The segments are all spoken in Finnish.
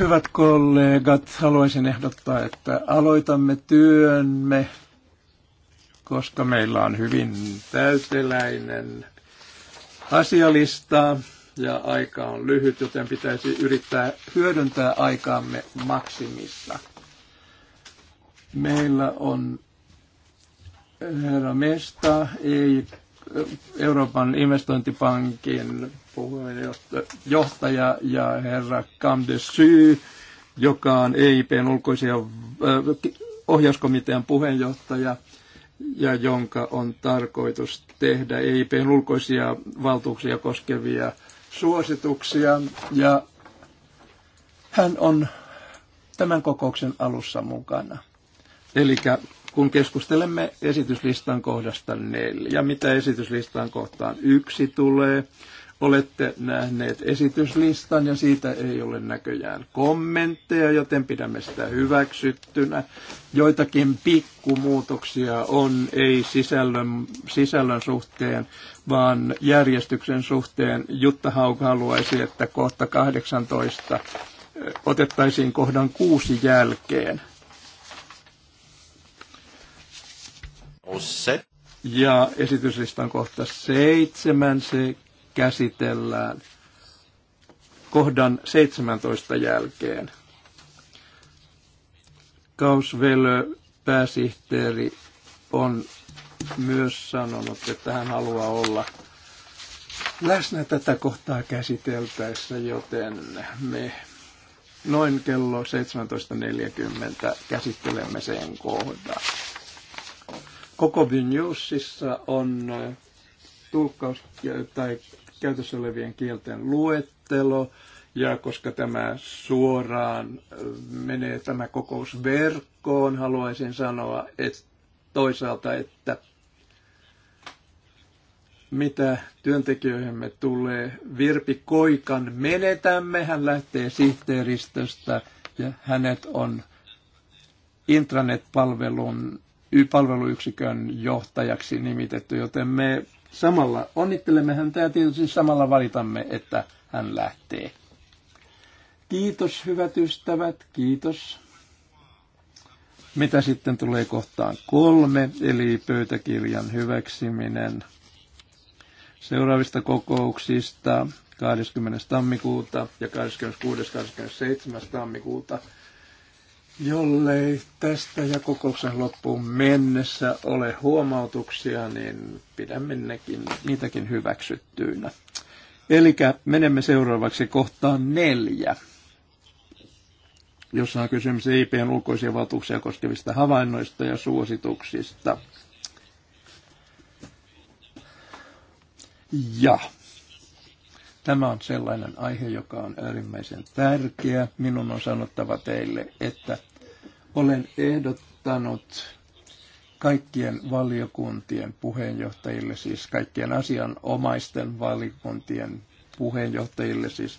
Hyvät kollegat, haluaisin ehdottaa, että aloitamme työnme, koska meillä on hyvin täyteläinen asialista ja aika on lyhyt, joten pitäisi yrittää hyödyntää aikaamme maksimissa. Meillä on herra Mesta, EIP Euroopan investointipankin puheenjohtaja ja herra de Syy, joka on EIPn ulkoisia äh, ohjauskomitean puheenjohtaja ja jonka on tarkoitus tehdä EIPn ulkoisia valtuuksia koskevia suosituksia. Ja hän on tämän kokouksen alussa mukana. Eli kun keskustelemme esityslistan kohdasta neljä, mitä esityslistan kohtaan yksi tulee, olette nähneet esityslistan ja siitä ei ole näköjään kommentteja, joten pidämme sitä hyväksyttynä. Joitakin pikkumuutoksia on, ei sisällön, sisällön suhteen, vaan järjestyksen suhteen. Jutta Haug haluaisi, että kohta 18 otettaisiin kohdan kuusi jälkeen. Ja esityslistan kohta seitsemän se käsitellään kohdan 17 jälkeen. Kausvelö, pääsihteeri, on myös sanonut, että hän haluaa olla läsnä tätä kohtaa käsiteltäessä, joten me noin kello 17.40 käsittelemme sen kohdan. Koko Vinjusissa on tulkkaus tai käytössä olevien kielten luettelo, ja koska tämä suoraan menee tämä kokous verkkoon, haluaisin sanoa että toisaalta, että mitä työntekijöihimme tulee. Virpi Koikan menetämme, hän lähtee sihteeristöstä ja hänet on intranet-palvelun palveluyksikön johtajaksi nimitetty, joten me samalla onnittelemme häntä ja tietysti samalla valitamme, että hän lähtee. Kiitos hyvät ystävät, kiitos. Mitä sitten tulee kohtaan kolme, eli pöytäkirjan hyväksyminen seuraavista kokouksista 20. tammikuuta ja 26. 27. tammikuuta Jollei tästä ja kokouksen loppuun mennessä ole huomautuksia, niin pidämme nekin, niitäkin hyväksyttyinä. Eli menemme seuraavaksi kohtaan neljä, jossa on kysymys IPn e ulkoisia valtuuksia koskevista havainnoista ja suosituksista. Ja Tämä on sellainen aihe, joka on äärimmäisen tärkeä. Minun on sanottava teille, että olen ehdottanut kaikkien valiokuntien puheenjohtajille, siis kaikkien asianomaisten valiokuntien puheenjohtajille, siis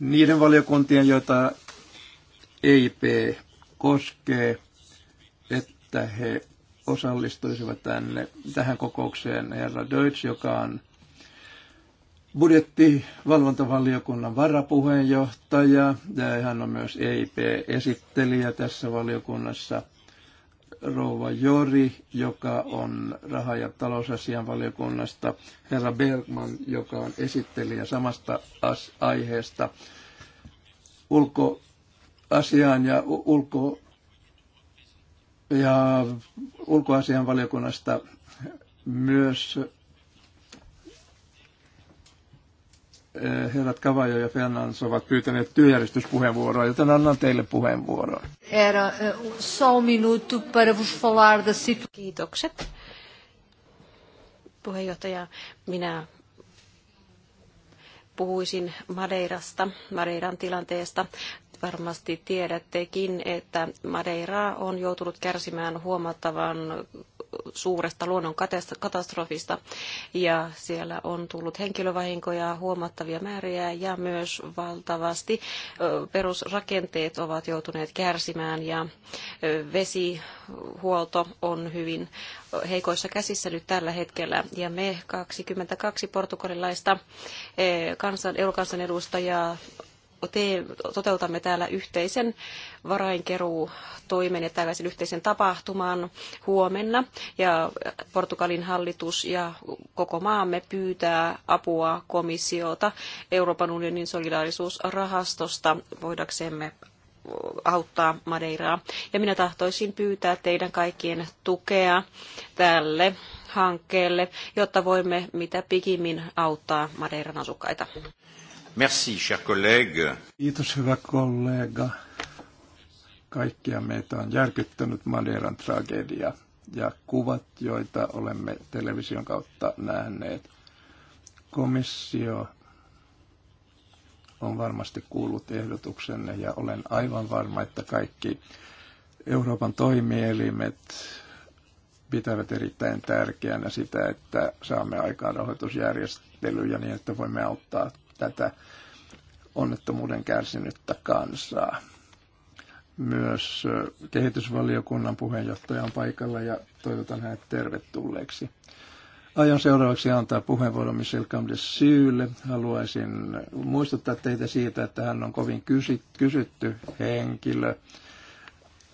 niiden valiokuntien, joita EIP koskee, että he osallistuisivat tänne, tähän kokoukseen herra Deutsch, joka on budjettivalvontavaliokunnan varapuheenjohtaja ja hän on myös EIP-esittelijä tässä valiokunnassa rouva Jori, joka on raha- ja talousasian valiokunnasta, herra Bergman, joka on esittelijä samasta aiheesta Ulkoasian ja ulko- ja ulkoasian valiokunnasta myös herrat eh, Kavajo ja Fernandes ovat pyytäneet työjärjestyspuheenvuoroa, joten annan teille puheenvuoroa. Era eh, só um minuto para vos falar da Kiitokset. Puheenjohtaja, minä puhuisin Madeirasta, Madeiran tilanteesta. Varmasti tiedättekin, että Madeira on joutunut kärsimään huomattavan suuresta luonnonkatastrofista ja siellä on tullut henkilövahinkoja huomattavia määriä ja myös valtavasti perusrakenteet ovat joutuneet kärsimään ja vesihuolto on hyvin heikoissa käsissä nyt tällä hetkellä. Ja me 22 portugalilaista kansan, edustajaa toteutamme täällä yhteisen varainkeruutoimen ja tällaisen yhteisen tapahtuman huomenna. Ja Portugalin hallitus ja koko maamme pyytää apua komissiota Euroopan unionin solidaarisuusrahastosta voidaksemme auttaa Madeiraa. Ja minä tahtoisin pyytää teidän kaikkien tukea tälle hankkeelle, jotta voimme mitä pikimmin auttaa Madeiran asukkaita. Merci, cher collègue. Kiitos, hyvä kollega. Kaikkia meitä on järkyttänyt Madeiran tragedia ja kuvat, joita olemme television kautta nähneet. Komissio on varmasti kuullut ehdotuksenne ja olen aivan varma, että kaikki Euroopan toimielimet pitävät erittäin tärkeänä sitä, että saamme aikaan rahoitusjärjestelyjä niin, että voimme auttaa tätä onnettomuuden kärsinyttä kansaa. Myös kehitysvaliokunnan puheenjohtaja on paikalla ja toivotan hänet tervetulleeksi. Aion seuraavaksi antaa puheenvuoron Michel Camdesyylle. Haluaisin muistuttaa teitä siitä, että hän on kovin kysy- kysytty henkilö.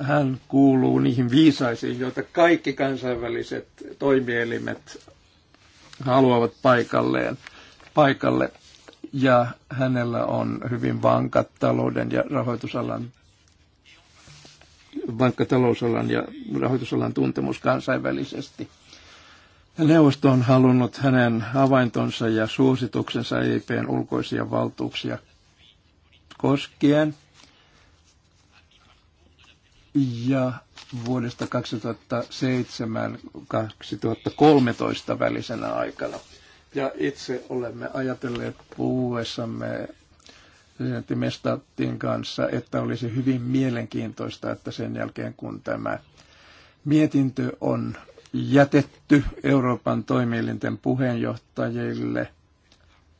Hän kuuluu niihin viisaisiin, joita kaikki kansainväliset toimielimet haluavat paikalleen, paikalle ja hänellä on hyvin vankat talouden ja rahoitusalan vankka talousalan ja rahoitusalan tuntemus kansainvälisesti. Neuvosto on halunnut hänen havaintonsa ja suosituksensa EIPn ulkoisia valtuuksia koskien. Ja vuodesta 2007-2013 välisenä aikana. Ja itse olemme ajatelleet puhuessamme presidentti Mestatin kanssa, että olisi hyvin mielenkiintoista, että sen jälkeen kun tämä mietintö on jätetty Euroopan toimielinten puheenjohtajille,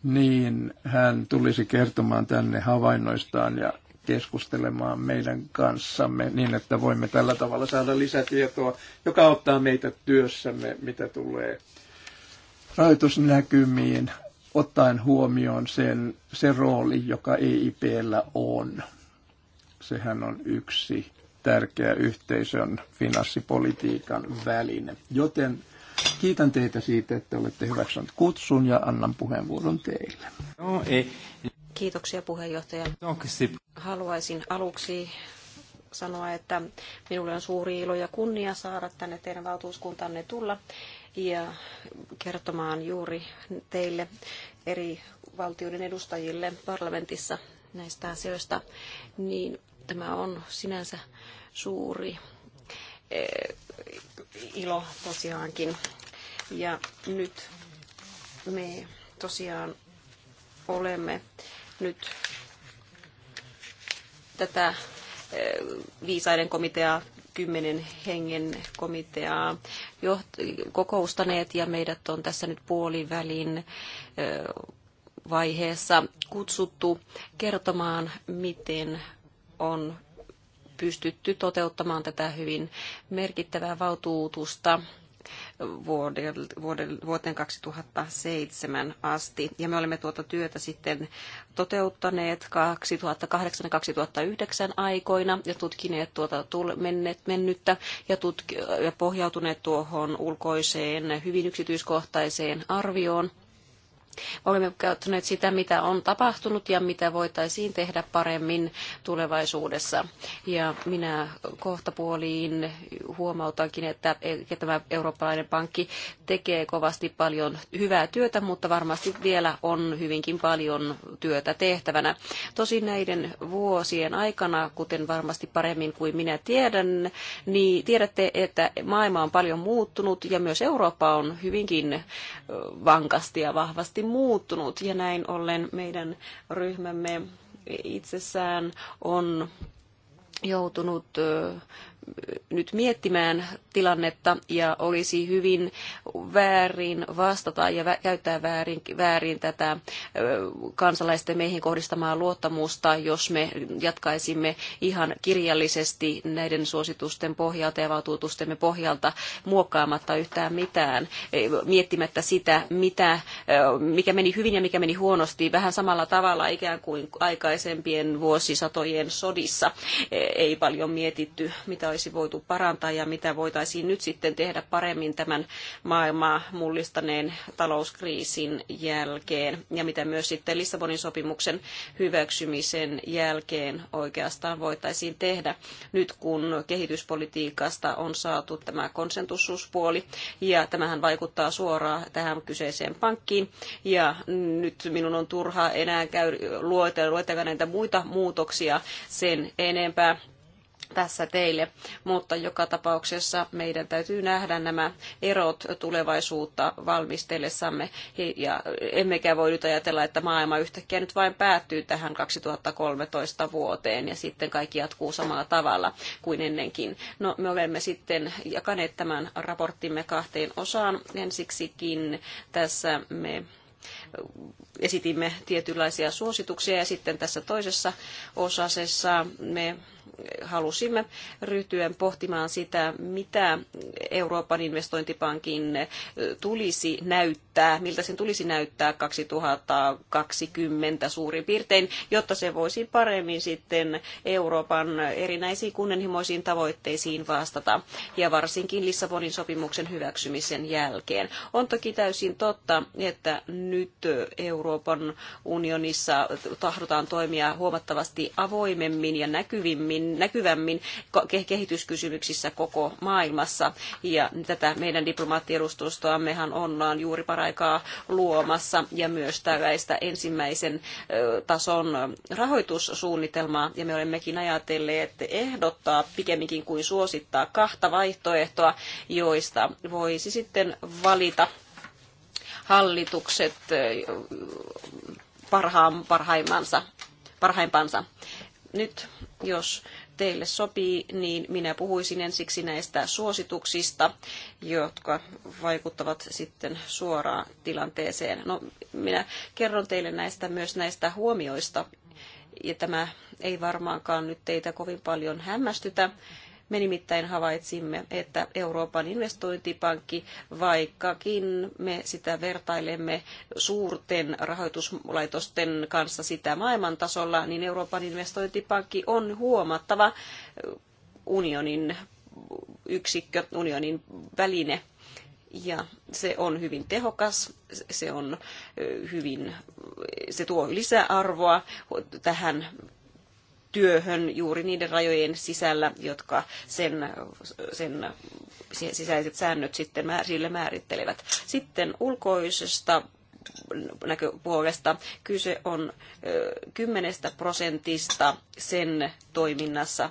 niin hän tulisi kertomaan tänne havainnoistaan ja keskustelemaan meidän kanssamme niin, että voimme tällä tavalla saada lisätietoa, joka auttaa meitä työssämme, mitä tulee rahoitusnäkymiin ottaen huomioon sen, se rooli, joka EIPllä on. Sehän on yksi tärkeä yhteisön finanssipolitiikan väline. Joten kiitän teitä siitä, että olette hyväksyneet kutsun ja annan puheenvuoron teille. No, ei. Kiitoksia puheenjohtaja. Haluaisin aluksi sanoa, että minulle on suuri ilo ja kunnia saada tänne teidän valtuuskuntanne tulla ja kertomaan juuri teille eri valtioiden edustajille parlamentissa näistä asioista, niin tämä on sinänsä suuri eh, ilo tosiaankin. Ja nyt me tosiaan olemme nyt tätä eh, viisaiden komiteaa kymmenen hengen komiteaa kokoustaneet ja meidät on tässä nyt puolivälin vaiheessa kutsuttu kertomaan, miten on pystytty toteuttamaan tätä hyvin merkittävää valtuutusta vuoteen 2007 asti. Ja me olemme tuota työtä sitten toteuttaneet 2008-2009 aikoina ja tutkineet tuota mennet, mennyttä ja, tutki, ja pohjautuneet tuohon ulkoiseen hyvin yksityiskohtaiseen arvioon Olemme katsoneet sitä, mitä on tapahtunut ja mitä voitaisiin tehdä paremmin tulevaisuudessa. Ja minä kohtapuoliin huomautankin, että e- tämä eurooppalainen pankki tekee kovasti paljon hyvää työtä, mutta varmasti vielä on hyvinkin paljon työtä tehtävänä. Tosin näiden vuosien aikana, kuten varmasti paremmin kuin minä tiedän, niin tiedätte, että maailma on paljon muuttunut ja myös Eurooppa on hyvinkin vankasti ja vahvasti muuttunut ja näin ollen meidän ryhmämme itsessään on joutunut nyt miettimään tilannetta ja olisi hyvin väärin vastata ja käyttää väärin, väärin tätä kansalaisten meihin kohdistamaa luottamusta, jos me jatkaisimme ihan kirjallisesti näiden suositusten pohjalta ja valtuutustemme pohjalta muokkaamatta yhtään mitään, e, miettimättä sitä, mitä, mikä meni hyvin ja mikä meni huonosti, vähän samalla tavalla ikään kuin aikaisempien vuosisatojen sodissa e, ei paljon mietitty, mitä olisi voitu parantaa ja mitä voitaisiin nyt sitten tehdä paremmin tämän maailmaa mullistaneen talouskriisin jälkeen ja mitä myös sitten Lissabonin sopimuksen hyväksymisen jälkeen oikeastaan voitaisiin tehdä nyt kun kehityspolitiikasta on saatu tämä konsensuspuoli ja tämähän vaikuttaa suoraan tähän kyseiseen pankkiin ja nyt minun on turha enää käy luetella näitä muita muutoksia sen enempää tässä teille, mutta joka tapauksessa meidän täytyy nähdä nämä erot tulevaisuutta valmistellessamme ja emmekä voi nyt ajatella, että maailma yhtäkkiä nyt vain päättyy tähän 2013 vuoteen ja sitten kaikki jatkuu samalla tavalla kuin ennenkin. No, me olemme sitten jakaneet tämän raporttimme kahteen osaan. Ensiksikin tässä me esitimme tietynlaisia suosituksia ja sitten tässä toisessa osasessa me halusimme ryhtyä pohtimaan sitä, mitä Euroopan investointipankin eh, tulisi näyttää, miltä sen tulisi näyttää 2020 suurin piirtein, jotta se voisi paremmin sitten Euroopan erinäisiin kunnianhimoisiin tavoitteisiin vastata, ja varsinkin Lissabonin sopimuksen hyväksymisen jälkeen. On toki täysin totta, että nyt Euroopan unionissa tahdotaan toimia huomattavasti avoimemmin ja näkyvimmin, niin näkyvämmin, näkyvämmin kehityskysymyksissä koko maailmassa. Ja tätä meidän diplomaattiedustustoammehan ollaan juuri paraikaa luomassa ja myös tällaista ensimmäisen tason rahoitussuunnitelmaa. Ja me olemmekin ajatelleet ehdottaa pikemminkin kuin suosittaa kahta vaihtoehtoa, joista voisi sitten valita hallitukset parhaan, parhaimmansa, parhaimpansa. Nyt jos teille sopii, niin minä puhuisin ensiksi näistä suosituksista, jotka vaikuttavat sitten suoraan tilanteeseen. No, minä kerron teille näistä myös näistä huomioista, ja tämä ei varmaankaan nyt teitä kovin paljon hämmästytä, me nimittäin havaitsimme, että Euroopan investointipankki, vaikkakin me sitä vertailemme suurten rahoituslaitosten kanssa sitä maailman tasolla, niin Euroopan investointipankki on huomattava unionin yksikkö, unionin väline ja se on hyvin tehokas, se on hyvin, se tuo lisäarvoa tähän työhön juuri niiden rajojen sisällä, jotka sen, sen sisäiset säännöt sitten sille määrittelevät. Sitten ulkoisesta näköpuolesta kyse on 10 prosentista sen toiminnassa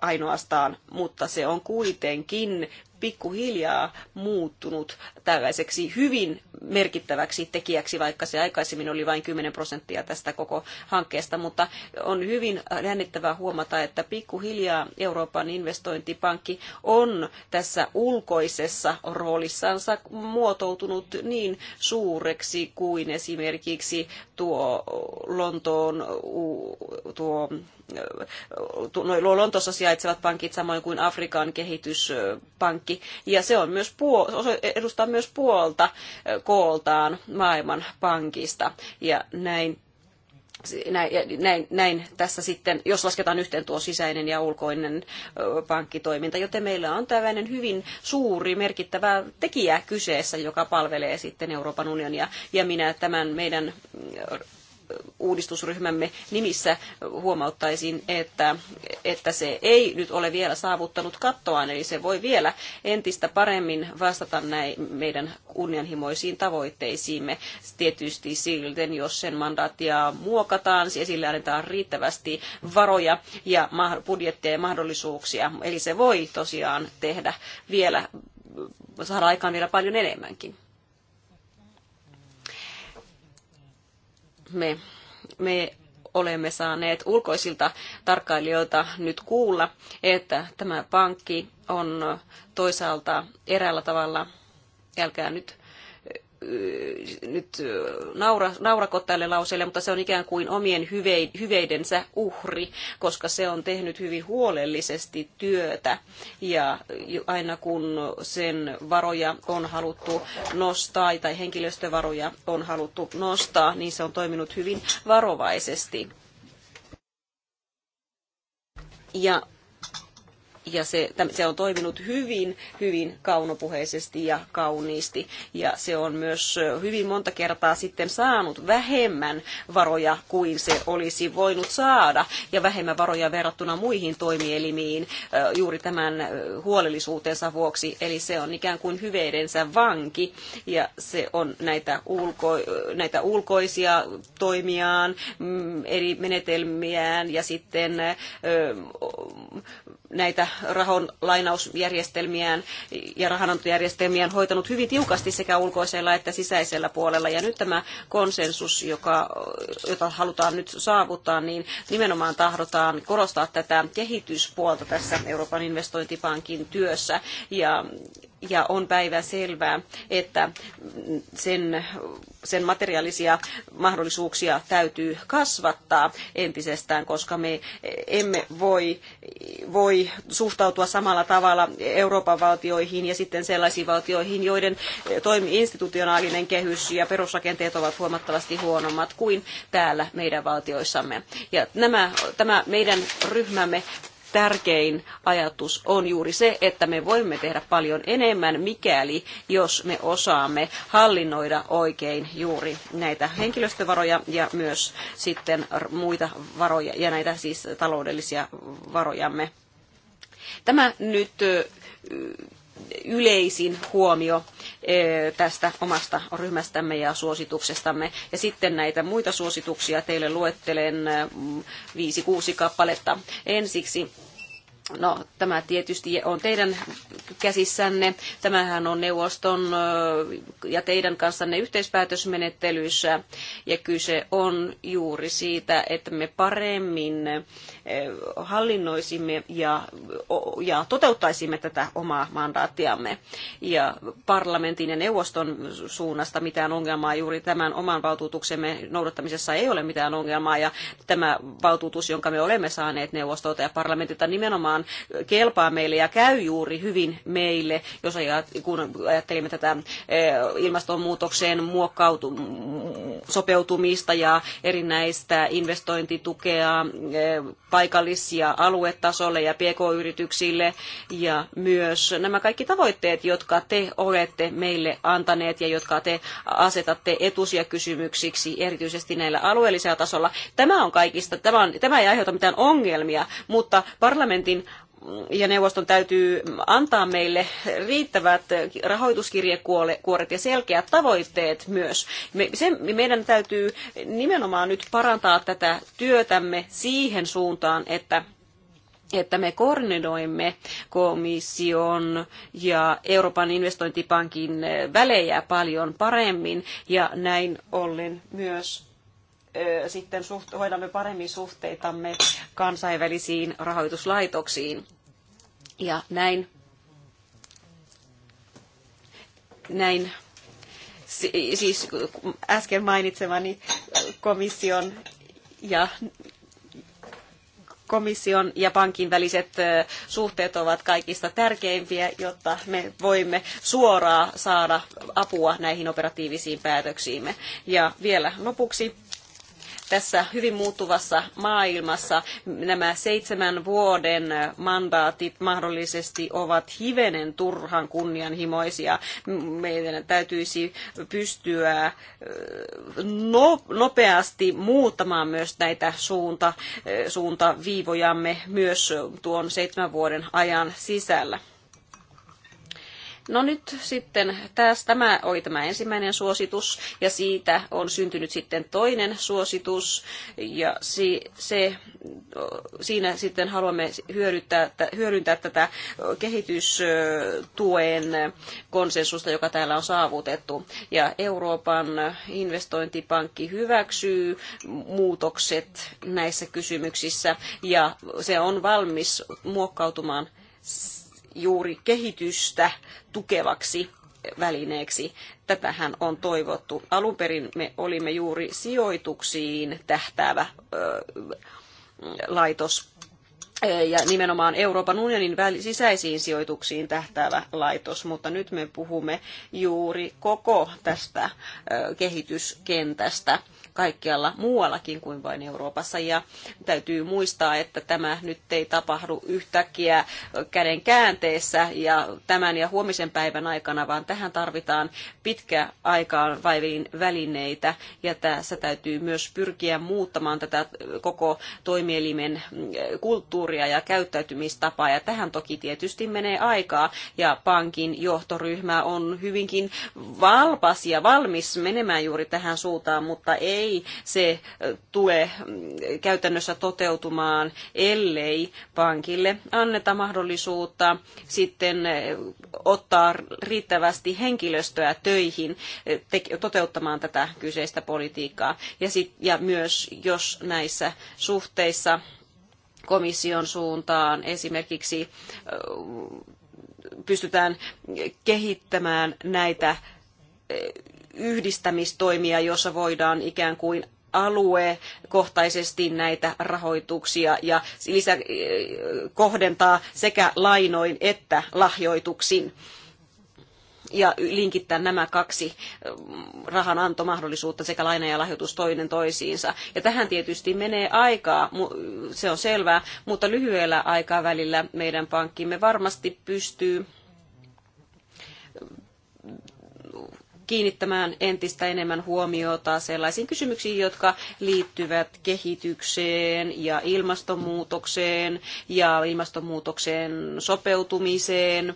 ainoastaan, mutta se on kuitenkin pikkuhiljaa muuttunut tällaiseksi hyvin merkittäväksi tekijäksi, vaikka se aikaisemmin oli vain 10 prosenttia tästä koko hankkeesta, mutta on hyvin jännittävää huomata, että pikkuhiljaa Euroopan investointipankki on tässä ulkoisessa roolissansa muotoutunut niin suureksi kuin esimerkiksi tuo Lontoon tuo äh, no, Lontossa sijaitsevat pankit samoin kuin Afrikan kehityspankki kaikki. Ja se on myös puol- edustaa myös puolta kooltaan maailman pankista. Ja näin näin, näin, tässä sitten, jos lasketaan yhteen tuo sisäinen ja ulkoinen pankkitoiminta, joten meillä on tällainen hyvin suuri merkittävä tekijä kyseessä, joka palvelee sitten Euroopan unionia. Ja minä tämän meidän uudistusryhmämme nimissä huomauttaisin, että, että se ei nyt ole vielä saavuttanut kattoaan, eli se voi vielä entistä paremmin vastata näin meidän kunnianhimoisiin tavoitteisiimme. Tietysti silten, jos sen mandaattia muokataan, siis sille annetaan riittävästi varoja ja budjetteja ja mahdollisuuksia, eli se voi tosiaan tehdä vielä, saada aikaan vielä paljon enemmänkin. me, me olemme saaneet ulkoisilta tarkkailijoilta nyt kuulla, että tämä pankki on toisaalta eräällä tavalla, älkää nyt nyt naura, naurako tälle lauseelle, mutta se on ikään kuin omien hyveidensä uhri, koska se on tehnyt hyvin huolellisesti työtä. Ja aina kun sen varoja on haluttu nostaa tai henkilöstövaroja on haluttu nostaa, niin se on toiminut hyvin varovaisesti. Ja ja se, se on toiminut hyvin, hyvin kaunopuheisesti ja kauniisti. Ja se on myös hyvin monta kertaa sitten saanut vähemmän varoja kuin se olisi voinut saada, ja vähemmän varoja verrattuna muihin toimielimiin juuri tämän huolellisuutensa vuoksi. Eli se on ikään kuin hyveidensä vanki, ja se on näitä, ulko, näitä ulkoisia toimiaan, mm, eri menetelmiään ja sitten näitä rahon lainausjärjestelmiään ja rahanantojärjestelmiään hoitanut hyvin tiukasti sekä ulkoisella että sisäisellä puolella. Ja nyt tämä konsensus, joka, jota halutaan nyt saavuttaa, niin nimenomaan tahdotaan korostaa tätä kehityspuolta tässä Euroopan investointipankin työssä. Ja ja on päivä selvää, että sen, sen materiaalisia mahdollisuuksia täytyy kasvattaa entisestään, koska me emme voi, voi suhtautua samalla tavalla Euroopan valtioihin ja sitten sellaisiin valtioihin, joiden eh, toimi institutionaalinen kehys ja perusrakenteet ovat huomattavasti huonommat kuin täällä meidän valtioissamme. Ja nämä, tämä meidän ryhmämme tärkein ajatus on juuri se, että me voimme tehdä paljon enemmän, mikäli jos me osaamme hallinnoida oikein juuri näitä henkilöstövaroja ja myös sitten muita varoja ja näitä siis taloudellisia varojamme. Tämä nyt yleisin huomio eh, tästä omasta ryhmästämme ja suosituksestamme. Ja sitten näitä muita suosituksia teille luettelen 5-6 mm, kappaletta. Ensiksi No, tämä tietysti on teidän käsissänne. Tämähän on neuvoston eh, ja teidän kanssanne yhteispäätösmenettelyssä Ja kyse on juuri siitä, että me paremmin Eh, hallinnoisimme ja, ja toteuttaisimme tätä omaa mandaattiamme. Ja parlamentin ja neuvoston suunnasta mitään ongelmaa juuri tämän oman valtuutuksemme noudattamisessa ei ole mitään ongelmaa ja tämä valtuutus, jonka me olemme saaneet neuvostolta ja parlamentilta nimenomaan kelpaa meille ja käy juuri hyvin meille, jos ajattelemme ajattelimme tätä eh, ilmastonmuutokseen muokkautu, sopeutumista ja erinäistä investointitukea, eh, paikallisia aluetasolle ja pk-yrityksille ja myös nämä kaikki tavoitteet, jotka te olette meille antaneet ja jotka te asetatte etusia kysymyksiksi erityisesti näillä alueellisella tasolla. Tämä on kaikista, tämä, on, tämä ei aiheuta mitään ongelmia, mutta parlamentin ja neuvoston täytyy antaa meille riittävät rahoituskirjekuoret ja selkeät tavoitteet myös. Me, se, meidän täytyy nimenomaan nyt parantaa tätä työtämme siihen suuntaan, että että me koordinoimme komission ja Euroopan investointipankin välejä paljon paremmin ja näin ollen myös sitten suht, hoidamme paremmin suhteitamme kansainvälisiin rahoituslaitoksiin. Ja näin, näin siis äsken mainitsemani komission ja komission ja pankin väliset suhteet ovat kaikista tärkeimpiä, jotta me voimme suoraan saada apua näihin operatiivisiin päätöksiimme. Ja vielä lopuksi tässä hyvin muuttuvassa maailmassa nämä seitsemän vuoden mandaatit mahdollisesti ovat hivenen turhan kunnianhimoisia. Meidän täytyisi pystyä no, nopeasti muuttamaan myös näitä suunta, suuntaviivojamme myös tuon seitsemän vuoden ajan sisällä. No nyt sitten tässä, tämä oli tämä ensimmäinen suositus ja siitä on syntynyt sitten toinen suositus ja si, se, siinä sitten haluamme hyödyntää, hyödyntää tätä kehitystuen konsensusta, joka täällä on saavutettu. Ja Euroopan investointipankki hyväksyy muutokset näissä kysymyksissä ja se on valmis muokkautumaan juuri kehitystä tukevaksi välineeksi. Tätähän on toivottu. Alun perin me olimme juuri sijoituksiin tähtäävä ö, laitos e, ja nimenomaan Euroopan unionin sisäisiin sijoituksiin tähtäävä laitos, mutta nyt me puhumme juuri koko tästä kehityskentästä kaikkialla muuallakin kuin vain Euroopassa. Ja täytyy muistaa, että tämä nyt ei tapahdu yhtäkkiä käden käänteessä ja tämän ja huomisen päivän aikana, vaan tähän tarvitaan pitkä aikaan vaiviin välineitä. Ja tässä täytyy myös pyrkiä muuttamaan tätä koko toimielimen mm, kulttuuria ja käyttäytymistapaa. Ja tähän toki tietysti menee aikaa ja pankin johtoryhmä on hyvinkin valpas ja valmis menemään juuri tähän suuntaan, mutta ei ei se tule mm, käytännössä toteutumaan, ellei pankille anneta mahdollisuutta sitten ottaa riittävästi henkilöstöä töihin toteuttamaan tätä kyseistä politiikkaa. Ja, sit, ja myös jos näissä suhteissa komission suuntaan esimerkiksi pystytään kehittämään näitä yhdistämistoimia, jossa voidaan ikään kuin aluekohtaisesti näitä rahoituksia ja lisä, eh, kohdentaa sekä lainoin että lahjoituksin ja linkittää nämä kaksi eh, rahanantomahdollisuutta sekä laina ja lahjoitus toinen toisiinsa. Ja tähän tietysti menee aikaa, se on selvää, mutta lyhyellä aikavälillä meidän pankkimme varmasti pystyy kiinnittämään entistä enemmän huomiota sellaisiin kysymyksiin, jotka liittyvät kehitykseen ja ilmastonmuutokseen ja ilmastonmuutokseen sopeutumiseen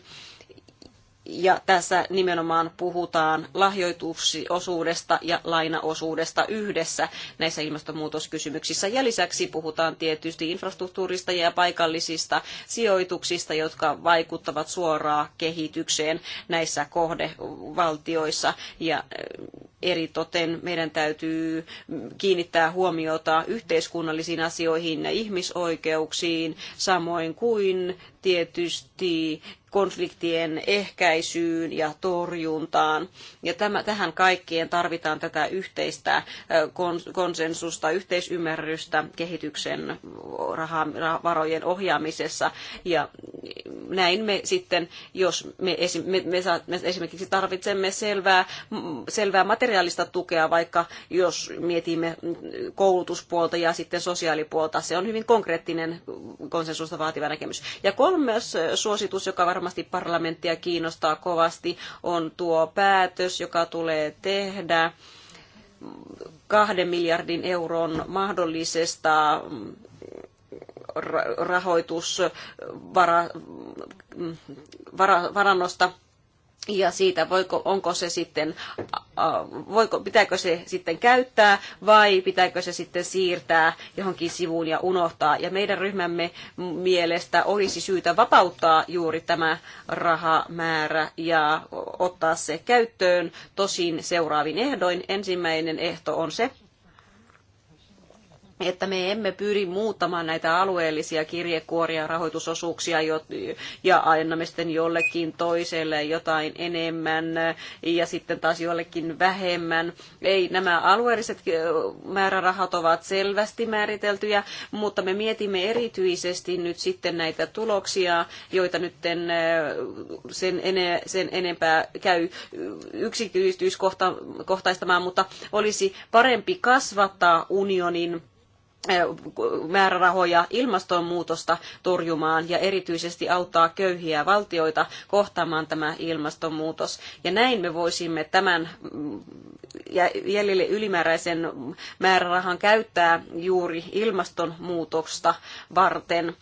ja tässä nimenomaan puhutaan lahjoitusosuudesta ja lainaosuudesta yhdessä näissä ilmastonmuutoskysymyksissä. Ja lisäksi puhutaan tietysti infrastruktuurista ja paikallisista sijoituksista, jotka vaikuttavat suoraan kehitykseen näissä kohdevaltioissa. Ja eh, eritoten meidän täytyy kiinnittää huomiota yhteiskunnallisiin asioihin ja ihmisoikeuksiin, samoin kuin tietysti konfliktien ehkäisyyn ja torjuntaan. Ja tämä, tähän kaikkeen tarvitaan tätä yhteistä konsensusta, yhteisymmärrystä kehityksen varojen ohjaamisessa. Ja näin me sitten, jos me, me, me, me esimerkiksi tarvitsemme selvää, selvää materiaalista tukea, vaikka jos mietimme koulutuspuolta ja sitten sosiaalipuolta, se on hyvin konkreettinen konsensusta vaativa näkemys. Ja kolmas suositus, joka varmaan varmasti parlamenttia kiinnostaa kovasti, on tuo päätös, joka tulee tehdä kahden miljardin euron mahdollisesta rahoitusvarannosta mm, vara, ja siitä, voiko, onko se sitten, voiko, pitääkö se sitten käyttää vai pitääkö se sitten siirtää johonkin sivuun ja unohtaa. Ja meidän ryhmämme mielestä olisi syytä vapauttaa juuri tämä rahamäärä ja ottaa se käyttöön tosin seuraavin ehdoin. Ensimmäinen ehto on se, että me emme pyri muuttamaan näitä alueellisia kirjekuoria rahoitusosuuksia ja annamme sitten jollekin toiselle jotain enemmän ja sitten taas jollekin vähemmän. Ei, nämä alueelliset määrärahat ovat selvästi määriteltyjä, mutta me mietimme erityisesti nyt sitten näitä tuloksia, joita nyt sen, ene, sen enempää käy yksityiskohtaistamaan, mutta olisi parempi kasvattaa unionin määrärahoja ilmastonmuutosta torjumaan ja erityisesti auttaa köyhiä valtioita kohtaamaan tämä ilmastonmuutos. Ja näin me voisimme tämän mm, jäljelle ylimääräisen määrärahan käyttää juuri ilmastonmuutosta varten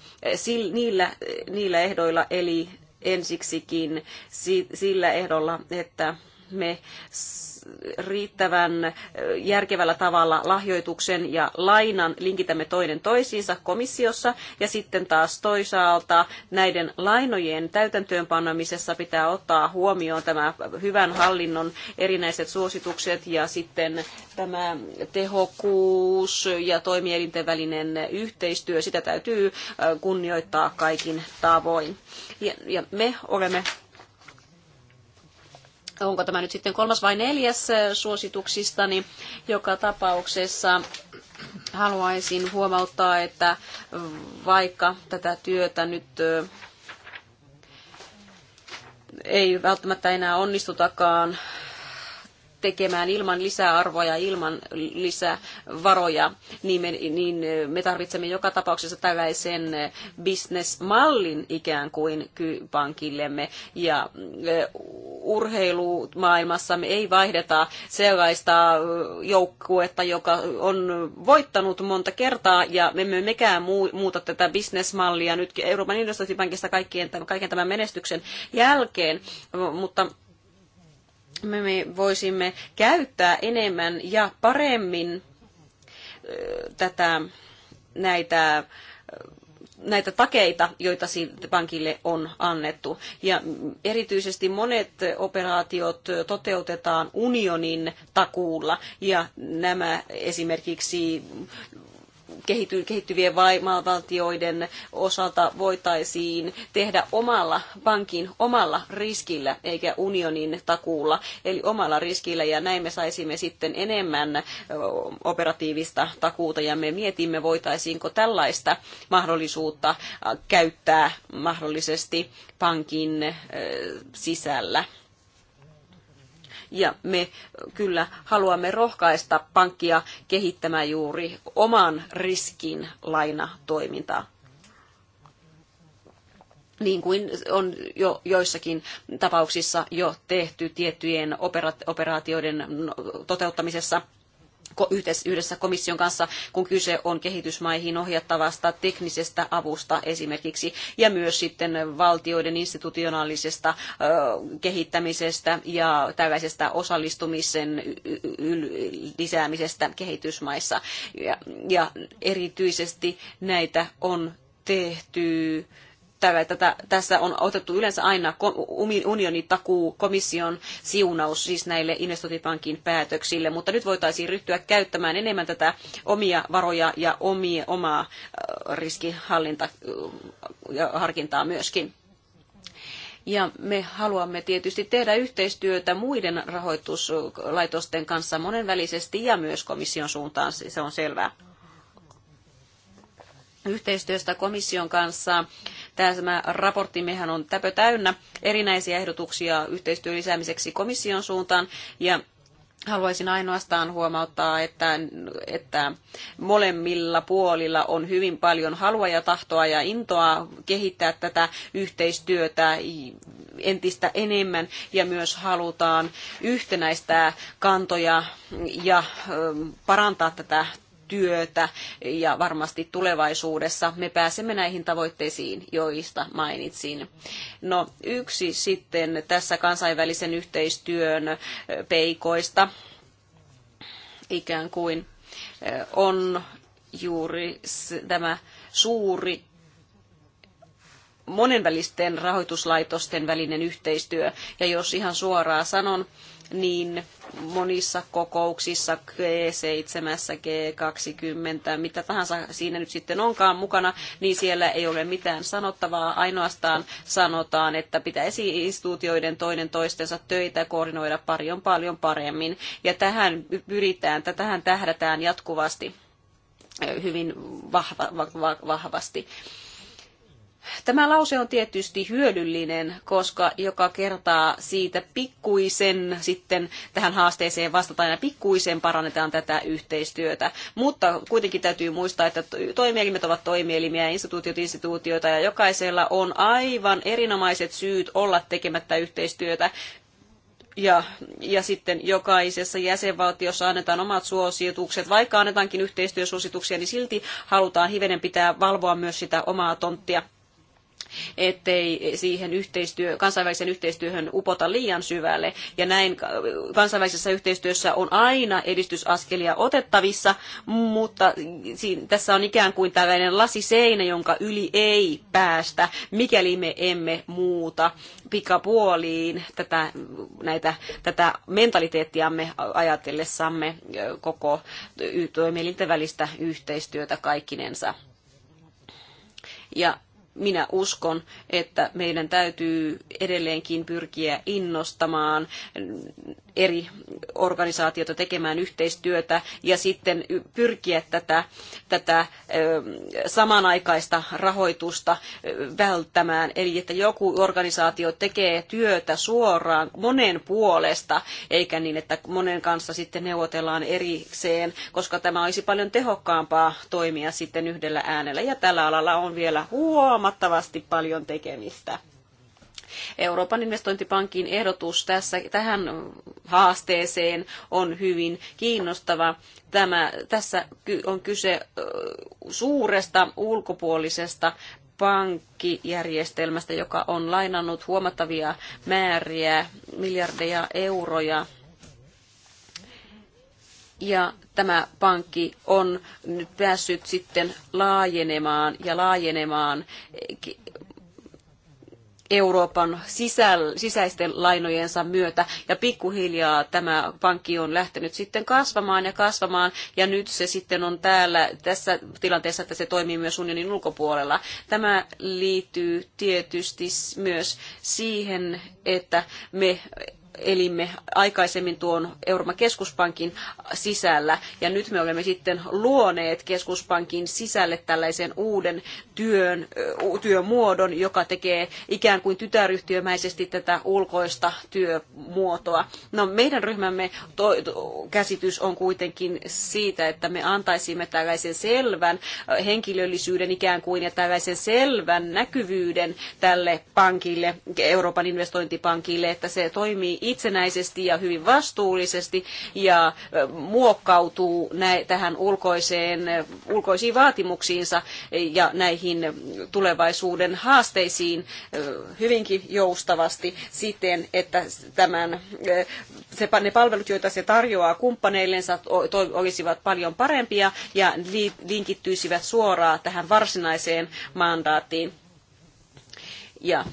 niillä, niillä ehdoilla, eli ensiksikin sillä ehdolla, että me riittävän järkevällä tavalla lahjoituksen ja lainan linkitämme toinen toisiinsa komissiossa ja sitten taas toisaalta näiden lainojen täytäntöönpanamisessa pitää ottaa huomioon tämä hyvän hallinnon erinäiset suositukset ja sitten tämä tehokkuus ja toimielinten välinen yhteistyö, sitä täytyy äh, kunnioittaa kaikin tavoin. Ja, ja me olemme onko tämä nyt sitten kolmas vai neljäs eh, suosituksistani. Joka tapauksessa haluaisin huomauttaa, että vaikka tätä työtä nyt eh, ei välttämättä enää onnistutakaan tekemään ilman ja ilman lisävaroja, niin me, niin me tarvitsemme joka tapauksessa tällaisen bisnesmallin ikään kuin pankillemme. Ja urheilumaailmassa me ei vaihdeta sellaista joukkuetta, joka on voittanut monta kertaa, ja me emme mekään muuta tätä bisnesmallia nyt Euroopan investointipankista kaikkien, kaiken tämän menestyksen jälkeen, mutta me voisimme käyttää enemmän ja paremmin tätä, näitä näitä takeita, joita pankille on annettu. Ja erityisesti monet operaatiot toteutetaan unionin takuulla ja nämä esimerkiksi kehittyvien maavaltioiden osalta voitaisiin tehdä omalla pankin omalla riskillä eikä unionin takuulla, eli omalla riskillä ja näin me saisimme sitten enemmän operatiivista takuuta ja me mietimme voitaisiinko tällaista mahdollisuutta käyttää mahdollisesti pankin sisällä ja me kyllä haluamme rohkaista pankkia kehittämään juuri oman riskin lainatoimintaa niin kuin on jo joissakin tapauksissa jo tehty tiettyjen operaatioiden no, toteuttamisessa yhdessä komission kanssa, kun kyse on kehitysmaihin ohjattavasta teknisestä avusta esimerkiksi, ja myös sitten valtioiden institutionaalisesta kehittämisestä ja tällaisesta osallistumisen lisäämisestä kehitysmaissa. Ja, ja erityisesti näitä on tehty Tätä, tässä on otettu yleensä aina unionin takuu komission siunaus siis näille investointipankin päätöksille, mutta nyt voitaisiin ryhtyä käyttämään enemmän tätä omia varoja ja omia, omaa riskihallinta ja harkintaa myöskin. Ja me haluamme tietysti tehdä yhteistyötä muiden rahoituslaitosten kanssa monenvälisesti ja myös komission suuntaan, se on selvää yhteistyöstä komission kanssa. Tämä raporttimehän on täpö täynnä erinäisiä ehdotuksia yhteistyön lisäämiseksi komission suuntaan ja Haluaisin ainoastaan huomauttaa, että, että molemmilla puolilla on hyvin paljon halua ja tahtoa ja intoa kehittää tätä yhteistyötä entistä enemmän ja myös halutaan yhtenäistää kantoja ja parantaa tätä työtä ja varmasti tulevaisuudessa me pääsemme näihin tavoitteisiin, joista mainitsin. No yksi sitten tässä kansainvälisen yhteistyön peikoista ikään kuin on juuri tämä suuri monenvälisten rahoituslaitosten välinen yhteistyö. Ja jos ihan suoraan sanon, niin monissa kokouksissa, G7, G20, mitä tahansa siinä nyt sitten onkaan mukana, niin siellä ei ole mitään sanottavaa. Ainoastaan sanotaan, että pitäisi instituutioiden toinen toistensa töitä koordinoida paljon paljon paremmin. Ja tähän pyritään, tähän tähdätään jatkuvasti hyvin vahva, vahvasti. Tämä lause on tietysti hyödyllinen, koska joka kertaa siitä pikkuisen sitten tähän haasteeseen vastataan ja pikkuisen parannetaan tätä yhteistyötä. Mutta kuitenkin täytyy muistaa, että toimielimet ovat toimielimiä, instituutiot instituutioita ja jokaisella on aivan erinomaiset syyt olla tekemättä yhteistyötä ja, ja sitten jokaisessa jäsenvaltiossa annetaan omat suositukset. Vaikka annetaankin yhteistyösuosituksia, niin silti halutaan hivenen pitää valvoa myös sitä omaa tonttia ettei siihen yhteistyö, kansainväliseen yhteistyöhön upota liian syvälle. Ja näin kansainvälisessä yhteistyössä on aina edistysaskelia otettavissa, mutta siinä, tässä on ikään kuin tällainen lasiseinä, jonka yli ei päästä, mikäli me emme muuta pikapuoliin tätä, näitä, tätä mentaliteettiamme ajatellessamme koko toimielinten välistä yhteistyötä kaikkinensa. Ja minä uskon, että meidän täytyy edelleenkin pyrkiä innostamaan eri organisaatioita tekemään yhteistyötä ja sitten pyrkiä tätä, tätä samanaikaista rahoitusta välttämään. Eli että joku organisaatio tekee työtä suoraan monen puolesta, eikä niin, että monen kanssa sitten neuvotellaan erikseen, koska tämä olisi paljon tehokkaampaa toimia sitten yhdellä äänellä. Ja tällä alalla on vielä huomattavasti paljon tekemistä. Euroopan investointipankin ehdotus tässä, tähän haasteeseen on hyvin kiinnostava. Tämä, tässä on kyse suuresta ulkopuolisesta pankkijärjestelmästä, joka on lainannut huomattavia määriä, miljardeja euroja ja tämä pankki on nyt päässyt sitten laajenemaan ja laajenemaan Euroopan sisäl, sisäisten lainojensa myötä ja pikkuhiljaa tämä pankki on lähtenyt sitten kasvamaan ja kasvamaan ja nyt se sitten on täällä tässä tilanteessa, että se toimii myös unionin ulkopuolella. Tämä liittyy tietysti myös siihen, että me elimme aikaisemmin tuon Euroopan keskuspankin sisällä. Ja nyt me olemme sitten luoneet keskuspankin sisälle tällaisen uuden työn, työmuodon, joka tekee ikään kuin tytäryhtiömäisesti tätä ulkoista työmuotoa. No meidän ryhmämme käsitys on kuitenkin siitä, että me antaisimme tällaisen selvän henkilöllisyyden ikään kuin ja tällaisen selvän näkyvyyden tälle pankille, Euroopan investointipankille, että se toimii itsenäisesti ja hyvin vastuullisesti ja muokkautuu tähän ulkoiseen, ulkoisiin vaatimuksiinsa ja näihin tulevaisuuden haasteisiin hyvinkin joustavasti siten, että tämän, se, ne palvelut, joita se tarjoaa kumppaneillensa, olisivat paljon parempia ja linkittyisivät suoraan tähän varsinaiseen mandaattiin. Ja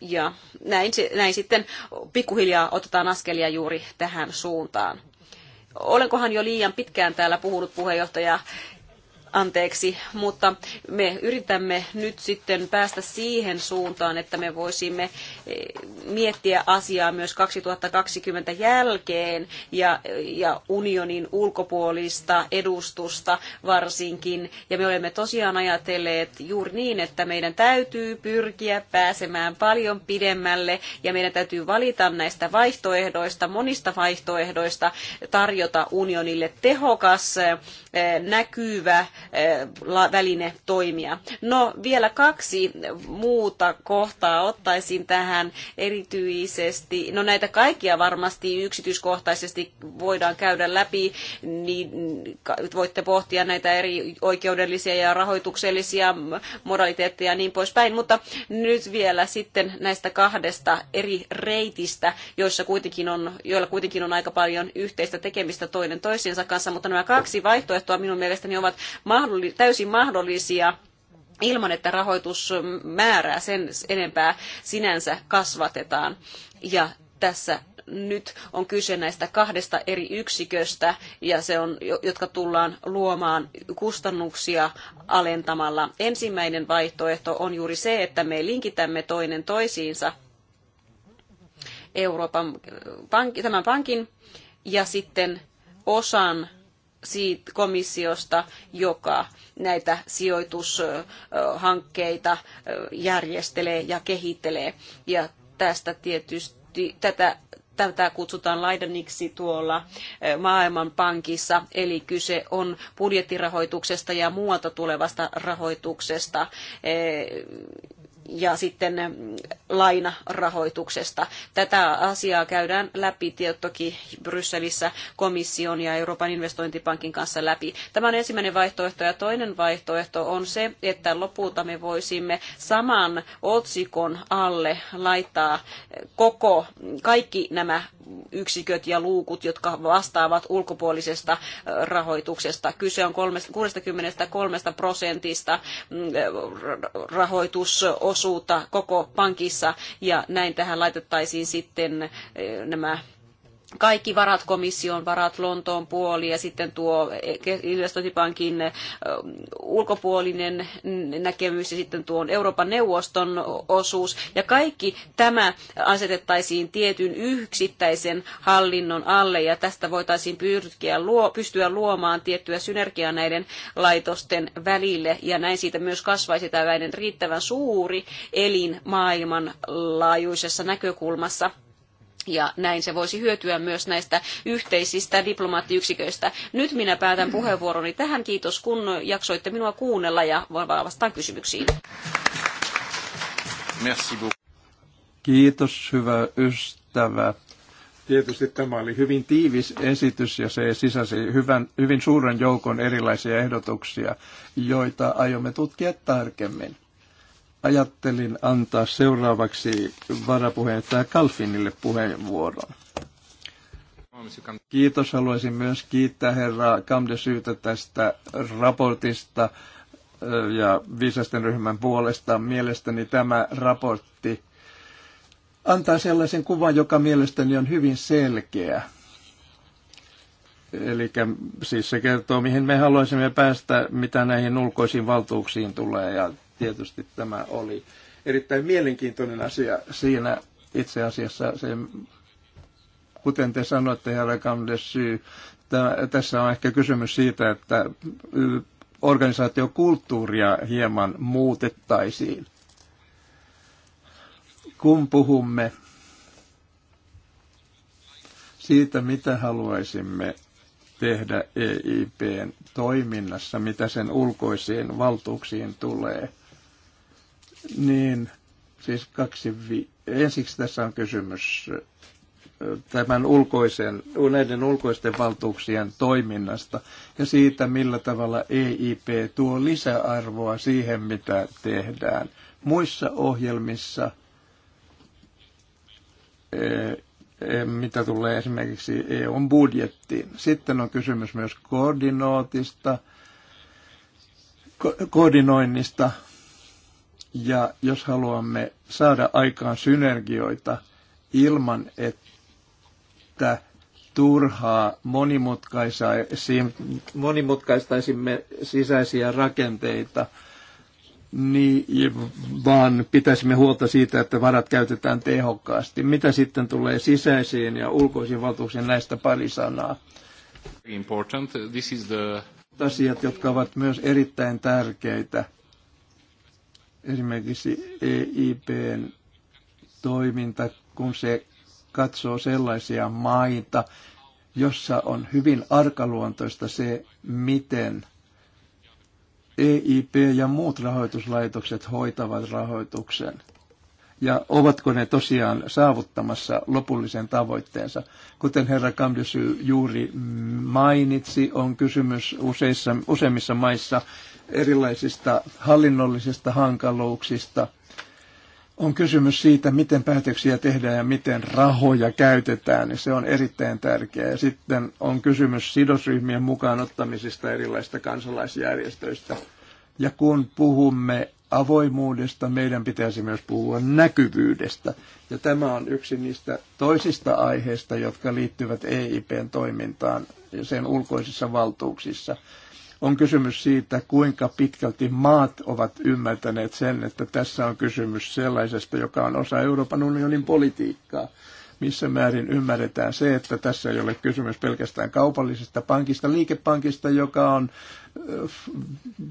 ja näin, näin sitten pikkuhiljaa otetaan askelia juuri tähän suuntaan olenkohan jo liian pitkään täällä puhunut puheenjohtaja anteeksi, mutta me yritämme nyt sitten päästä siihen suuntaan, että me voisimme eh, miettiä asiaa myös 2020 jälkeen ja, ja unionin ulkopuolista edustusta varsinkin. Ja me olemme tosiaan ajatelleet juuri niin, että meidän täytyy pyrkiä pääsemään paljon pidemmälle ja meidän täytyy valita näistä vaihtoehdoista, monista vaihtoehdoista, tarjota unionille tehokas, eh, näkyvä, väline toimia. No vielä kaksi muuta kohtaa ottaisin tähän erityisesti. No näitä kaikkia varmasti yksityiskohtaisesti voidaan käydä läpi, niin voitte pohtia näitä eri oikeudellisia ja rahoituksellisia modaliteetteja ja niin poispäin, mutta nyt vielä sitten näistä kahdesta eri reitistä, joissa kuitenkin on, joilla kuitenkin on aika paljon yhteistä tekemistä toinen toisiinsa kanssa, mutta nämä kaksi vaihtoehtoa minun mielestäni ovat täysin mahdollisia ilman, että rahoitusmäärää sen enempää sinänsä kasvatetaan. Ja tässä nyt on kyse näistä kahdesta eri yksiköstä, ja se on, jotka tullaan luomaan kustannuksia alentamalla. Ensimmäinen vaihtoehto on juuri se, että me linkitämme toinen toisiinsa Euroopan tämän pankin ja sitten osan siitä komissiosta, joka näitä sijoitushankkeita järjestelee ja kehittelee. Ja tästä tietysti tätä tätä kutsutaan laidaniksi tuolla Maailmanpankissa, eli kyse on budjettirahoituksesta ja muualta tulevasta rahoituksesta ja sitten lainarahoituksesta. Tätä asiaa käydään läpi toki Brysselissä komission ja Euroopan investointipankin kanssa läpi. Tämä on ensimmäinen vaihtoehto ja toinen vaihtoehto on se, että lopulta me voisimme saman otsikon alle laittaa koko, kaikki nämä yksiköt ja luukut, jotka vastaavat ulkopuolisesta äh, rahoituksesta. Kyse on 63 prosentista mm, rahoitusosuudesta suuta koko pankissa ja näin tähän laitettaisiin sitten eh, nämä kaikki varat, komission varat Lontoon puoli ja sitten tuo eh, investointipankin eh, ulkopuolinen näkemys ja sitten tuon Euroopan neuvoston osuus. Ja kaikki tämä asetettaisiin tietyn yksittäisen hallinnon alle ja tästä voitaisiin pystyä luomaan tiettyä synergiaa näiden laitosten välille ja näin siitä myös kasvaisi tällainen riittävän suuri elin maailmanlaajuisessa näkökulmassa ja näin se voisi hyötyä myös näistä yhteisistä diplomaattiyksiköistä. Nyt minä päätän puheenvuoroni tähän. Kiitos kun jaksoitte minua kuunnella ja vastaan kysymyksiin. Kiitos hyvä ystävä. Tietysti tämä oli hyvin tiivis esitys ja se sisäsi hyvän, hyvin suuren joukon erilaisia ehdotuksia, joita aiomme tutkia tarkemmin ajattelin antaa seuraavaksi varapuheenjohtaja Kalfinille puheenvuoron. Kiitos. Haluaisin myös kiittää herra syytä tästä raportista ja viisasten ryhmän puolesta. Mielestäni tämä raportti antaa sellaisen kuvan, joka mielestäni on hyvin selkeä. Eli siis se kertoo, mihin me haluaisimme päästä, mitä näihin ulkoisiin valtuuksiin tulee. Ja tietysti tämä oli erittäin mielenkiintoinen asia siinä itse asiassa se, kuten te sanoitte, herra Kamdesy, tässä on ehkä kysymys siitä, että organisaatiokulttuuria hieman muutettaisiin. Kun puhumme siitä, mitä haluaisimme tehdä EIPn toiminnassa, mitä sen ulkoisiin valtuuksiin tulee – niin, siis kaksi vi- Ensiksi tässä on kysymys äh, tämän ulkoisen, näiden ulkoisten valtuuksien toiminnasta ja siitä, millä tavalla EIP tuo lisäarvoa siihen, mitä tehdään. Muissa ohjelmissa, äh, äh, mitä tulee esimerkiksi EUn budjettiin. Sitten on kysymys myös koordinootista, ko- koordinoinnista ja jos haluamme saada aikaan synergioita ilman, että turhaa monimutkaistaisimme sisäisiä rakenteita, niin, vaan pitäisimme huolta siitä, että varat käytetään tehokkaasti. Mitä sitten tulee sisäisiin ja ulkoisiin valtuuksiin näistä pari sanaa? Important. This is the... Asiat, jotka ovat myös erittäin tärkeitä esimerkiksi EIPn toiminta, kun se katsoo sellaisia maita, jossa on hyvin arkaluontoista se, miten EIP ja muut rahoituslaitokset hoitavat rahoituksen. Ja ovatko ne tosiaan saavuttamassa lopullisen tavoitteensa? Kuten herra Kamdysy juuri mainitsi, on kysymys useissa, useimmissa maissa erilaisista hallinnollisista hankaluuksista. On kysymys siitä, miten päätöksiä tehdään ja miten rahoja käytetään, niin se on erittäin tärkeää. sitten on kysymys sidosryhmien mukaan ottamisista erilaisista kansalaisjärjestöistä. Ja kun puhumme avoimuudesta, meidän pitäisi myös puhua näkyvyydestä. Ja tämä on yksi niistä toisista aiheista, jotka liittyvät EIPn toimintaan ja sen ulkoisissa valtuuksissa on kysymys siitä, kuinka pitkälti maat ovat ymmärtäneet sen, että tässä on kysymys sellaisesta, joka on osa Euroopan unionin politiikkaa. Missä määrin ymmärretään se, että tässä ei ole kysymys pelkästään kaupallisesta pankista, liikepankista, joka on äh,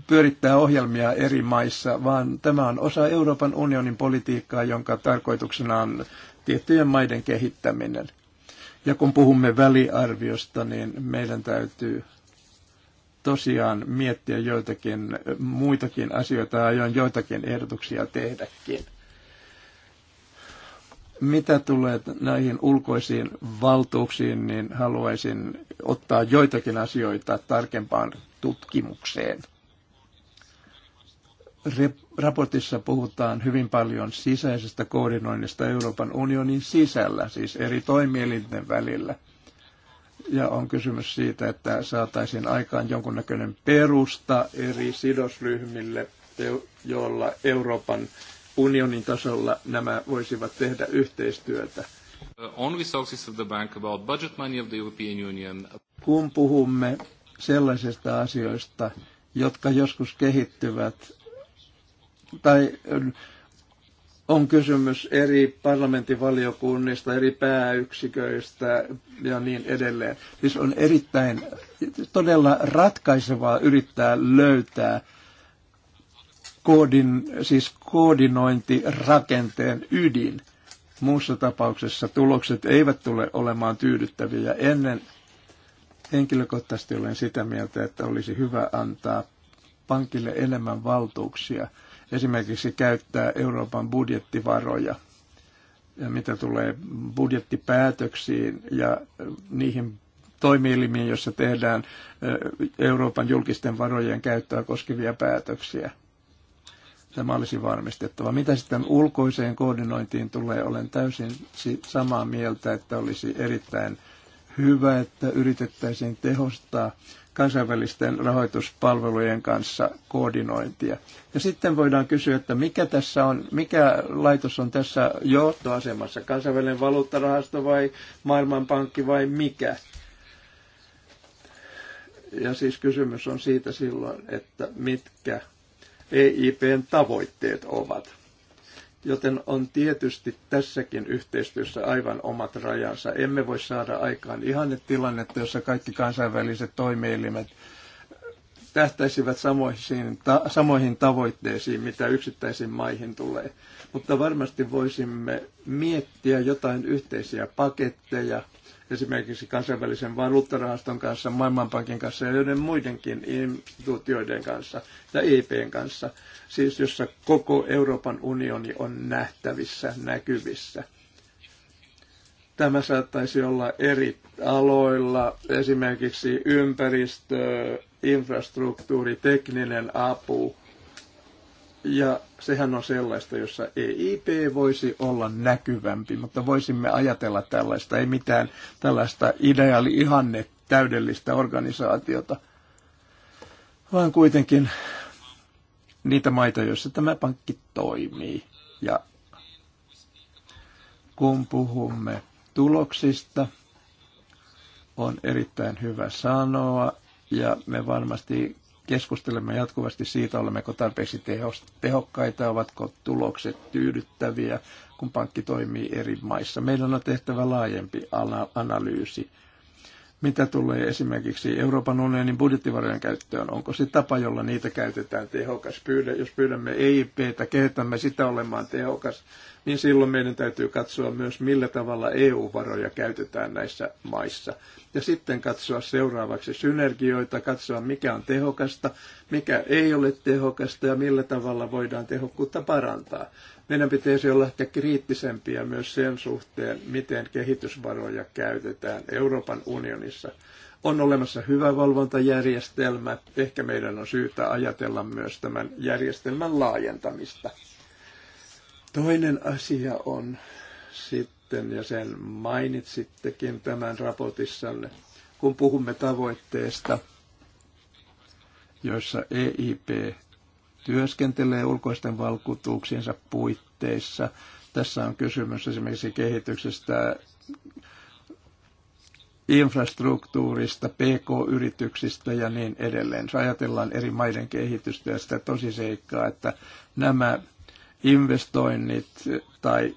pyörittää ohjelmia eri maissa, vaan tämä on osa Euroopan unionin politiikkaa, jonka tarkoituksena on tiettyjen maiden kehittäminen. Ja kun puhumme väliarviosta, niin meidän täytyy tosiaan miettiä joitakin muitakin asioita ja aion joitakin ehdotuksia tehdäkin. Mitä tulee näihin ulkoisiin valtuuksiin, niin haluaisin ottaa joitakin asioita tarkempaan tutkimukseen. Raportissa puhutaan hyvin paljon sisäisestä koordinoinnista Euroopan unionin sisällä, siis eri toimielinten välillä – ja on kysymys siitä, että saataisiin aikaan jonkunnäköinen perusta eri sidosryhmille, joilla Euroopan unionin tasolla nämä voisivat tehdä yhteistyötä. Uh, Kun puhumme sellaisista asioista, jotka joskus kehittyvät tai on kysymys eri parlamenttivaliokunnista, eri pääyksiköistä ja niin edelleen. Siis on erittäin todella ratkaisevaa yrittää löytää koodin, siis koordinointirakenteen ydin. Muussa tapauksessa tulokset eivät tule olemaan tyydyttäviä ja ennen henkilökohtaisesti olen sitä mieltä, että olisi hyvä antaa pankille enemmän valtuuksia – esimerkiksi käyttää Euroopan budjettivaroja, ja mitä tulee budjettipäätöksiin ja niihin toimielimiin, jossa tehdään Euroopan julkisten varojen käyttöä koskevia päätöksiä. Tämä olisi varmistettava. Mitä sitten ulkoiseen koordinointiin tulee, olen täysin samaa mieltä, että olisi erittäin hyvä, että yritettäisiin tehostaa kansainvälisten rahoituspalvelujen kanssa koordinointia. Ja sitten voidaan kysyä, että mikä, tässä on, mikä laitos on tässä johtoasemassa, kansainvälinen valuuttarahasto vai maailmanpankki vai mikä? Ja siis kysymys on siitä silloin, että mitkä EIPn tavoitteet ovat. Joten on tietysti tässäkin yhteistyössä aivan omat rajansa. Emme voi saada aikaan ihannetilannetta, jossa kaikki kansainväliset toimielimet tähtäisivät samoihin, ta, samoihin tavoitteisiin, mitä yksittäisiin maihin tulee. Mutta varmasti voisimme miettiä jotain yhteisiä paketteja, esimerkiksi kansainvälisen valuuttarahaston kanssa, Maailmanpankin kanssa ja joiden muidenkin instituutioiden kanssa ja EPn kanssa, siis jossa koko Euroopan unioni on nähtävissä, näkyvissä. Tämä saattaisi olla eri aloilla, esimerkiksi ympäristö, infrastruktuuri, tekninen apu, ja sehän on sellaista, jossa EIP voisi olla näkyvämpi, mutta voisimme ajatella tällaista, ei mitään tällaista ideaali ihanne täydellistä organisaatiota, vaan kuitenkin niitä maita, joissa tämä pankki toimii. Ja kun puhumme tuloksista, on erittäin hyvä sanoa, ja me varmasti keskustelemme jatkuvasti siitä, olemmeko tarpeeksi tehokkaita, ovatko tulokset tyydyttäviä, kun pankki toimii eri maissa. Meidän on tehtävä laajempi analyysi mitä tulee esimerkiksi Euroopan unionin budjettivarojen käyttöön? Onko se tapa, jolla niitä käytetään tehokas? Pyydä, jos pyydämme EIPtä, kehitämme sitä olemaan tehokas, niin silloin meidän täytyy katsoa myös, millä tavalla EU-varoja käytetään näissä maissa. Ja sitten katsoa seuraavaksi synergioita, katsoa mikä on tehokasta, mikä ei ole tehokasta ja millä tavalla voidaan tehokkuutta parantaa. Meidän pitäisi olla ehkä kriittisempiä myös sen suhteen, miten kehitysvaroja käytetään Euroopan unionissa. On olemassa hyvä valvontajärjestelmä. Ehkä meidän on syytä ajatella myös tämän järjestelmän laajentamista. Toinen asia on sitten, ja sen mainitsittekin tämän raportissanne, kun puhumme tavoitteesta, joissa EIP työskentelee ulkoisten valkutuksiensa puitteissa. Tässä on kysymys esimerkiksi kehityksestä infrastruktuurista, pk-yrityksistä ja niin edelleen. Jos ajatellaan eri maiden kehitystä ja sitä tosiseikkaa, että nämä investoinnit tai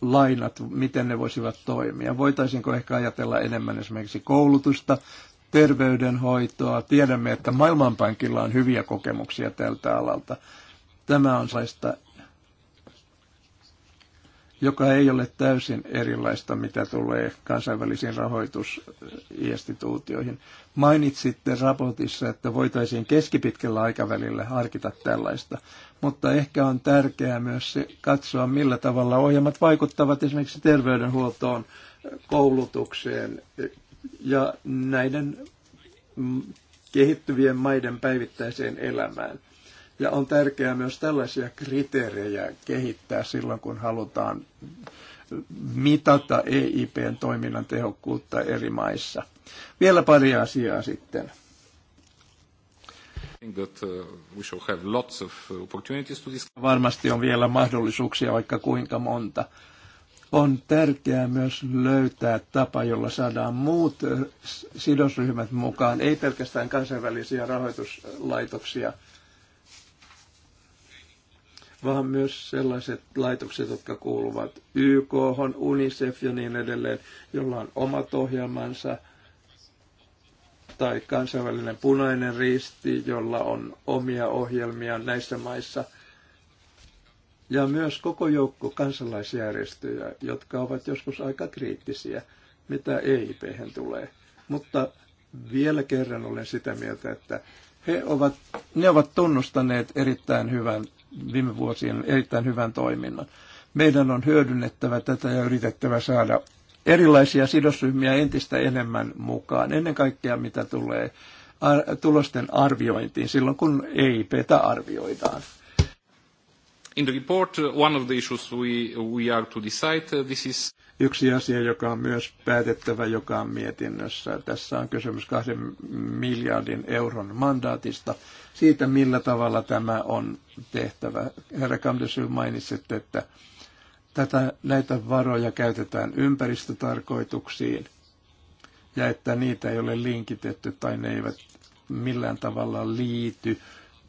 lainat, miten ne voisivat toimia. Voitaisinko ehkä ajatella enemmän esimerkiksi koulutusta terveydenhoitoa. Tiedämme, että Maailmanpankilla on hyviä kokemuksia tältä alalta. Tämä on saista, joka ei ole täysin erilaista, mitä tulee kansainvälisiin rahoitusinstituutioihin. Mainitsitte raportissa, että voitaisiin keskipitkällä aikavälillä harkita tällaista, mutta ehkä on tärkeää myös se, katsoa, millä tavalla ohjelmat vaikuttavat esimerkiksi terveydenhuoltoon, koulutukseen, ja näiden kehittyvien maiden päivittäiseen elämään. Ja on tärkeää myös tällaisia kriteerejä kehittää silloin, kun halutaan mitata EIPn toiminnan tehokkuutta eri maissa. Vielä pari asiaa sitten. Uh, uh, Varmasti on vielä mahdollisuuksia, vaikka kuinka monta on tärkeää myös löytää tapa, jolla saadaan muut sidosryhmät mukaan, ei pelkästään kansainvälisiä rahoituslaitoksia, vaan myös sellaiset laitokset, jotka kuuluvat YK, UNICEF ja niin edelleen, jolla on omat ohjelmansa, tai kansainvälinen punainen risti, jolla on omia ohjelmia näissä maissa – ja myös koko joukko kansalaisjärjestöjä, jotka ovat joskus aika kriittisiä, mitä eip tulee. Mutta vielä kerran olen sitä mieltä, että he ovat, ne ovat tunnustaneet erittäin hyvän, viime vuosien erittäin hyvän toiminnan. Meidän on hyödynnettävä tätä ja yritettävä saada erilaisia sidosryhmiä entistä enemmän mukaan, ennen kaikkea mitä tulee ar- tulosten arviointiin silloin, kun EIPtä arvioidaan. In the report, uh, one of the issues we, we are to decide, uh, this is... Yksi asia, joka on myös päätettävä, joka on mietinnössä. Tässä on kysymys kahden miljardin euron mandaatista. Siitä, millä tavalla tämä on tehtävä. Herra Kamdesy, mainitsitte, että tätä, näitä varoja käytetään ympäristötarkoituksiin ja että niitä ei ole linkitetty tai ne eivät millään tavalla liity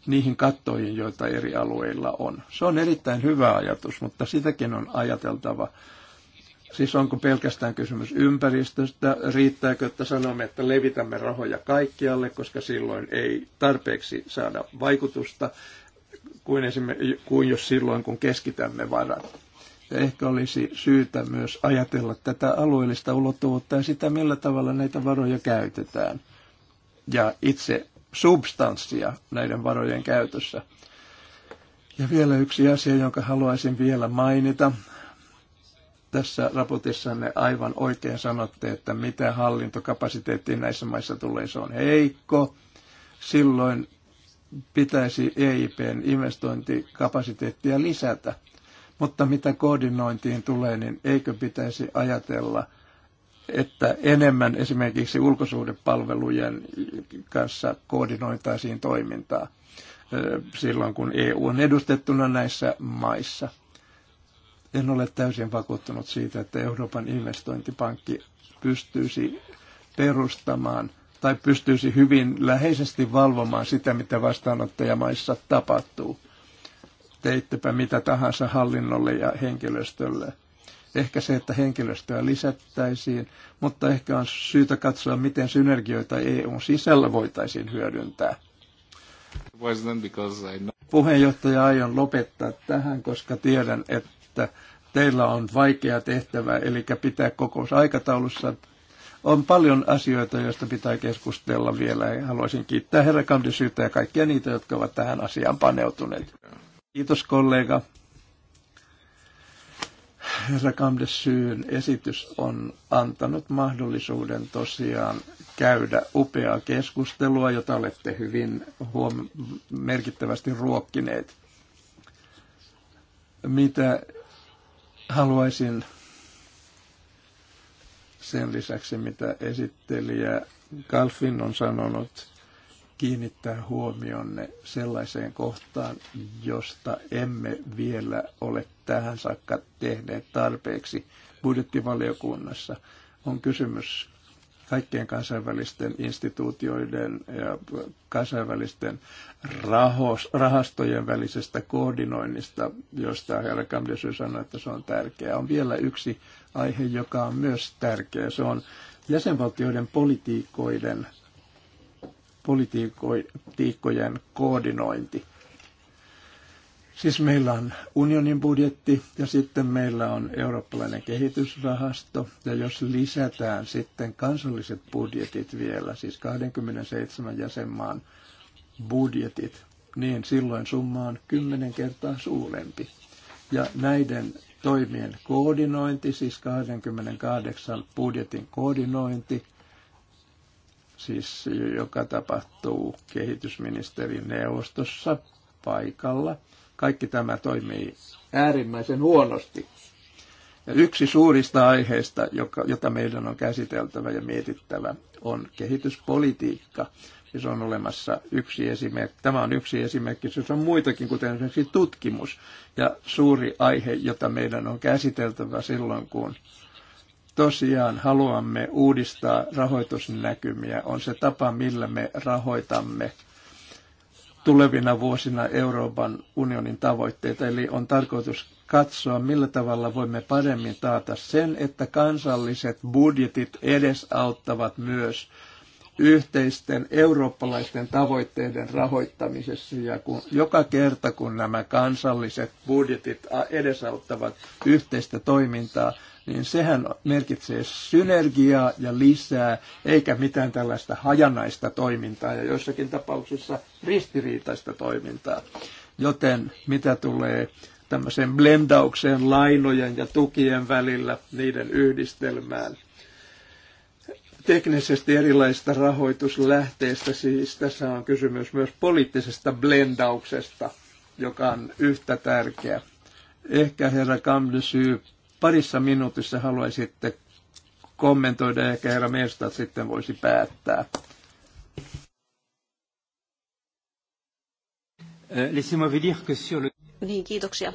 niihin kattoihin, joita eri alueilla on. Se on erittäin hyvä ajatus, mutta sitäkin on ajateltava. Siis onko pelkästään kysymys ympäristöstä, riittääkö, että sanomme, että levitämme rahoja kaikkialle, koska silloin ei tarpeeksi saada vaikutusta, kuin, kuin jos silloin, kun keskitämme varat. Ja ehkä olisi syytä myös ajatella tätä alueellista ulottuvuutta ja sitä, millä tavalla näitä varoja käytetään. Ja itse substanssia näiden varojen käytössä. Ja vielä yksi asia, jonka haluaisin vielä mainita. Tässä raportissanne aivan oikein sanotte, että mitä hallintokapasiteetti näissä maissa tulee, se on heikko. Silloin pitäisi EIPn investointikapasiteettia lisätä. Mutta mitä koordinointiin tulee, niin eikö pitäisi ajatella – että enemmän esimerkiksi ulkosuhdepalvelujen kanssa koordinoitaisiin toimintaa silloin, kun EU on edustettuna näissä maissa. En ole täysin vakuuttunut siitä, että Euroopan investointipankki pystyisi perustamaan tai pystyisi hyvin läheisesti valvomaan sitä, mitä vastaanottajamaissa tapahtuu. Teittepä mitä tahansa hallinnolle ja henkilöstölle – Ehkä se, että henkilöstöä lisättäisiin, mutta ehkä on syytä katsoa, miten synergioita EUn sisällä voitaisiin hyödyntää. Puheenjohtaja aion lopettaa tähän, koska tiedän, että teillä on vaikea tehtävä, eli pitää kokous aikataulussa. On paljon asioita, joista pitää keskustella vielä. Ja haluaisin kiittää herra Kandisyyttä ja kaikkia niitä, jotka ovat tähän asiaan paneutuneet. Kiitos kollega herra Kamdessyyn esitys on antanut mahdollisuuden tosiaan käydä upeaa keskustelua, jota olette hyvin huom- merkittävästi ruokkineet. Mitä haluaisin sen lisäksi, mitä esittelijä Kalfin on sanonut, kiinnittää huomionne sellaiseen kohtaan, josta emme vielä ole tähän saakka tehneet tarpeeksi budjettivaliokunnassa. On kysymys kaikkien kansainvälisten instituutioiden ja kansainvälisten rahos, rahastojen välisestä koordinoinnista, josta herra Kamdesy sanoi, että se on tärkeää. On vielä yksi aihe, joka on myös tärkeä. Se on jäsenvaltioiden politiikoiden politiikkojen koordinointi. Siis meillä on unionin budjetti ja sitten meillä on eurooppalainen kehitysrahasto. Ja jos lisätään sitten kansalliset budjetit vielä, siis 27 jäsenmaan budjetit, niin silloin summa on kymmenen kertaa suurempi. Ja näiden toimien koordinointi, siis 28 budjetin koordinointi, siis joka tapahtuu kehitysministerin neuvostossa paikalla. Kaikki tämä toimii äärimmäisen huonosti. Ja yksi suurista aiheista, joka, jota meidän on käsiteltävä ja mietittävä, on kehityspolitiikka. Ja se on olemassa yksi esimerkki. Tämä on yksi esimerkki, se on muitakin, kuten esimerkiksi tutkimus. Ja suuri aihe, jota meidän on käsiteltävä silloin, kun tosiaan haluamme uudistaa rahoitusnäkymiä, on se tapa, millä me rahoitamme tulevina vuosina Euroopan unionin tavoitteita. Eli on tarkoitus katsoa, millä tavalla voimme paremmin taata sen, että kansalliset budjetit edesauttavat myös yhteisten eurooppalaisten tavoitteiden rahoittamisessa. Ja kun, joka kerta, kun nämä kansalliset budjetit edesauttavat yhteistä toimintaa, niin sehän merkitsee synergiaa ja lisää, eikä mitään tällaista hajanaista toimintaa ja joissakin tapauksissa ristiriitaista toimintaa. Joten mitä tulee tämmöiseen blendaukseen lainojen ja tukien välillä, niiden yhdistelmään, teknisesti erilaisista rahoituslähteistä, siis tässä on kysymys myös poliittisesta blendauksesta, joka on yhtä tärkeä. Ehkä herra Kamdysy, parissa minuutissa haluaisitte kommentoida ja ehkä herra Mestat sitten voisi päättää. Euh, niin, kiitoksia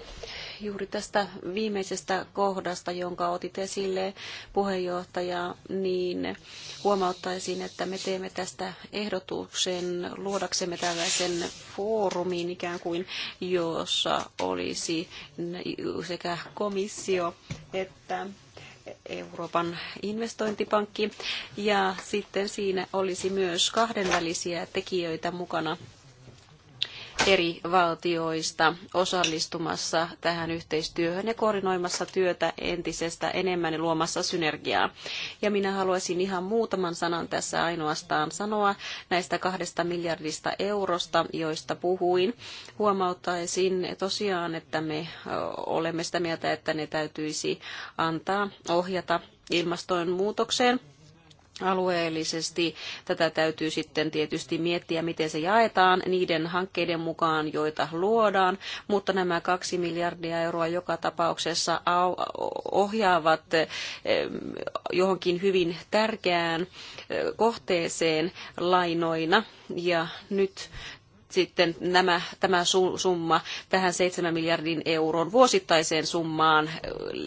juuri tästä viimeisestä kohdasta, jonka otit esille puheenjohtaja, niin huomauttaisin, että me teemme tästä ehdotuksen luodaksemme tällaisen foorumin ikään kuin, jossa olisi sekä komissio että Euroopan investointipankki. Ja sitten siinä olisi myös kahdenvälisiä tekijöitä mukana eri valtioista osallistumassa tähän yhteistyöhön ja koordinoimassa työtä entisestä enemmän ja luomassa synergiaa. Ja minä haluaisin ihan muutaman sanan tässä ainoastaan sanoa näistä kahdesta miljardista eurosta, joista puhuin. Huomauttaisin tosiaan, että me olemme sitä mieltä, että ne täytyisi antaa ohjata ilmastonmuutokseen alueellisesti. Tätä täytyy sitten tietysti miettiä, miten se jaetaan niiden hankkeiden mukaan, joita luodaan, mutta nämä kaksi miljardia euroa joka tapauksessa ohjaavat eh, johonkin hyvin tärkeään eh, kohteeseen lainoina. Ja nyt sitten nämä, tämä summa tähän 7 miljardin euron vuosittaiseen summaan,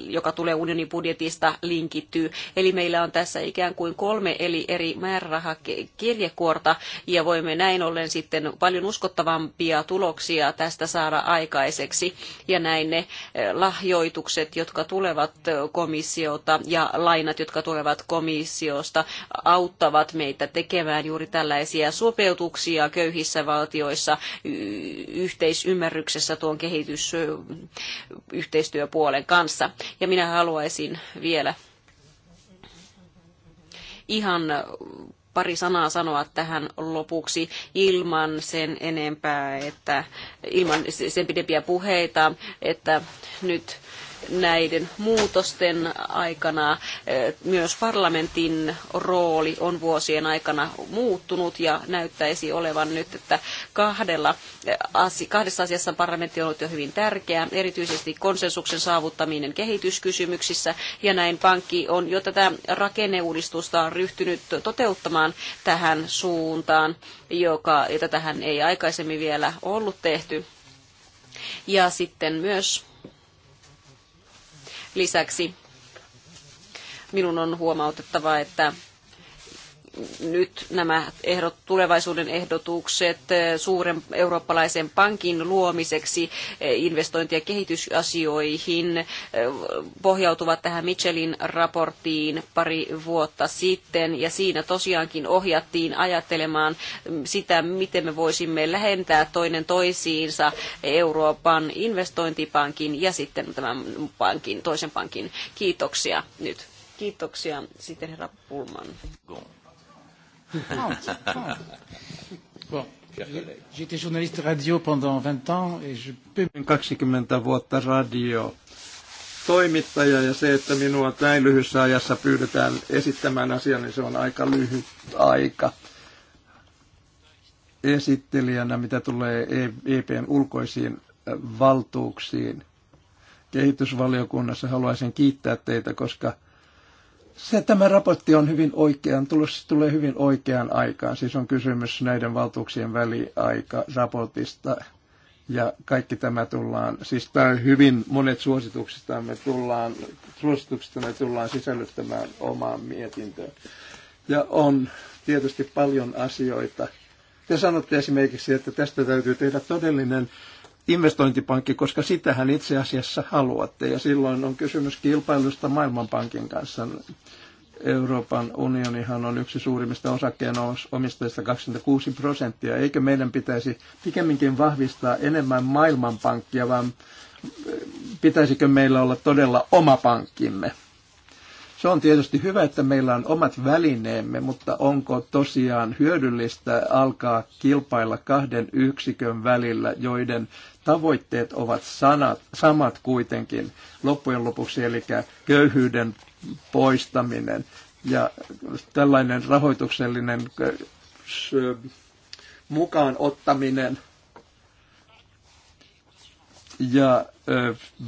joka tulee unionin budjetista, linkittyy. Eli meillä on tässä ikään kuin kolme eli eri määrärahakirjekuorta, ja voimme näin ollen sitten paljon uskottavampia tuloksia tästä saada aikaiseksi. Ja näin ne lahjoitukset, jotka tulevat komissiota, ja lainat, jotka tulevat komissiosta, auttavat meitä tekemään juuri tällaisia sopeutuksia köyhissä valtioissa, asioissa yhteisymmärryksessä tuon kehitysyhteistyöpuolen kanssa. Ja minä haluaisin vielä ihan pari sanaa sanoa tähän lopuksi ilman sen enempää, että ilman sen pidempiä puheita, että nyt näiden muutosten aikana eh, myös parlamentin rooli on vuosien aikana muuttunut ja näyttäisi olevan nyt, että kahdella, eh, kahdessa asiassa parlamentti on ollut jo hyvin tärkeä, erityisesti konsensuksen saavuttaminen kehityskysymyksissä ja näin pankki on jo tätä rakenneuudistusta ryhtynyt toteuttamaan tähän suuntaan, joka, jota tähän ei aikaisemmin vielä ollut tehty. Ja sitten myös lisäksi minun on huomautettava, että nyt nämä ehdot, tulevaisuuden ehdotukset eh, suuren eurooppalaisen pankin luomiseksi eh, investointi- ja kehitysasioihin eh, pohjautuvat tähän Michelin raporttiin pari vuotta sitten. Ja siinä tosiaankin ohjattiin ajattelemaan mm, sitä, miten me voisimme lähentää toinen toisiinsa Euroopan investointipankin ja sitten tämän pankin, toisen pankin. Kiitoksia nyt. Kiitoksia sitten herra Pulman. Bon, journaliste radio pendant 20 ans et je peux... 20 vuotta radio toimittaja ja se, että minua näin lyhyessä ajassa pyydetään esittämään asian, niin se on aika lyhyt aika esittelijänä, mitä tulee EPn ulkoisiin äh, valtuuksiin. Kehitysvaliokunnassa haluaisin kiittää teitä, koska se, tämä raportti on hyvin oikean, tulos tulee hyvin oikeaan aikaan. Siis on kysymys näiden valtuuksien väliaika raportista ja kaikki tämä tullaan, siis tämä on hyvin monet suosituksista me tullaan, suosituksista me tullaan sisällyttämään omaan mietintöön. Ja on tietysti paljon asioita. Te sanotte esimerkiksi, että tästä täytyy tehdä todellinen investointipankki, koska sitähän itse asiassa haluatte. Ja silloin on kysymys kilpailusta Maailmanpankin kanssa. Euroopan unionihan on yksi suurimmista osakkeenomistajista 26 prosenttia. Eikö meidän pitäisi pikemminkin vahvistaa enemmän Maailmanpankkia, vaan eh, pitäisikö meillä olla todella oma pankkimme? Se on tietysti hyvä, että meillä on omat välineemme, mutta onko tosiaan hyödyllistä alkaa kilpailla kahden yksikön välillä, joiden tavoitteet ovat sanat, samat kuitenkin loppujen lopuksi, eli köyhyyden poistaminen ja tällainen rahoituksellinen mukaan ottaminen ja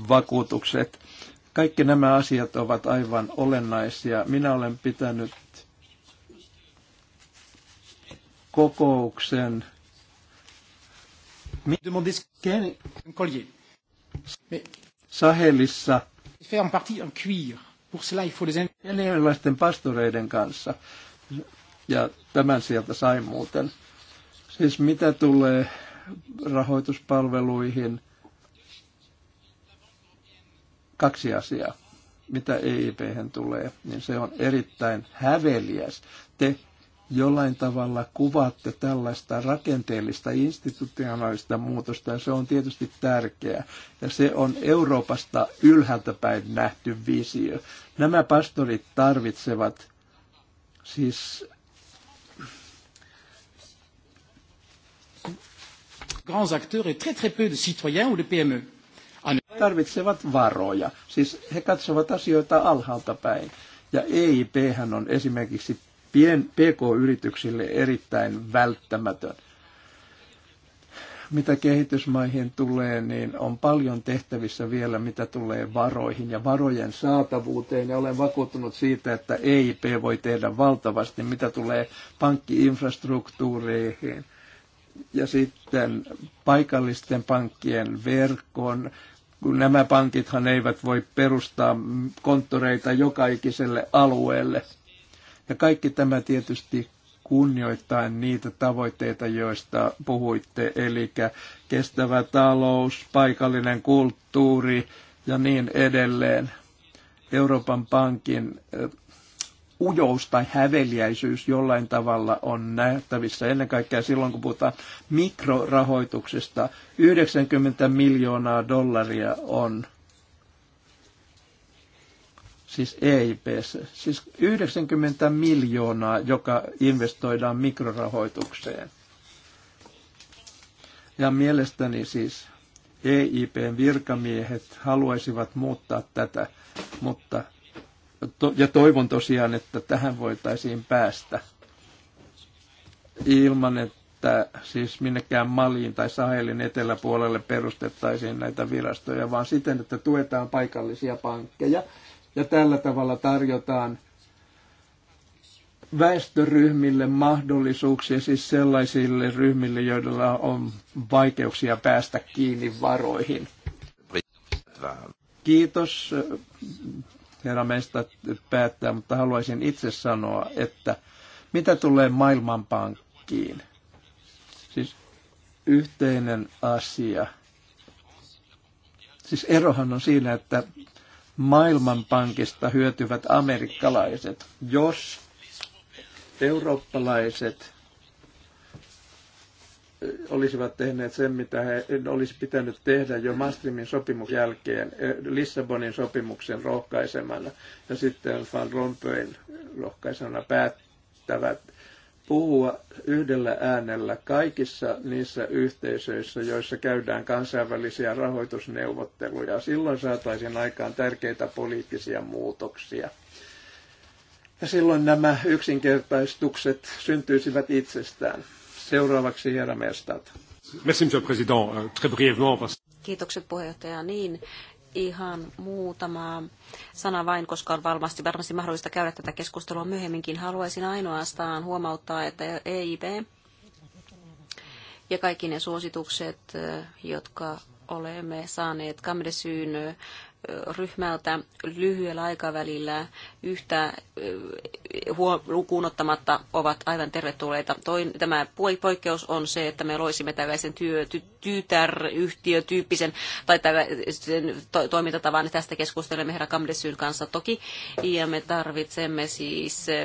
vakuutukset. Kaikki nämä asiat ovat aivan olennaisia. Minä olen pitänyt kokouksen Demandez un collier. Sahelissa. Faire en partie cuir. Pour cela, il faut les... pastoreiden kanssa. Ja tämän sieltä sain muuten. Siis mitä tulee rahoituspalveluihin, kaksi asiaa. Mitä EIP tulee, niin se on erittäin häveliäs. Te jollain tavalla kuvaatte tällaista rakenteellista institutionaalista muutosta, ja se on tietysti tärkeää. Ja se on Euroopasta ylhäältä päin nähty visio. Nämä pastorit tarvitsevat siis grands acteurs et très très peu de citoyens ou de PME. Tarvitsevat varoja. Siis he katsovat asioita alhaalta päin. Ja EIP on esimerkiksi pien PK-yrityksille erittäin välttämätön. Mitä kehitysmaihin tulee, niin on paljon tehtävissä vielä, mitä tulee varoihin ja varojen saatavuuteen. Ja olen vakuuttunut siitä, että EIP voi tehdä valtavasti, mitä tulee pankkiinfrastruktuureihin ja sitten paikallisten pankkien verkon, kun nämä pankithan eivät voi perustaa konttoreita joka ikiselle alueelle. Ja kaikki tämä tietysti kunnioittaen niitä tavoitteita, joista puhuitte, eli kestävä talous, paikallinen kulttuuri ja niin edelleen. Euroopan pankin eh, ujous tai häveliäisyys jollain tavalla on nähtävissä, ennen kaikkea silloin kun puhutaan mikrorahoituksesta. 90 miljoonaa dollaria on siis EIP, siis 90 miljoonaa, joka investoidaan mikrorahoitukseen. Ja mielestäni siis EIPn virkamiehet haluaisivat muuttaa tätä, mutta ja toivon tosiaan, että tähän voitaisiin päästä ilman, että siis minnekään Maliin tai Sahelin eteläpuolelle perustettaisiin näitä virastoja, vaan siten, että tuetaan paikallisia pankkeja – ja tällä tavalla tarjotaan väestöryhmille mahdollisuuksia, siis sellaisille ryhmille, joilla on vaikeuksia päästä kiinni varoihin. Kiitos. Herra meistä päättää, mutta haluaisin itse sanoa, että mitä tulee Maailmanpankkiin? Siis yhteinen asia. Siis erohan on siinä, että Maailmanpankista hyötyvät amerikkalaiset, jos eurooppalaiset eh, olisivat tehneet sen, mitä he olisi pitänyt tehdä jo Maastrimin sopimuksen jälkeen eh, Lissabonin sopimuksen rohkaisemana ja sitten Van Rompuyn rohkaisemana päättävät puhua yhdellä äänellä kaikissa niissä yhteisöissä, joissa käydään kansainvälisiä rahoitusneuvotteluja. Silloin saataisiin aikaan tärkeitä poliittisia muutoksia. Ja silloin nämä yksinkertaistukset syntyisivät itsestään. Seuraavaksi herra Mestat. Merci, euh, Kiitokset puheenjohtaja. Niin, ihan muutama sana vain, koska on varmasti, varmasti mahdollista käydä tätä keskustelua myöhemminkin. Haluaisin ainoastaan huomauttaa, että EIB ja kaikki ne suositukset, jotka olemme saaneet Kamdesyyn ryhmältä lyhyellä aikavälillä yhtä lukuun ottamatta ovat aivan tervetulleita. Toin, tämä poikkeus on se, että me loisimme tällaisen työ, ty, tytäryhtiötyyppisen tai tällaisen to, toimintatavan. Tästä keskustelemme herra Kamdesyn kanssa toki. Ja me tarvitsemme siis ä, ä,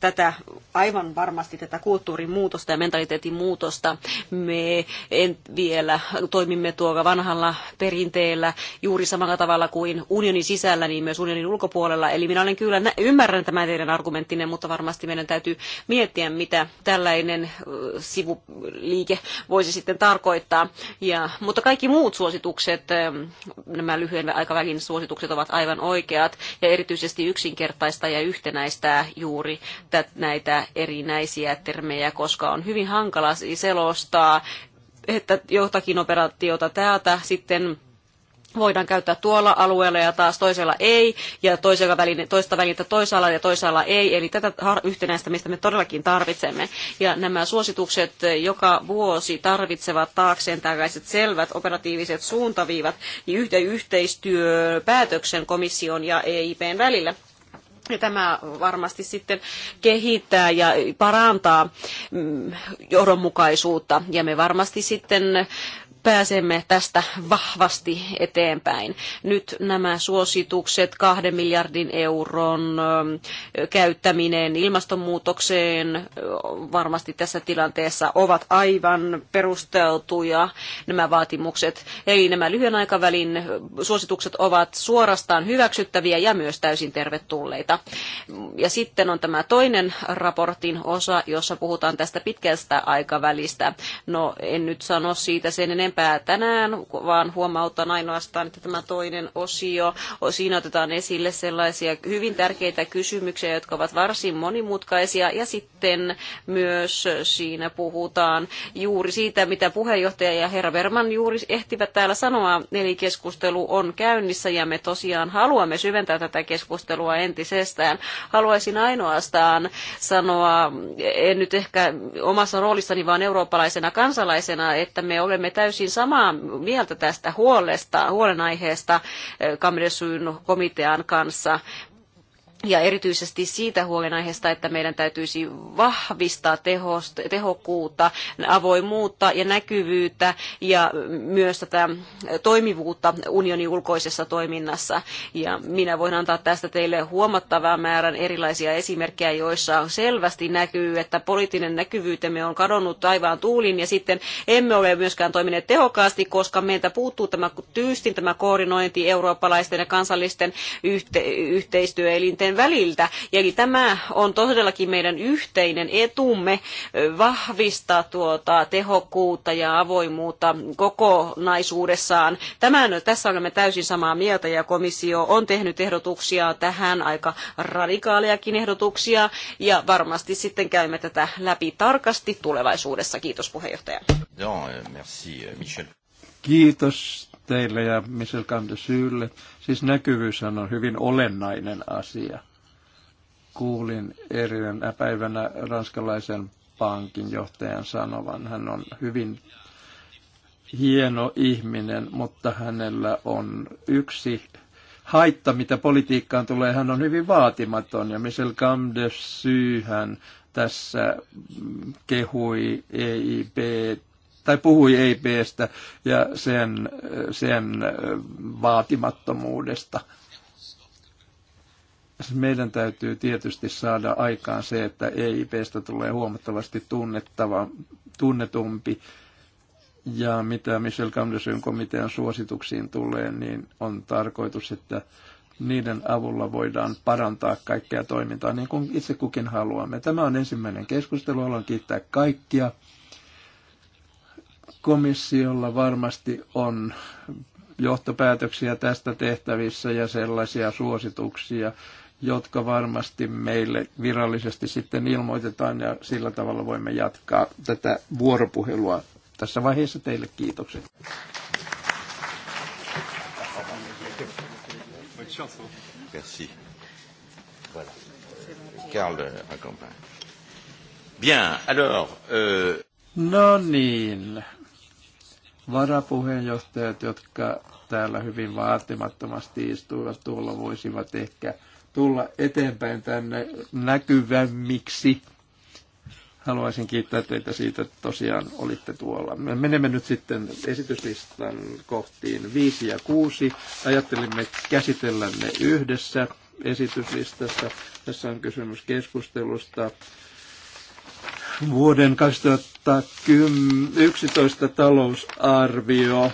tätä aivan varmasti tätä kulttuurin muutosta ja mentaliteetin muutosta. Me en vielä toimimme tuolla vanhalla perinteellä juuri samalla tavalla kuin unionin sisällä, niin myös unionin ulkopuolella. Eli minä olen kyllä, ymmärrän tämän teidän argumenttinne, mutta varmasti meidän täytyy miettiä, mitä tällainen sivuliike voisi sitten tarkoittaa. Ja, mutta kaikki muut suositukset, nämä lyhyen aikavälin suositukset ovat aivan oikeat ja erityisesti yksinkertaista ja yhtenäistää juuri näitä erinäisiä termejä, koska on hyvin hankala selostaa, että jotakin operaatiota täältä sitten voidaan käyttää tuolla alueella ja taas toisella ei, ja toisella väline, toista välintä toisaalla ja toisaalla ei, eli tätä yhtenäistämistä me todellakin tarvitsemme. Ja nämä suositukset joka vuosi tarvitsevat taakseen tällaiset selvät operatiiviset suuntaviivat ja yhteistyöpäätöksen komission ja EIPn välillä. Ja tämä varmasti sitten kehittää ja parantaa mm, johdonmukaisuutta. Ja me varmasti sitten pääsemme tästä vahvasti eteenpäin. Nyt nämä suositukset, kahden miljardin euron käyttäminen ilmastonmuutokseen varmasti tässä tilanteessa ovat aivan perusteltuja nämä vaatimukset. Eli nämä lyhyen aikavälin suositukset ovat suorastaan hyväksyttäviä ja myös täysin tervetulleita. Ja sitten on tämä toinen raportin osa, jossa puhutaan tästä pitkästä aikavälistä. No en nyt sano siitä sen enempää enempää tänään, vaan huomautan ainoastaan, että tämä toinen osio, siinä otetaan esille sellaisia hyvin tärkeitä kysymyksiä, jotka ovat varsin monimutkaisia, ja sitten myös siinä puhutaan juuri siitä, mitä puheenjohtaja ja herra Verman juuri ehtivät täällä sanoa, eli keskustelu on käynnissä, ja me tosiaan haluamme syventää tätä keskustelua entisestään. Haluaisin ainoastaan sanoa, en nyt ehkä omassa roolissani, vaan eurooppalaisena kansalaisena, että me olemme täysin täysin samaa mieltä tästä huolesta, huolenaiheesta eh, Kamresuyn komitean kanssa, ja erityisesti siitä huolenaiheesta, että meidän täytyisi vahvistaa tehost, tehokkuutta, avoimuutta ja näkyvyyttä ja myös tätä toimivuutta unionin ulkoisessa toiminnassa. Ja minä voin antaa tästä teille huomattavan määrän erilaisia esimerkkejä, joissa selvästi näkyy, että poliittinen näkyvyytemme on kadonnut taivaan tuulin ja sitten emme ole myöskään toimineet tehokkaasti, koska meiltä puuttuu tämä tyystin tämä koordinointi eurooppalaisten ja kansallisten yhte, yhteistyöelinten maiden väliltä. Eli tämä on todellakin meidän yhteinen etumme vahvistaa tuota tehokkuutta ja avoimuutta kokonaisuudessaan. Tämän, tässä olemme täysin samaa mieltä ja komissio on tehnyt ehdotuksia tähän aika radikaalejakin ehdotuksia ja varmasti sitten käymme tätä läpi tarkasti tulevaisuudessa. Kiitos puheenjohtaja. Kiitos teille ja Michel Kandesylle. Siis näkyvyys on hyvin olennainen asia. Kuulin erinen päivänä ranskalaisen pankin johtajan sanovan. Hän on hyvin hieno ihminen, mutta hänellä on yksi haitta, mitä politiikkaan tulee. Hän on hyvin vaatimaton ja Michel Kandesy hän tässä kehui EIP tai puhui EIPstä ja sen, sen vaatimattomuudesta. Siis meidän täytyy tietysti saada aikaan se, että EIPstä tulee huomattavasti tunnettava, tunnetumpi. Ja mitä Michel Camdesyn komitean suosituksiin tulee, niin on tarkoitus, että niiden avulla voidaan parantaa kaikkea toimintaa niin kuin itse kukin haluamme. Tämä on ensimmäinen keskustelu. Haluan kiittää kaikkia Komissiolla varmasti on johtopäätöksiä tästä tehtävissä ja sellaisia suosituksia, jotka varmasti meille virallisesti sitten ilmoitetaan ja sillä tavalla voimme jatkaa tätä vuoropuhelua. Tässä vaiheessa teille kiitokset. Merci. Voilà. Bien, alors... Euh... No niin, varapuheenjohtajat, jotka täällä hyvin vaatimattomasti istuivat tuolla, voisivat ehkä tulla eteenpäin tänne näkyvämmiksi. Haluaisin kiittää teitä siitä, että tosiaan olitte tuolla. Me menemme nyt sitten esityslistan kohtiin 5 ja 6. Ajattelimme käsitellä ne yhdessä esityslistassa, Tässä on kysymys keskustelusta vuoden 2000 2011 talousarvio.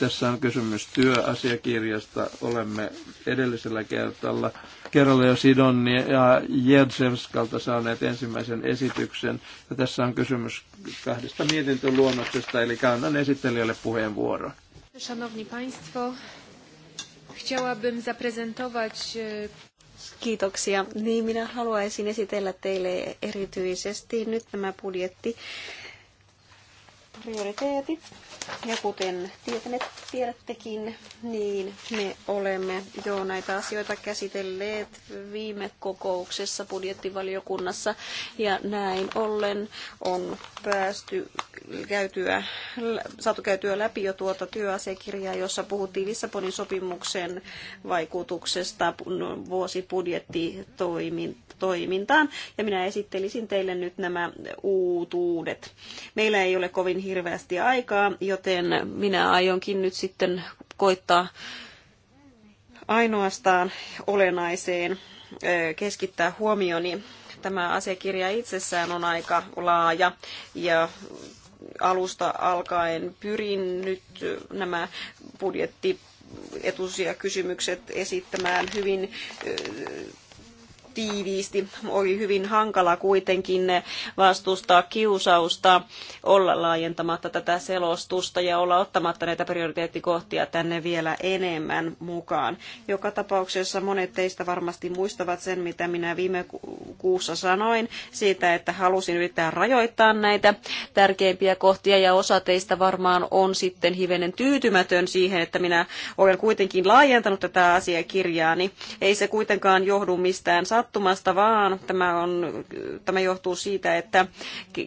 Tässä on kysymys työasiakirjasta. Olemme edellisellä kertalla kerralla jo Sidon ja Jersevskalta saaneet ensimmäisen esityksen. Ja tässä on kysymys kahdesta mietintöluonnoksesta, eli kannan esittelijälle puheenvuoro. Szanowni Państwo, chciałabym zaprezentować e, Kiitoksia. Niin minä haluaisin esitellä teille erityisesti nyt tämä budjetti prioriteetit ja kuten tietänet, tiedättekin, niin me olemme jo näitä asioita käsitelleet viime kokouksessa budjettivaliokunnassa ja näin ollen on päästy käytyä, saatu käytyä läpi jo tuota työasiakirjaa, jossa puhuttiin Lissabonin sopimuksen vaikutuksesta vuosibudjettitoimintaan ja minä esittelisin teille nyt nämä uutuudet. Meillä ei ole kovin hirveästi aikaa joten minä aionkin nyt sitten koittaa ainoastaan olennaiseen keskittää huomioni. Tämä asiakirja itsessään on aika laaja ja alusta alkaen pyrin nyt nämä budjetti etusia kysymykset esittämään hyvin tiiviisti. Oli hyvin hankala kuitenkin vastustaa kiusausta olla laajentamatta tätä selostusta ja olla ottamatta näitä prioriteettikohtia tänne vielä enemmän mukaan. Joka tapauksessa monet teistä varmasti muistavat sen, mitä minä viime kuussa sanoin siitä, että halusin yrittää rajoittaa näitä tärkeimpiä kohtia ja osa teistä varmaan on sitten hivenen tyytymätön siihen, että minä olen kuitenkin laajentanut tätä asiakirjaani. Ei se kuitenkaan johdu mistään sat- sattumasta, vaan tämä, on, tämä johtuu siitä, että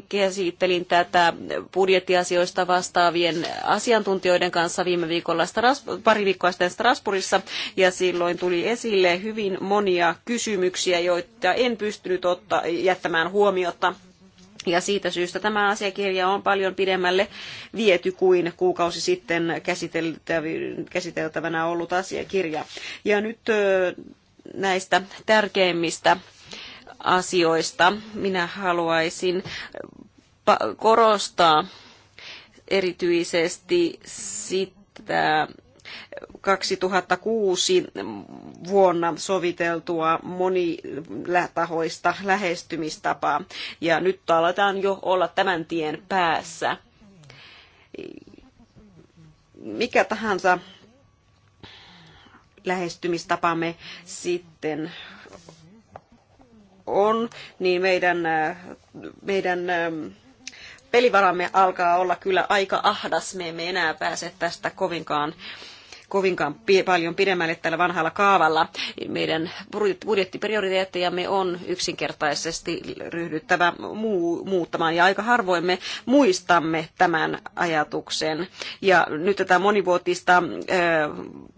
käsittelin tätä budjettiasioista vastaavien asiantuntijoiden kanssa viime viikolla Stras- pari viikkoa sitten Strasbourgissa, ja silloin tuli esille hyvin monia kysymyksiä, joita en pystynyt otta, jättämään huomiota. Ja siitä syystä tämä asiakirja on paljon pidemmälle viety kuin kuukausi sitten käsiteltävänä ollut asiakirja. Ja nyt näistä tärkeimmistä asioista. Minä haluaisin äh, korostaa erityisesti sitä 2006 äh, vuonna soviteltua monilatahoista lähestymistapaa. Ja nyt aletaan jo olla tämän tien päässä. Mikä tahansa lähestymistapamme sitten on, niin meidän, meidän ähm, pelivaramme alkaa olla kyllä aika ahdas. Me emme enää pääse tästä kovinkaan kovinkaan paljon pidemmälle tällä vanhalla kaavalla. Meidän budjettiprioriteettejamme on yksinkertaisesti ryhdyttävä muu, muuttamaan ja aika harvoin me muistamme tämän ajatuksen. Ja nyt tätä monivuotista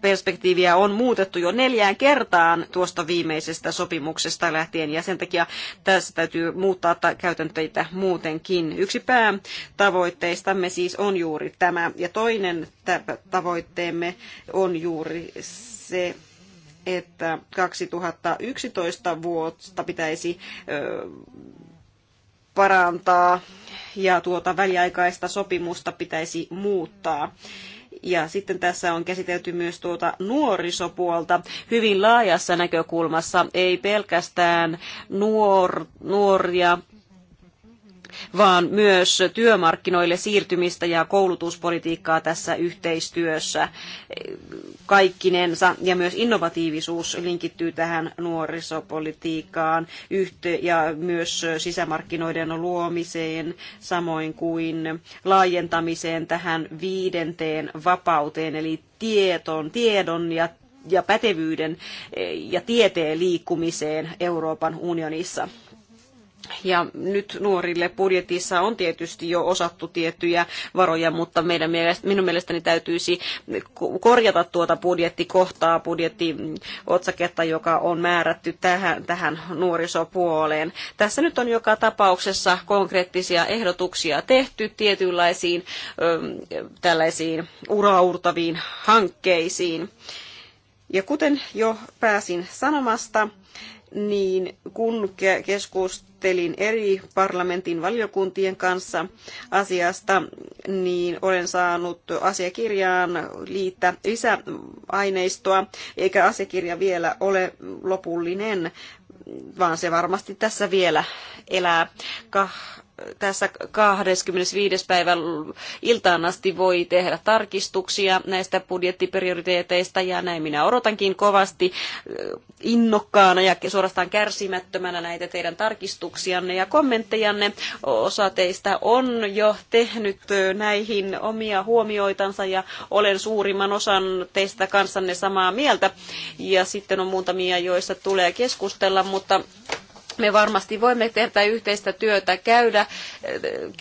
perspektiiviä on muutettu jo neljään kertaan tuosta viimeisestä sopimuksesta lähtien ja sen takia tässä täytyy muuttaa käytänteitä muutenkin. Yksi päätavoitteistamme siis on juuri tämä ja toinen tavoitteemme on juuri se, että 2011 vuotta pitäisi parantaa ja tuota väliaikaista sopimusta pitäisi muuttaa. Ja sitten tässä on käsitelty myös tuota nuorisopuolta hyvin laajassa näkökulmassa, ei pelkästään nuor, nuoria vaan myös työmarkkinoille siirtymistä ja koulutuspolitiikkaa tässä yhteistyössä kaikkinensa. Ja myös innovatiivisuus linkittyy tähän nuorisopolitiikkaan ja myös sisämarkkinoiden luomiseen, samoin kuin laajentamiseen tähän viidenteen vapauteen, eli tieton, tiedon ja ja pätevyyden eh, ja tieteen liikkumiseen Euroopan unionissa. Ja nyt nuorille budjetissa on tietysti jo osattu tiettyjä varoja, mutta meidän mielestä, minun mielestäni täytyisi korjata tuota budjettikohtaa, budjettiotsaketta, joka on määrätty tähän, tähän nuorisopuoleen. Tässä nyt on joka tapauksessa konkreettisia ehdotuksia tehty tietynlaisiin ö, tällaisiin uraurtaviin hankkeisiin. Ja kuten jo pääsin sanomasta, niin kun keskustelin eri parlamentin valiokuntien kanssa asiasta, niin olen saanut asiakirjaan liittä lisäaineistoa, eikä asiakirja vielä ole lopullinen, vaan se varmasti tässä vielä elää tässä 25. päivä iltaan asti voi tehdä tarkistuksia näistä budjettiprioriteeteista ja näin minä odotankin kovasti eh, innokkaana ja suorastaan kärsimättömänä näitä teidän tarkistuksianne ja kommenttejanne. Osa teistä on jo tehnyt eh, näihin omia huomioitansa ja olen suurimman osan teistä kanssanne samaa mieltä ja sitten on muutamia, joissa tulee keskustella, mutta me varmasti voimme tehdä yhteistä työtä käydä eh,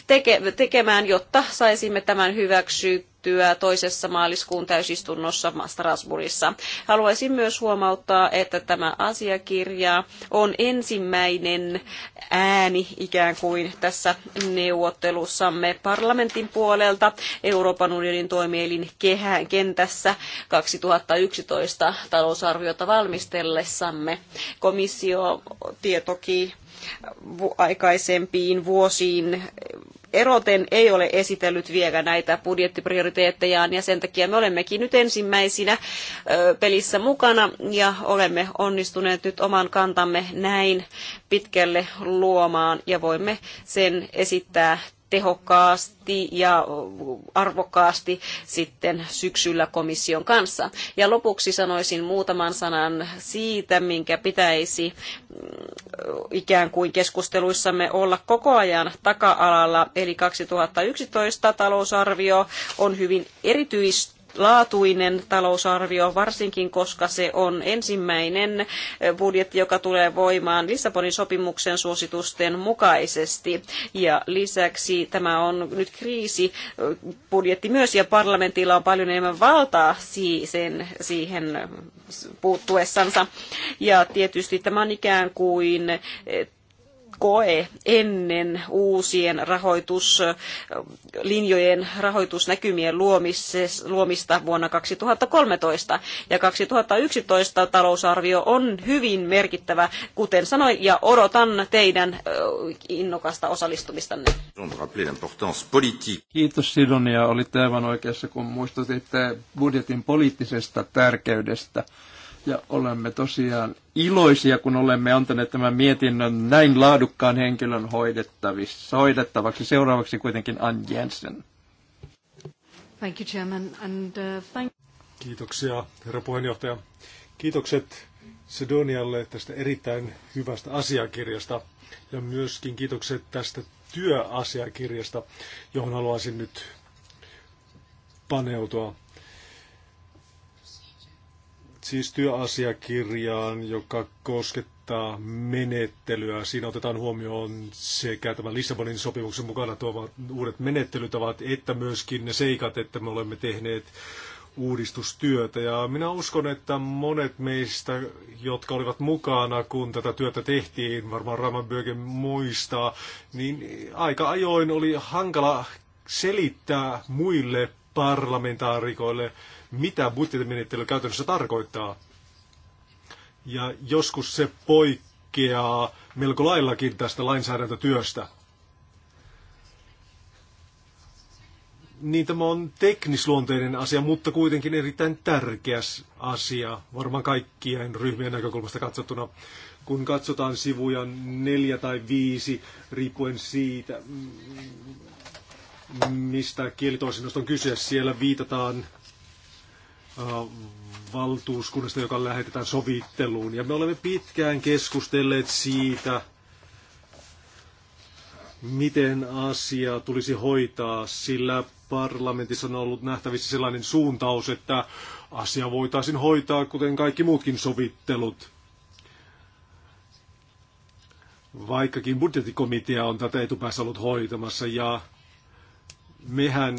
teke, tekemään, jotta saisimme tämän hyväksyä päätettyä toisessa maaliskuun täysistunnossa Strasbourgissa. Haluaisin myös huomauttaa, että tämä asiakirja on ensimmäinen ääni ikään kuin tässä neuvottelussamme parlamentin puolelta Euroopan unionin toimielin kehään kentässä 2011 talousarviota valmistellessamme. Komissio tietoki aikaisempiin vuosiin eroten ei ole esitellyt vielä näitä budjettiprioriteettejaan ja sen takia me olemmekin nyt ensimmäisinä pelissä mukana ja olemme onnistuneet nyt oman kantamme näin pitkälle luomaan ja voimme sen esittää tehokkaasti ja arvokkaasti sitten syksyllä komission kanssa. Ja lopuksi sanoisin muutaman sanan siitä, minkä pitäisi mm, ikään kuin keskusteluissamme olla koko ajan taka-alalla, eli 2011 talousarvio on hyvin erityistä laatuinen talousarvio, varsinkin koska se on ensimmäinen eh, budjetti, joka tulee voimaan Lissabonin sopimuksen suositusten mukaisesti. Ja lisäksi tämä on nyt kriisibudjetti eh, myös, ja parlamentilla on paljon enemmän valtaa siihen, siihen eh, puuttuessansa. Ja tietysti tämä on ikään kuin koe ennen uusien rahoituslinjojen rahoitusnäkymien luomista vuonna 2013. Ja 2011 talousarvio on hyvin merkittävä, kuten sanoin, ja odotan teidän innokasta osallistumistanne. Kiitos Sidonia, olitte aivan oikeassa, kun muistutitte budjetin poliittisesta tärkeydestä. Ja olemme tosiaan iloisia, kun olemme antaneet tämän mietinnön näin laadukkaan henkilön hoidettavissa, hoidettavaksi. Seuraavaksi kuitenkin Ann Jensen. Thank you, Chairman, and, uh, thank... Kiitoksia, herra puheenjohtaja. Kiitokset Sedonialle tästä erittäin hyvästä asiakirjasta ja myöskin kiitokset tästä työasiakirjasta, johon haluaisin nyt paneutua siis työasiakirjaan, joka koskettaa menettelyä. Siinä otetaan huomioon sekä tämän Lissabonin sopimuksen mukana tuovat uudet menettelytavat, että myöskin ne seikat, että me olemme tehneet uudistustyötä. Ja minä uskon, että monet meistä, jotka olivat mukana, kun tätä työtä tehtiin, varmaan Ramanbögen muistaa, niin aika ajoin oli hankala selittää muille parlamentaarikoille, mitä budjettimenettely käytännössä tarkoittaa. Ja joskus se poikkeaa melko laillakin tästä lainsäädäntötyöstä. Niin tämä on teknisluonteinen asia, mutta kuitenkin erittäin tärkeä asia, varmaan kaikkien ryhmien näkökulmasta katsottuna kun katsotaan sivuja neljä tai viisi, riippuen siitä, mm, mistä kielitoisinnosta on kyse, siellä viitataan Äh, valtuuskunnasta, joka lähetetään sovitteluun. Ja me olemme pitkään keskustelleet siitä, miten asia tulisi hoitaa, sillä parlamentissa on ollut nähtävissä sellainen suuntaus, että asia voitaisiin hoitaa kuten kaikki muutkin sovittelut. Vaikkakin budjettikomitea on tätä etupäässä ollut hoitamassa ja mehän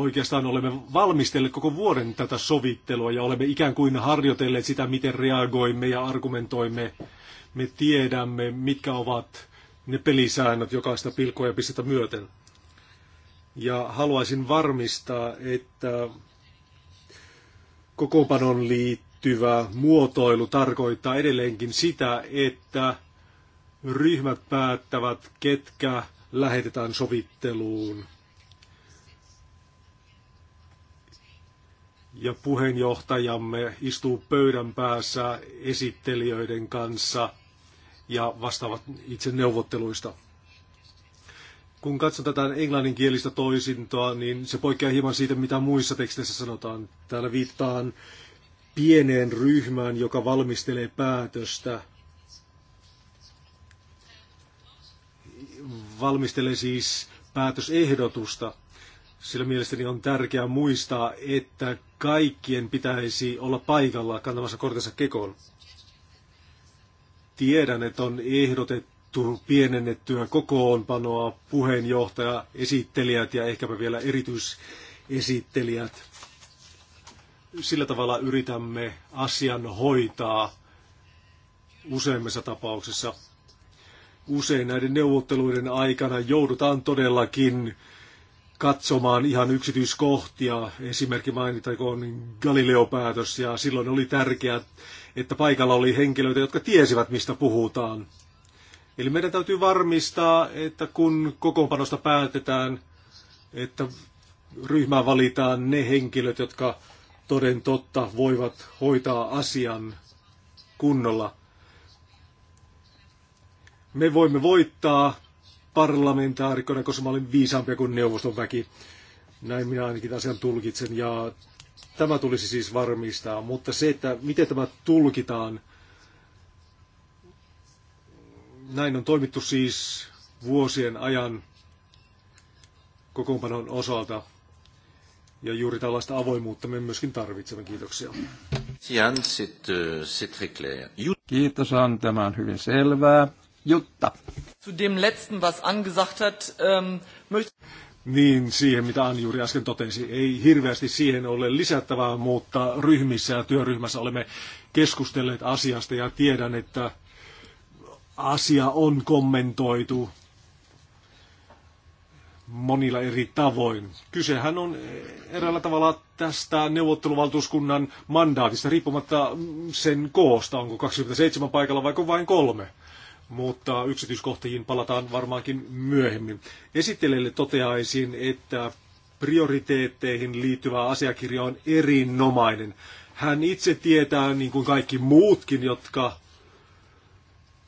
oikeastaan olemme valmistelleet koko vuoden tätä sovittelua ja olemme ikään kuin harjoitelleet sitä, miten reagoimme ja argumentoimme. Me tiedämme, mitkä ovat ne pelisäännöt jokaista pilkkoa pistettä myöten. Ja haluaisin varmistaa, että kokoonpanon liittyvä muotoilu tarkoittaa edelleenkin sitä, että ryhmät päättävät, ketkä lähetetään sovitteluun ja puheenjohtajamme istuu pöydän päässä esittelijöiden kanssa ja vastaavat itse neuvotteluista. Kun katson tätä englanninkielistä toisintoa, niin se poikkeaa hieman siitä, mitä muissa teksteissä sanotaan. Täällä viittaan pieneen ryhmään, joka valmistelee päätöstä. Valmistelee siis päätösehdotusta sillä mielestäni on tärkeää muistaa, että kaikkien pitäisi olla paikalla kantamassa kortensa kekoon. Tiedän, että on ehdotettu pienennettyä kokoonpanoa puheenjohtaja, esittelijät ja ehkäpä vielä erityisesittelijät. Sillä tavalla yritämme asian hoitaa useimmissa tapauksissa. Usein näiden neuvotteluiden aikana joudutaan todellakin katsomaan ihan yksityiskohtia. Esimerkki mainitakoon niin Galileo-päätös ja silloin oli tärkeää, että paikalla oli henkilöitä, jotka tiesivät, mistä puhutaan. Eli meidän täytyy varmistaa, että kun kokoonpanosta päätetään, että ryhmään valitaan ne henkilöt, jotka toden totta voivat hoitaa asian kunnolla. Me voimme voittaa parlamentaarikkona, koska mä olin viisaampia kuin neuvoston väki. Näin minä ainakin asian tulkitsen ja tämä tulisi siis varmistaa, mutta se, että miten tämä tulkitaan, näin on toimittu siis vuosien ajan kokoonpanon osalta. Ja juuri tällaista avoimuutta me myöskin tarvitsemme. Kiitoksia. Kiitos, on. Äh, tämä on hyvin selvää. Jutta. Zu dem letzten, was angesagt hat, ähm, möchte... Niin, siihen mitä Anni juuri äsken totesi. Ei hirveästi siihen ole lisättävää, mutta ryhmissä ja työryhmässä olemme keskustelleet asiasta ja tiedän, että asia on kommentoitu monilla eri tavoin. Kysehän on eräällä tavalla tästä neuvotteluvaltuuskunnan mandaatista, riippumatta sen koosta, onko 27 paikalla vai vain kolme mutta yksityiskohtiin palataan varmaankin myöhemmin. Esittelijälle toteaisin, että prioriteetteihin liittyvä asiakirja on erinomainen. Hän itse tietää, niin kuin kaikki muutkin, jotka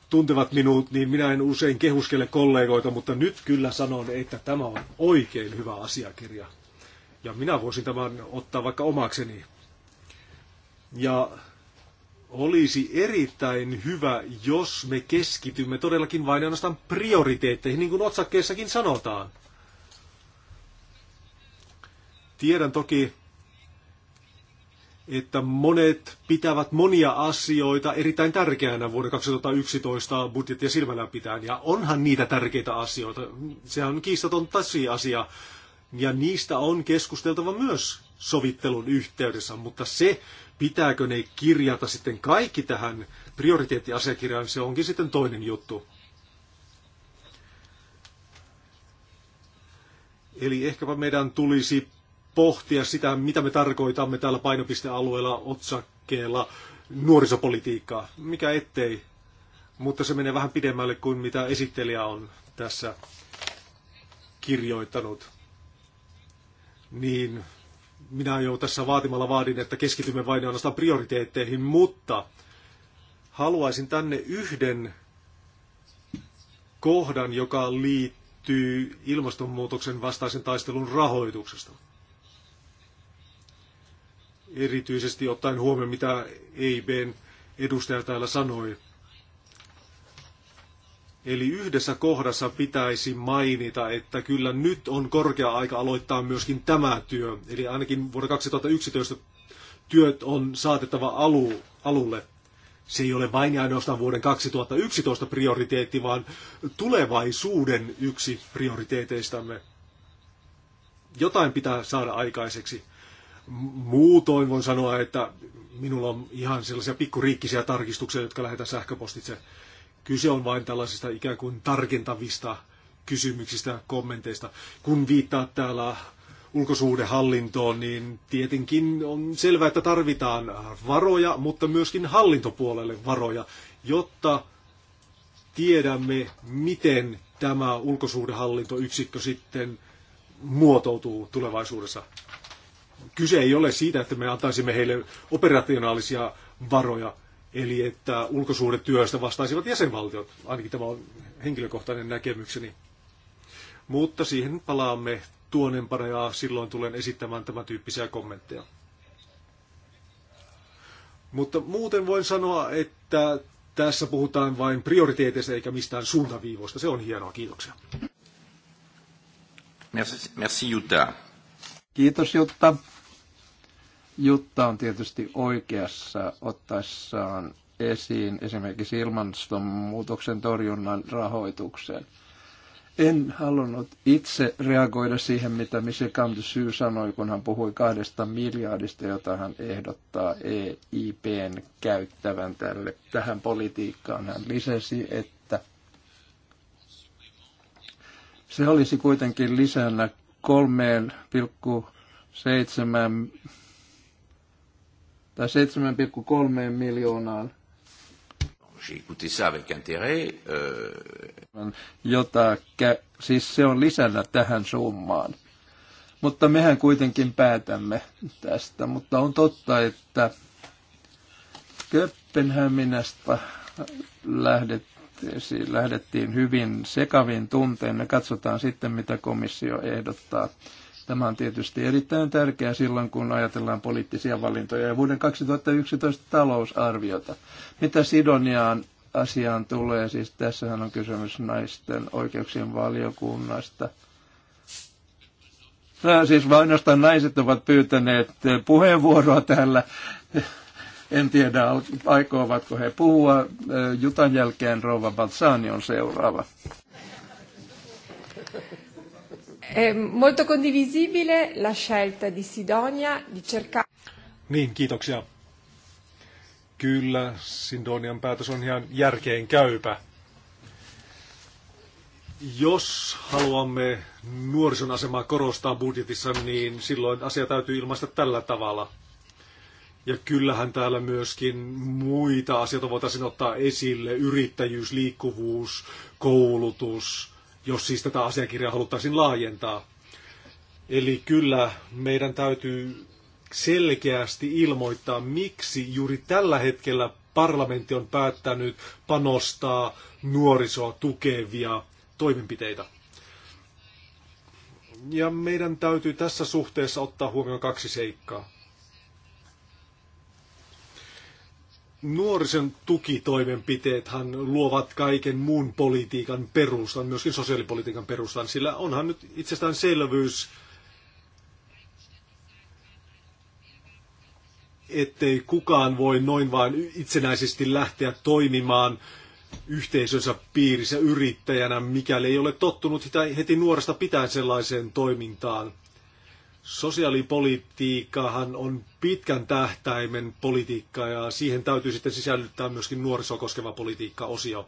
tuntevat minut, niin minä en usein kehuskele kollegoita, mutta nyt kyllä sanon, että tämä on oikein hyvä asiakirja. Ja minä voisin tämän ottaa vaikka omakseni. Ja olisi erittäin hyvä, jos me keskitymme todellakin vain ainoastaan prioriteetteihin, niin kuin otsakkeessakin sanotaan. Tiedän toki, että monet pitävät monia asioita erittäin tärkeänä vuoden 2011 budjettia silmällä pitäen. Ja onhan niitä tärkeitä asioita. Se on kiistaton asia. Ja niistä on keskusteltava myös sovittelun yhteydessä. Mutta se, pitääkö ne kirjata sitten kaikki tähän prioriteettiasiakirjaan, se onkin sitten toinen juttu. Eli ehkäpä meidän tulisi pohtia sitä, mitä me tarkoitamme täällä painopistealueella, otsakkeella, nuorisopolitiikkaa. Mikä ettei, mutta se menee vähän pidemmälle kuin mitä esittelijä on tässä kirjoittanut. Niin minä jo tässä vaatimalla vaadin, että keskitymme vain ainoastaan prioriteetteihin, mutta haluaisin tänne yhden kohdan, joka liittyy ilmastonmuutoksen vastaisen taistelun rahoituksesta. Erityisesti ottaen huomioon, mitä EIBn edustaja täällä sanoi. Eli yhdessä kohdassa pitäisi mainita, että kyllä nyt on korkea aika aloittaa myöskin tämä työ. Eli ainakin vuonna 2011 työt on saatettava alu, alulle. Se ei ole vain ja ainoastaan vuoden 2011 prioriteetti, vaan tulevaisuuden yksi prioriteeteistamme. Jotain pitää saada aikaiseksi. Muutoin voin sanoa, että minulla on ihan sellaisia pikkuriikkisiä tarkistuksia, jotka lähetän sähköpostitse Kyse on vain tällaisista ikään kuin tarkentavista kysymyksistä, kommenteista. Kun viittaa täällä ulkosuhdehallintoon, niin tietenkin on selvää, että tarvitaan varoja, mutta myöskin hallintopuolelle varoja, jotta tiedämme, miten tämä ulkosuhdehallintoyksikkö sitten muotoutuu tulevaisuudessa. Kyse ei ole siitä, että me antaisimme heille operationaalisia varoja, Eli että ulkosuhdetyöstä vastaisivat jäsenvaltiot. Ainakin tämä on henkilökohtainen näkemykseni. Mutta siihen palaamme tuonempana ja silloin tulen esittämään tämän tyyppisiä kommentteja. Mutta muuten voin sanoa, että tässä puhutaan vain prioriteeteista eikä mistään suuntaviivoista. Se on hienoa. Kiitoksia. Merci, merci Jutta. Kiitos Jutta. Jutta on tietysti oikeassa ottaessaan esiin esimerkiksi ilmastonmuutoksen torjunnan rahoituksen. En halunnut itse reagoida siihen, mitä Michel Camdesy sanoi, kun hän puhui kahdesta miljardista, jota hän ehdottaa EIPn käyttävän tälle, tähän politiikkaan. Hän lisäsi, että se olisi kuitenkin lisänä 3,7 tai 7,3 miljoonaan. Euh, Jota, siis se on lisänä tähän summaan. Mutta mehän kuitenkin päätämme tästä. Mutta on totta, että lähdettiin, lähdettiin hyvin sekavin tunteen. Me katsotaan sitten, mitä komissio ehdottaa. Tämä on tietysti erittäin tärkeää silloin, kun ajatellaan poliittisia valintoja ja vuoden 2011 talousarviota. Mitä Sidoniaan asiaan tulee, siis tässähän on kysymys naisten oikeuksien valiokunnasta. No, siis vain ainoastaan naiset ovat pyytäneet puheenvuoroa täällä. En tiedä, aikovatko he puhua. Jutan jälkeen Rova Balsani on seuraava. È molto condivisibile la scelta di Sidonia di cercare... Niin, kiitoksia. Kyllä, Sidonian päätös on ihan järkeen käypä. Jos haluamme nuorison asemaa korostaa budjetissa, niin silloin asia täytyy ilmaista tällä tavalla. Ja kyllähän täällä myöskin muita asioita voitaisiin ottaa esille, yrittäjyys, liikkuvuus, koulutus, jos siis tätä asiakirjaa haluttaisiin laajentaa. Eli kyllä meidän täytyy selkeästi ilmoittaa, miksi juuri tällä hetkellä parlamentti on päättänyt panostaa nuorisoa tukevia toimenpiteitä. Ja meidän täytyy tässä suhteessa ottaa huomioon kaksi seikkaa. Nuorison tukitoimenpiteethan luovat kaiken muun politiikan perustan, myöskin sosiaalipolitiikan perustan, sillä onhan nyt itsestään selvyys, ettei kukaan voi noin vain itsenäisesti lähteä toimimaan yhteisönsä piirissä yrittäjänä, mikäli ei ole tottunut heti nuoresta pitäen sellaiseen toimintaan. Sosiaalipolitiikkahan on pitkän tähtäimen politiikkaa ja siihen täytyy sitten sisällyttää myöskin nuorisoa koskeva politiikka-osio.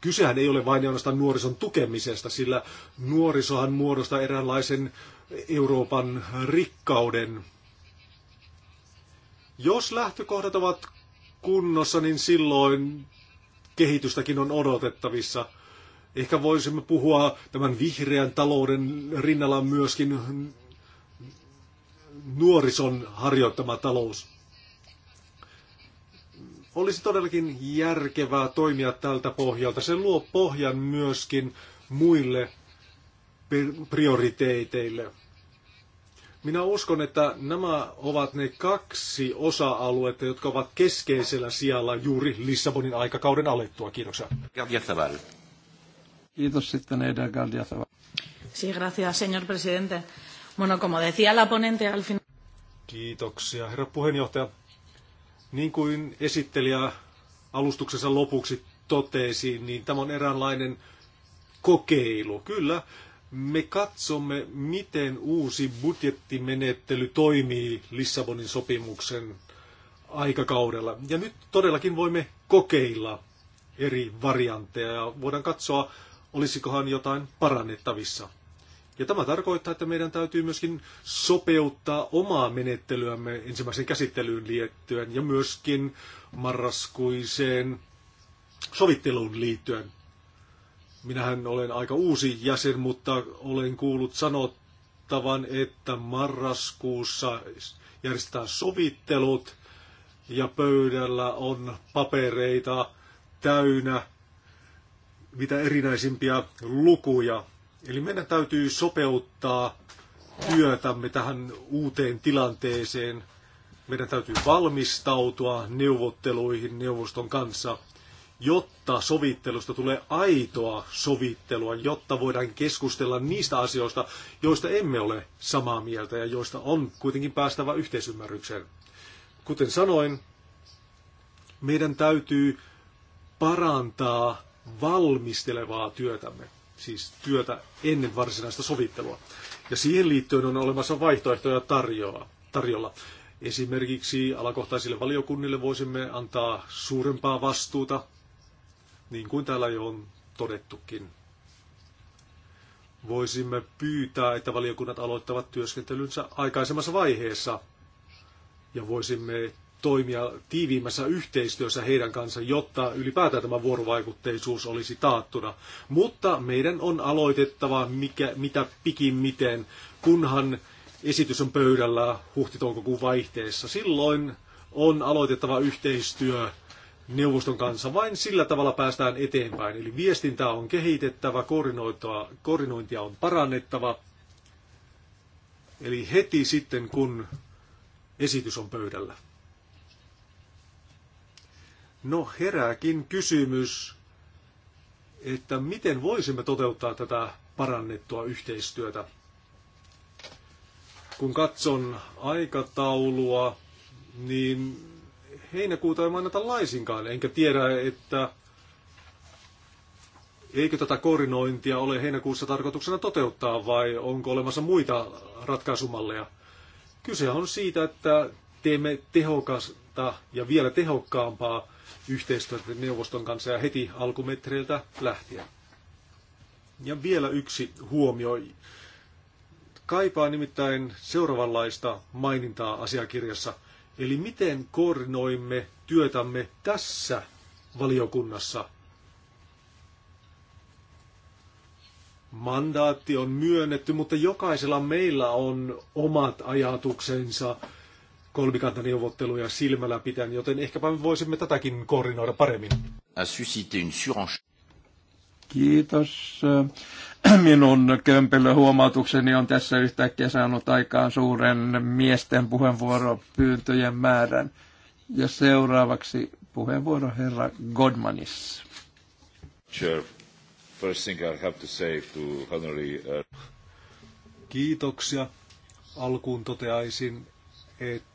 Kysehän ei ole vain ainoastaan nuorison tukemisesta, sillä nuorisohan muodostaa eräänlaisen Euroopan rikkauden. Jos lähtökohdat ovat kunnossa, niin silloin kehitystäkin on odotettavissa. Ehkä voisimme puhua tämän vihreän talouden rinnalla myöskin nuorison harjoittama talous. Olisi todellakin järkevää toimia tältä pohjalta. Se luo pohjan myöskin muille prioriteeteille. Minä uskon, että nämä ovat ne kaksi osa-aluetta, jotka ovat keskeisellä sijalla juuri Lissabonin aikakauden alettua. Kiitoksia. Kiitos sitten Edgar Gardiazabal. Sí, gracias, señor presidente. Bueno, como decía la ponente al final... Kiitoksia, herra puheenjohtaja. Niin kuin esittelijä alustuksessa lopuksi totesi, niin tämä on eräänlainen kokeilu. Kyllä, me katsomme, miten uusi budjettimenettely toimii Lissabonin sopimuksen aikakaudella. Ja nyt todellakin voimme kokeilla eri variantteja ja voidaan katsoa, olisikohan jotain parannettavissa. Ja tämä tarkoittaa, että meidän täytyy myöskin sopeuttaa omaa menettelyämme ensimmäisen käsittelyyn liittyen ja myöskin marraskuiseen sovitteluun liittyen. Minähän olen aika uusi jäsen, mutta olen kuullut sanottavan, että marraskuussa järjestetään sovittelut ja pöydällä on papereita täynnä mitä erinäisimpiä lukuja Eli meidän täytyy sopeuttaa työtämme tähän uuteen tilanteeseen. Meidän täytyy valmistautua neuvotteluihin neuvoston kanssa, jotta sovittelusta tulee aitoa sovittelua, jotta voidaan keskustella niistä asioista, joista emme ole samaa mieltä ja joista on kuitenkin päästävä yhteisymmärrykseen. Kuten sanoin, meidän täytyy parantaa valmistelevaa työtämme siis työtä ennen varsinaista sovittelua. Ja siihen liittyen on olemassa vaihtoehtoja tarjoa, tarjolla. Esimerkiksi alakohtaisille valiokunnille voisimme antaa suurempaa vastuuta, niin kuin täällä jo on todettukin. Voisimme pyytää, että valiokunnat aloittavat työskentelynsä aikaisemmassa vaiheessa, ja voisimme toimia tiiviimmässä yhteistyössä heidän kanssa, jotta ylipäätään tämä vuorovaikutteisuus olisi taattuna. Mutta meidän on aloitettava mikä, mitä pikimmiten, kunhan esitys on pöydällä huhti-toukokuun vaihteessa. Silloin on aloitettava yhteistyö neuvoston kanssa. Vain sillä tavalla päästään eteenpäin. Eli viestintää on kehitettävä, koordinointia on parannettava. Eli heti sitten, kun esitys on pöydällä. No herääkin kysymys, että miten voisimme toteuttaa tätä parannettua yhteistyötä. Kun katson aikataulua, niin heinäkuuta ei mainita laisinkaan, enkä tiedä, että eikö tätä koordinointia ole heinäkuussa tarkoituksena toteuttaa vai onko olemassa muita ratkaisumalleja. Kyse on siitä, että teemme tehokas, tehokasta ja vielä tehokkaampaa yhteistyötä neuvoston kanssa ja heti alkumetreiltä lähtien. Ja vielä yksi huomio. Kaipaa nimittäin seuraavanlaista mainintaa asiakirjassa. Eli miten koordinoimme työtämme tässä valiokunnassa. Mandaatti on myönnetty, mutta jokaisella meillä on omat ajatuksensa kolmikantaneuvotteluja silmällä pitäen, joten ehkäpä voisimme tätäkin koordinoida paremmin. Kiitos. Minun kömpelö huomautukseni on tässä yhtäkkiä saanut aikaan suuren miesten puheenvuoropyyntöjen määrän. Ja seuraavaksi puheenvuoro herra Godmanis. First thing I have to say to uh, Kiitoksia. Alkuun toteaisin, että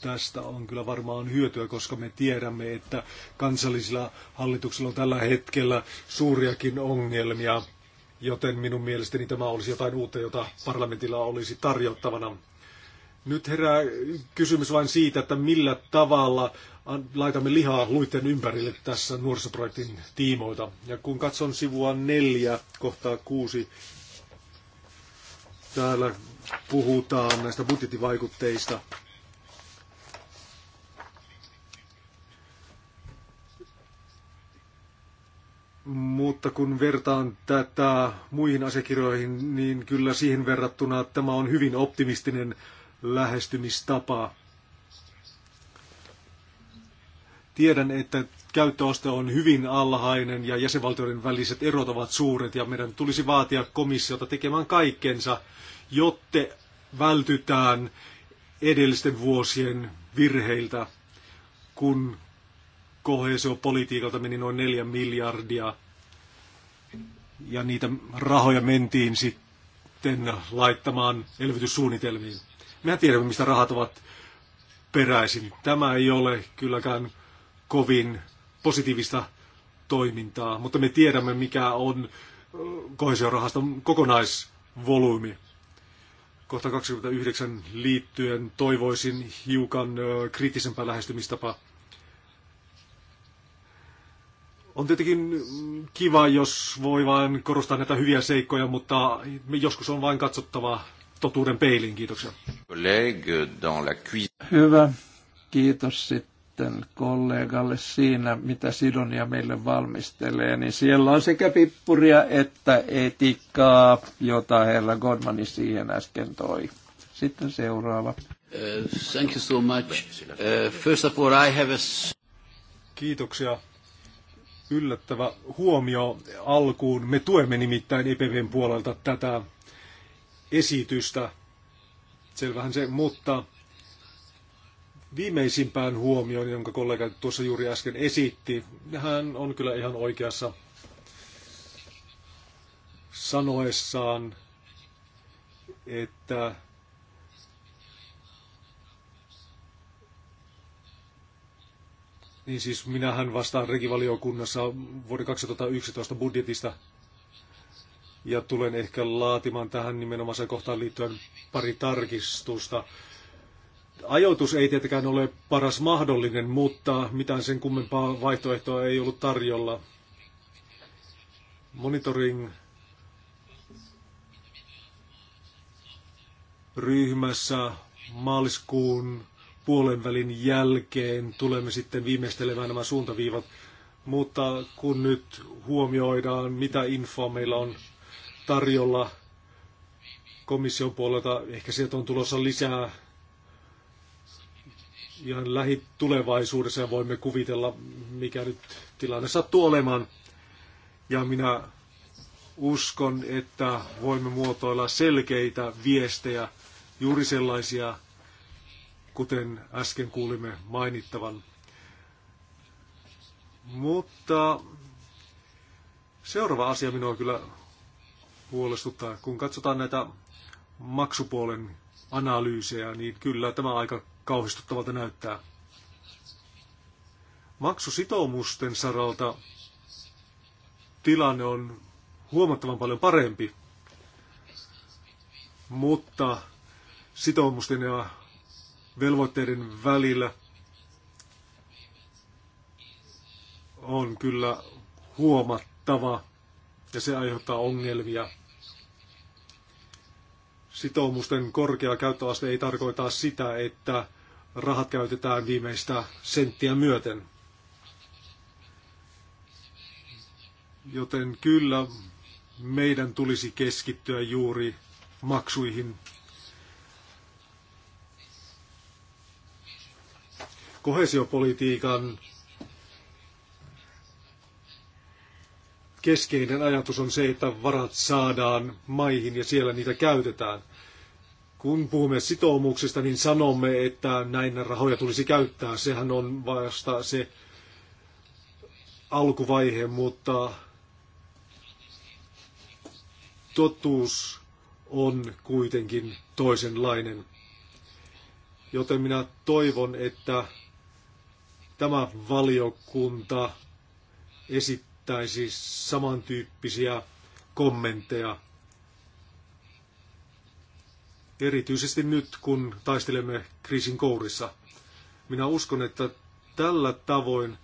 tästä on kyllä varmaan hyötyä, koska me tiedämme, että kansallisilla hallituksilla on tällä hetkellä suuriakin ongelmia, joten minun mielestäni tämä olisi jotain uutta, jota parlamentilla olisi tarjottavana. Nyt herää kysymys vain siitä, että millä tavalla laitamme lihaa luitten ympärille tässä nuorisoprojektin tiimoilta. Ja kun katson sivua neljä, kohtaa kuusi, täällä puhutaan näistä budjettivaikutteista Mutta kun vertaan tätä muihin asiakirjoihin, niin kyllä siihen verrattuna tämä on hyvin optimistinen lähestymistapa. Tiedän, että käyttöaste on hyvin alhainen ja jäsenvaltioiden väliset erot ovat suuret ja meidän tulisi vaatia komissiota tekemään kaikkensa, jotte vältytään edellisten vuosien virheiltä, kun koheesiopolitiikalta meni noin neljä miljardia ja niitä rahoja mentiin sitten laittamaan elvytyssuunnitelmiin. Mehän tiedämme, mistä rahat ovat peräisin. Tämä ei ole kylläkään kovin positiivista toimintaa, mutta me tiedämme, mikä on koheesiorahaston kokonaisvolyymi. Kohta 29 liittyen toivoisin hiukan kriittisempää lähestymistapaa On tietenkin mm, kiva, jos voi vain korostaa näitä hyviä seikkoja, mutta joskus on vain katsottava totuuden peiliin. Kiitoksia. Hyvä. Kiitos sitten kollegalle siinä, mitä Sidonia meille valmistelee. Niin siellä on sekä pippuria että etikkaa, jota herra Godmani siihen äsken toi. Sitten seuraava. Uh, thank you so much. Uh, first of all, I have a... Kiitoksia yllättävä huomio alkuun. Me tuemme nimittäin EPVn puolelta tätä esitystä. Selvähän se, mutta viimeisimpään huomioon, jonka kollega tuossa juuri äsken esitti, hän on kyllä ihan oikeassa sanoessaan, että Niin siis minähän vastaan regivaliokunnassa vuoden 2011 budjetista ja tulen ehkä laatimaan tähän nimenomaiseen kohtaan liittyen pari tarkistusta. Ajoitus ei tietenkään ole paras mahdollinen, mutta mitään sen kummempaa vaihtoehtoa ei ollut tarjolla. Monitoring ryhmässä maaliskuun puolen välin jälkeen tulemme sitten viimeistelemään nämä suuntaviivat. Mutta kun nyt huomioidaan, mitä infoa meillä on tarjolla komission puolelta, ehkä sieltä on tulossa lisää ihan lähitulevaisuudessa ja voimme kuvitella, mikä nyt tilanne sattuu olemaan. Ja minä uskon, että voimme muotoilla selkeitä viestejä, juuri sellaisia kuten äsken kuulimme mainittavan. Mutta seuraava asia minua kyllä huolestuttaa. Kun katsotaan näitä maksupuolen analyysejä, niin kyllä tämä aika kauhistuttavalta näyttää. Maksusitoumusten saralta tilanne on huomattavan paljon parempi, mutta sitoumusten ja velvoitteiden välillä on kyllä huomattava ja se aiheuttaa ongelmia. Sitoumusten korkea käyttöaste ei tarkoita sitä, että rahat käytetään viimeistä senttiä myöten. Joten kyllä meidän tulisi keskittyä juuri maksuihin Kohesiopolitiikan keskeinen ajatus on se, että varat saadaan maihin ja siellä niitä käytetään. Kun puhumme sitoumuksista, niin sanomme, että näin rahoja tulisi käyttää. Sehän on vasta se alkuvaihe, mutta totuus on kuitenkin toisenlainen. Joten minä toivon, että tämä valiokunta esittäisi samantyyppisiä kommentteja. Erityisesti nyt, kun taistelemme kriisin kourissa. Minä uskon, että tällä tavoin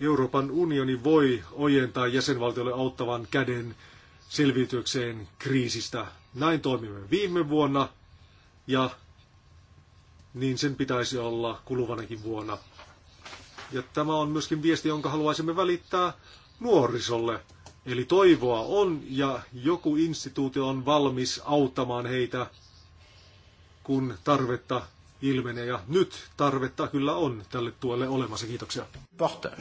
Euroopan unioni voi ojentaa jäsenvaltiolle auttavan käden selviytyäkseen kriisistä. Näin toimimme viime vuonna ja niin sen pitäisi olla kuluvanakin vuonna. Ja tämä on myöskin viesti, jonka haluaisimme välittää nuorisolle. Eli toivoa on ja joku instituutio on valmis auttamaan heitä, kun tarvetta ilmenee. Ja nyt tarvetta kyllä on tälle tuelle olemassa. Kiitoksia. Portas.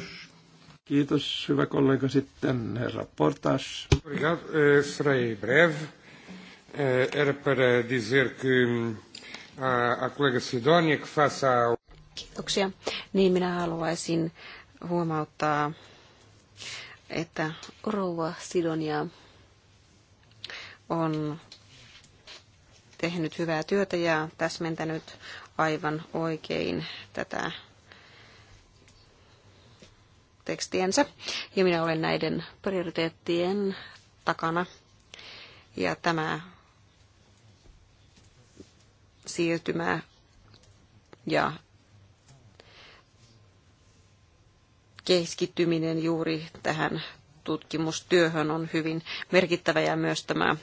Kiitos, hyvä kollega. Sitten herra Portas. Obrigado, eh, serei breve. Eh, era para dizer que ah, a colega Sidónia que faça Kiitoksia. Niin minä haluaisin huomauttaa, että rouva Sidonia on tehnyt hyvää työtä ja täsmentänyt aivan oikein tätä tekstiensä. Ja minä olen näiden prioriteettien takana. Ja tämä siirtymä ja keskittyminen juuri tähän tutkimustyöhön on hyvin merkittävä ja myös tämä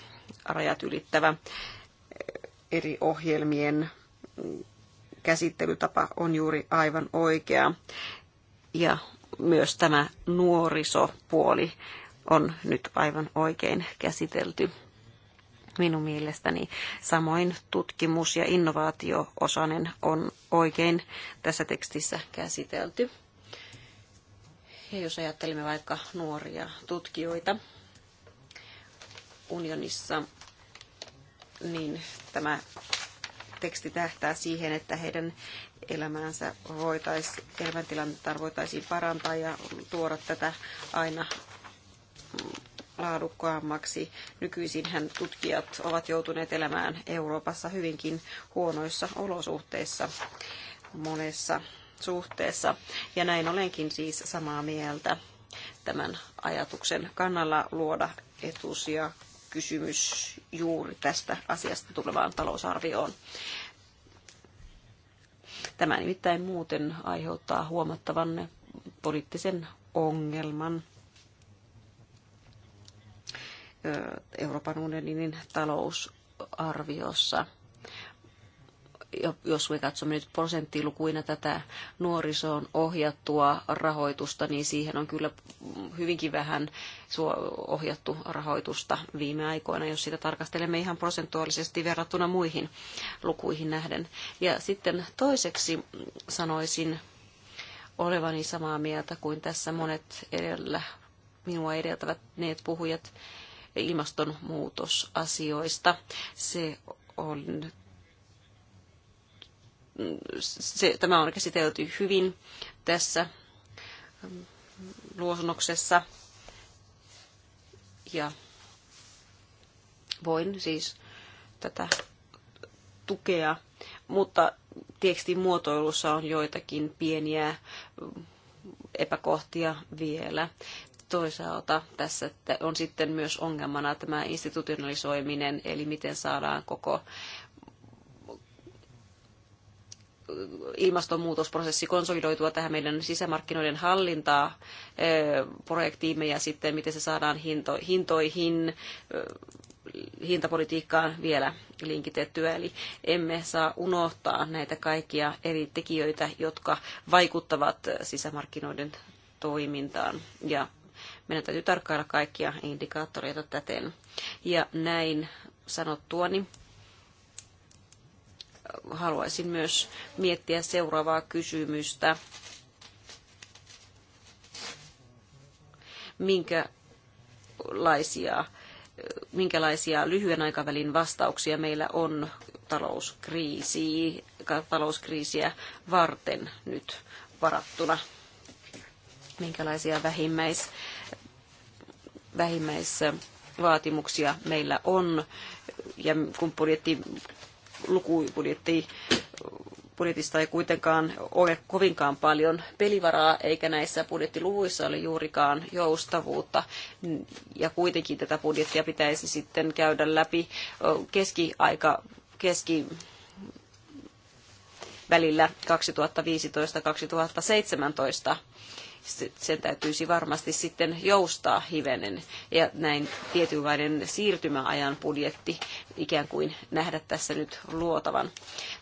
rajat ylittävä eh, eri ohjelmien käsittelytapa on juuri aivan oikea. Ja myös tämä nuorisopuoli on nyt aivan oikein käsitelty minun mielestäni. Samoin tutkimus- ja innovaatio on oikein tässä tekstissä käsitelty. Ja jos ajattelemme vaikka nuoria tutkijoita unionissa, niin tämä teksti tähtää siihen, että heidän elämäänsä voitaisiin, elämäntilannetta voitaisiin parantaa ja tuoda tätä aina laadukkaammaksi. Nykyisinhän tutkijat ovat joutuneet elämään Euroopassa hyvinkin huonoissa olosuhteissa monessa suhteessa. Ja näin olenkin siis samaa mieltä tämän ajatuksen kannalla luoda etusia kysymys juuri tästä asiasta tulevaan talousarvioon. Tämä nimittäin muuten aiheuttaa huomattavan poliittisen ongelman Euroopan unionin talousarviossa – jos me katsomme nyt prosenttilukuina tätä nuorisoon ohjattua rahoitusta, niin siihen on kyllä hyvinkin vähän ohjattu rahoitusta viime aikoina, jos sitä tarkastelemme ihan prosentuaalisesti verrattuna muihin lukuihin nähden. Ja sitten toiseksi sanoisin olevani samaa mieltä kuin tässä monet edellä minua edeltävät ne puhujat ilmastonmuutosasioista. Se on se, tämä on käsitelty hyvin tässä luosunnoksessa. Ja voin siis tätä tukea, mutta tekstin muotoilussa on joitakin pieniä epäkohtia vielä. Toisaalta tässä on sitten myös ongelmana tämä institutionalisoiminen, eli miten saadaan koko ilmastonmuutosprosessi konsolidoitua tähän meidän sisämarkkinoiden hallintaa projektiimme ja sitten miten se saadaan hinto, hintoihin, hintapolitiikkaan vielä linkitettyä. Eli emme saa unohtaa näitä kaikkia eri tekijöitä, jotka vaikuttavat sisämarkkinoiden toimintaan ja meidän täytyy tarkkailla kaikkia indikaattoreita täten. Ja näin sanottuani. Niin haluaisin myös miettiä seuraavaa kysymystä. Minkälaisia, minkälaisia lyhyen aikavälin vastauksia meillä on talouskriisiä, talouskriisiä varten nyt varattuna? Minkälaisia vähimmäis, vähimmäisvaatimuksia meillä on ja kun budjetti lukubudjetti budjetista ei kuitenkaan ole kovinkaan paljon pelivaraa, eikä näissä budjettiluvuissa ole juurikaan joustavuutta. Ja kuitenkin tätä budjettia pitäisi sitten käydä läpi keskiaika, keski välillä 2015-2017 sen täytyisi varmasti sitten joustaa hivenen ja näin tietynlainen siirtymäajan budjetti ikään kuin nähdä tässä nyt luotavan.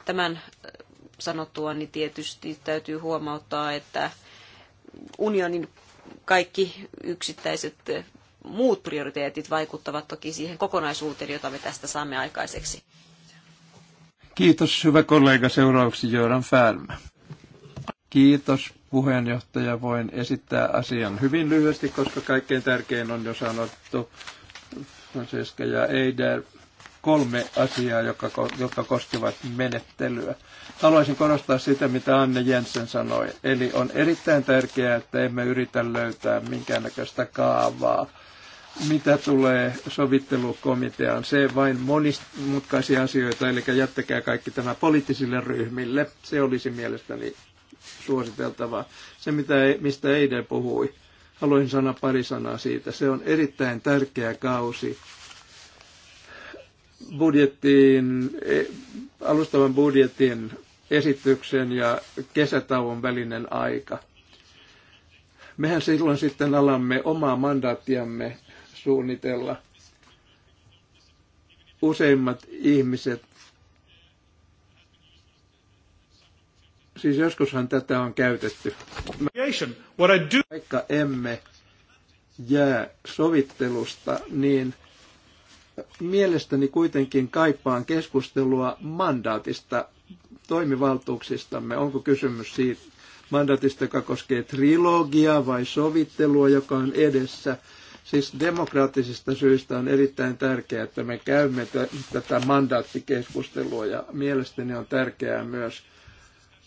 Tämän äh, sanottua, niin tietysti täytyy huomauttaa, että unionin kaikki yksittäiset äh, muut prioriteetit vaikuttavat toki siihen kokonaisuuteen, jota me tästä saamme aikaiseksi. Kiitos, hyvä kollega. Seuraavaksi Jöran Färmä. Kiitos puheenjohtaja. Voin esittää asian hyvin lyhyesti, koska kaikkein tärkein on jo sanottu Francesca ja Eider kolme asiaa, jotka, jotka koskevat menettelyä. Haluaisin korostaa sitä, mitä Anne Jensen sanoi. Eli on erittäin tärkeää, että emme yritä löytää minkäännäköistä kaavaa mitä tulee sovittelukomiteaan, se vain monimutkaisia asioita, eli jättäkää kaikki tämä poliittisille ryhmille. Se olisi mielestäni suositeltavaa. Se, mitä, mistä Eide puhui, haluaisin sanoa pari sanaa siitä. Se on erittäin tärkeä kausi budjettiin, e, alustavan budjetin esityksen ja kesätauon välinen aika. Mehän silloin sitten alamme omaa mandaattiamme suunnitella. Useimmat ihmiset Siis joskushan tätä on käytetty. Vaikka emme jää sovittelusta, niin mielestäni kuitenkin kaipaan keskustelua mandaatista, toimivaltuuksistamme. Onko kysymys siitä mandaatista, joka koskee trilogiaa vai sovittelua, joka on edessä? Siis demokraattisista syistä on erittäin tärkeää, että me käymme tätä mandaattikeskustelua ja mielestäni on tärkeää myös –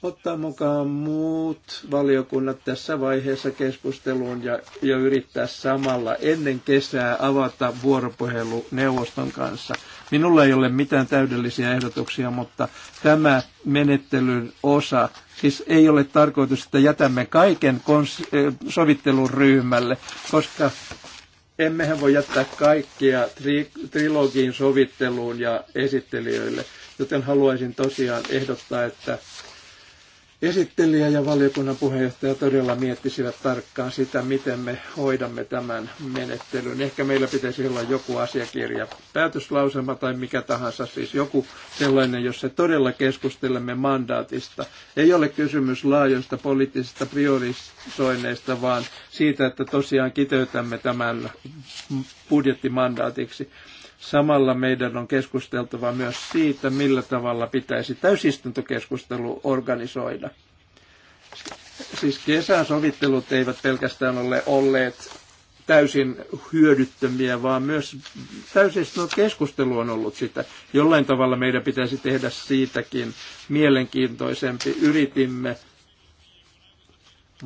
ottaa mukaan muut valiokunnat tässä vaiheessa keskusteluun ja, ja yrittää samalla ennen kesää avata vuoropuhelu neuvoston kanssa. Minulla ei ole mitään täydellisiä ehdotuksia, mutta tämä menettelyn osa, siis ei ole tarkoitus, että jätämme kaiken kons- eh, sovittelun ryhmälle, koska emmehän voi jättää kaikkia tri- trilogiin sovitteluun ja esittelijöille, joten haluaisin tosiaan ehdottaa, että esittelijä ja valiokunnan puheenjohtaja todella miettisivät tarkkaan sitä, miten me hoidamme tämän menettelyn. Ehkä meillä pitäisi olla joku asiakirja, päätöslauselma tai mikä tahansa, siis joku sellainen, jossa todella keskustelemme mandaatista. Ei ole kysymys laajoista poliittisista priorisoinneista, vaan siitä, että tosiaan kiteytämme tämän budjettimandaatiksi. Samalla meidän on keskusteltava myös siitä, millä tavalla pitäisi täysistuntokeskustelu organisoida. Siis kesän sovittelut eivät pelkästään ole olleet täysin hyödyttömiä, vaan myös täysistuntokeskustelu on ollut sitä. Jollain tavalla meidän pitäisi tehdä siitäkin mielenkiintoisempi. Yritimme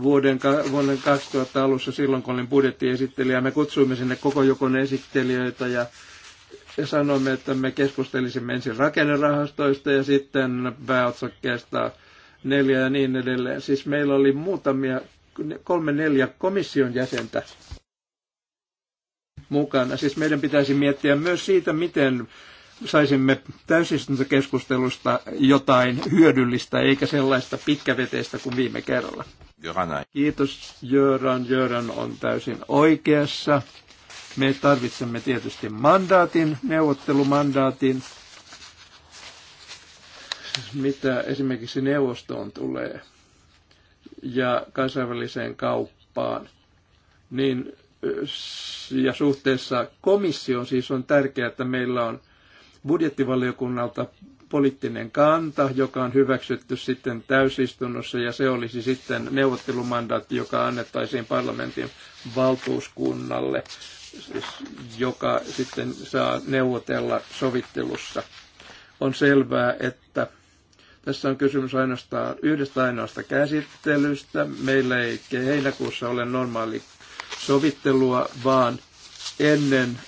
vuoden, vuoden 2000 alussa silloin, kun olin budjettiesittelijä. Me kutsuimme sinne koko jokon esittelijöitä ja sanoimme, että me keskustelisimme ensin rakennerahastoista ja sitten pääotsakkeesta neljä ja niin edelleen. Siis meillä oli muutamia, kolme neljä komission jäsentä mukana. Siis meidän pitäisi miettiä myös siitä, miten saisimme täysistuntokeskustelusta jotain hyödyllistä, eikä sellaista pitkäveteistä kuin viime kerralla. Kiitos Jöran. Jöran on täysin oikeassa. Me tarvitsemme tietysti mandaatin, neuvottelumandaatin, mitä esimerkiksi neuvostoon tulee ja kansainväliseen kauppaan, niin ja suhteessa komissioon siis on tärkeää, että meillä on budjettivaliokunnalta poliittinen kanta, joka on hyväksytty sitten täysistunnossa ja se olisi sitten neuvottelumandaatti, joka annettaisiin parlamentin valtuuskunnalle joka sitten saa neuvotella sovittelussa. On selvää, että tässä on kysymys ainoastaan yhdestä ainoasta käsittelystä. Meillä ei heinäkuussa ole normaali sovittelua, vaan ennen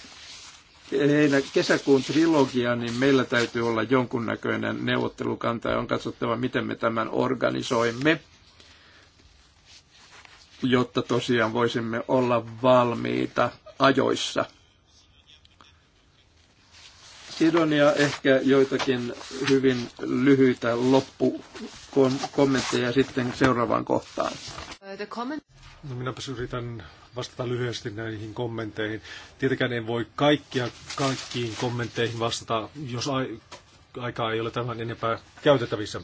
heinä, kesäkuun trilogia, niin meillä täytyy olla jonkunnäköinen neuvottelukanta ja on katsottava, miten me tämän organisoimme, jotta tosiaan voisimme olla valmiita ajoissa. Sidonia ehkä joitakin hyvin lyhyitä loppukommentteja sitten seuraavaan kohtaan. No minäpä yritän vastata lyhyesti näihin kommentteihin. Tietenkään en voi kaikkia kaikkiin kommentteihin vastata, jos ai- aikaa ei ole tämän enempää käytettävissä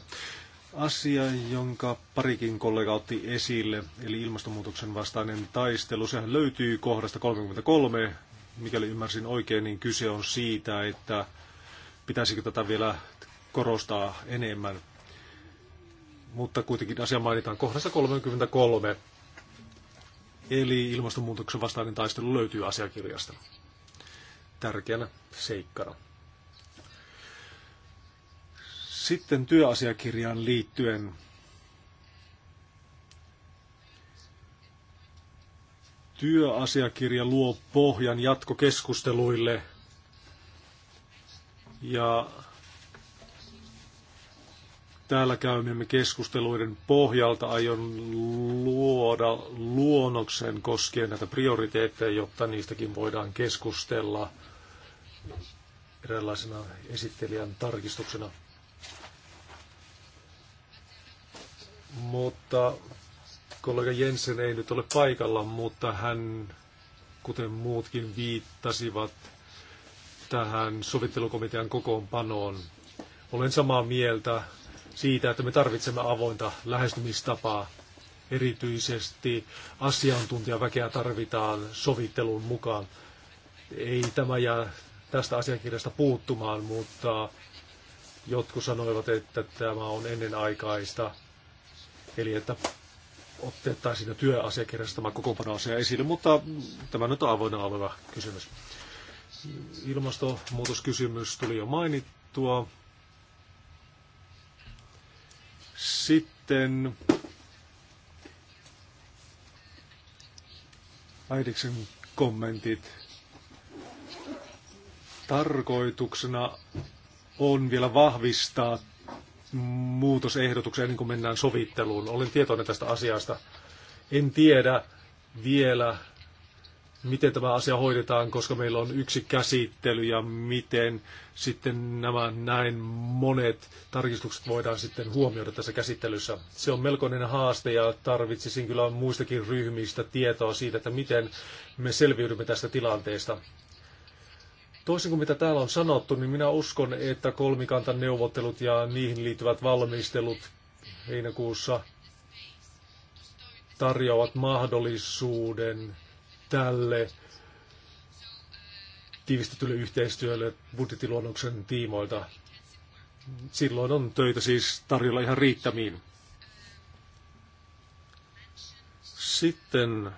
asia, jonka parikin kollega otti esille, eli ilmastonmuutoksen vastainen taistelu. Sehän löytyy kohdasta 33. Mikäli ymmärsin oikein, niin kyse on siitä, että pitäisikö tätä vielä korostaa enemmän. Mutta kuitenkin asia mainitaan kohdassa 33. Eli ilmastonmuutoksen vastainen taistelu löytyy asiakirjasta tärkeänä seikkana. Sitten työasiakirjaan liittyen. Työasiakirja luo pohjan jatkokeskusteluille ja täällä käymme keskusteluiden pohjalta aion luoda luonnoksen koskien näitä prioriteetteja, jotta niistäkin voidaan keskustella erilaisena esittelijän tarkistuksena. mutta kollega Jensen ei nyt ole paikalla, mutta hän, kuten muutkin, viittasivat tähän sovittelukomitean kokoonpanoon. Olen samaa mieltä siitä, että me tarvitsemme avointa lähestymistapaa. Erityisesti asiantuntijaväkeä tarvitaan sovittelun mukaan. Ei tämä jää tästä asiakirjasta puuttumaan, mutta jotkut sanoivat, että tämä on ennenaikaista. Eli että otettaisiin siinä työasiakirjassa tämä kokoonpanoasia esille, mutta tämä nyt on avoinna oleva kysymys. Ilmastonmuutoskysymys tuli jo mainittua. Sitten äidiksen kommentit. Tarkoituksena on vielä vahvistaa muutosehdotuksia ennen kuin mennään sovitteluun. Olen tietoinen tästä asiasta. En tiedä vielä, miten tämä asia hoidetaan, koska meillä on yksi käsittely ja miten sitten nämä näin monet tarkistukset voidaan sitten huomioida tässä käsittelyssä. Se on melkoinen haaste ja tarvitsisin kyllä muistakin ryhmistä tietoa siitä, että miten me selviydymme tästä tilanteesta. Toisin kuin mitä täällä on sanottu, niin minä uskon, että neuvottelut ja niihin liittyvät valmistelut heinäkuussa tarjoavat mahdollisuuden tälle tiivistetylle yhteistyölle budjettiluonnoksen tiimoilta. Silloin on töitä siis tarjolla ihan riittämiin. Sitten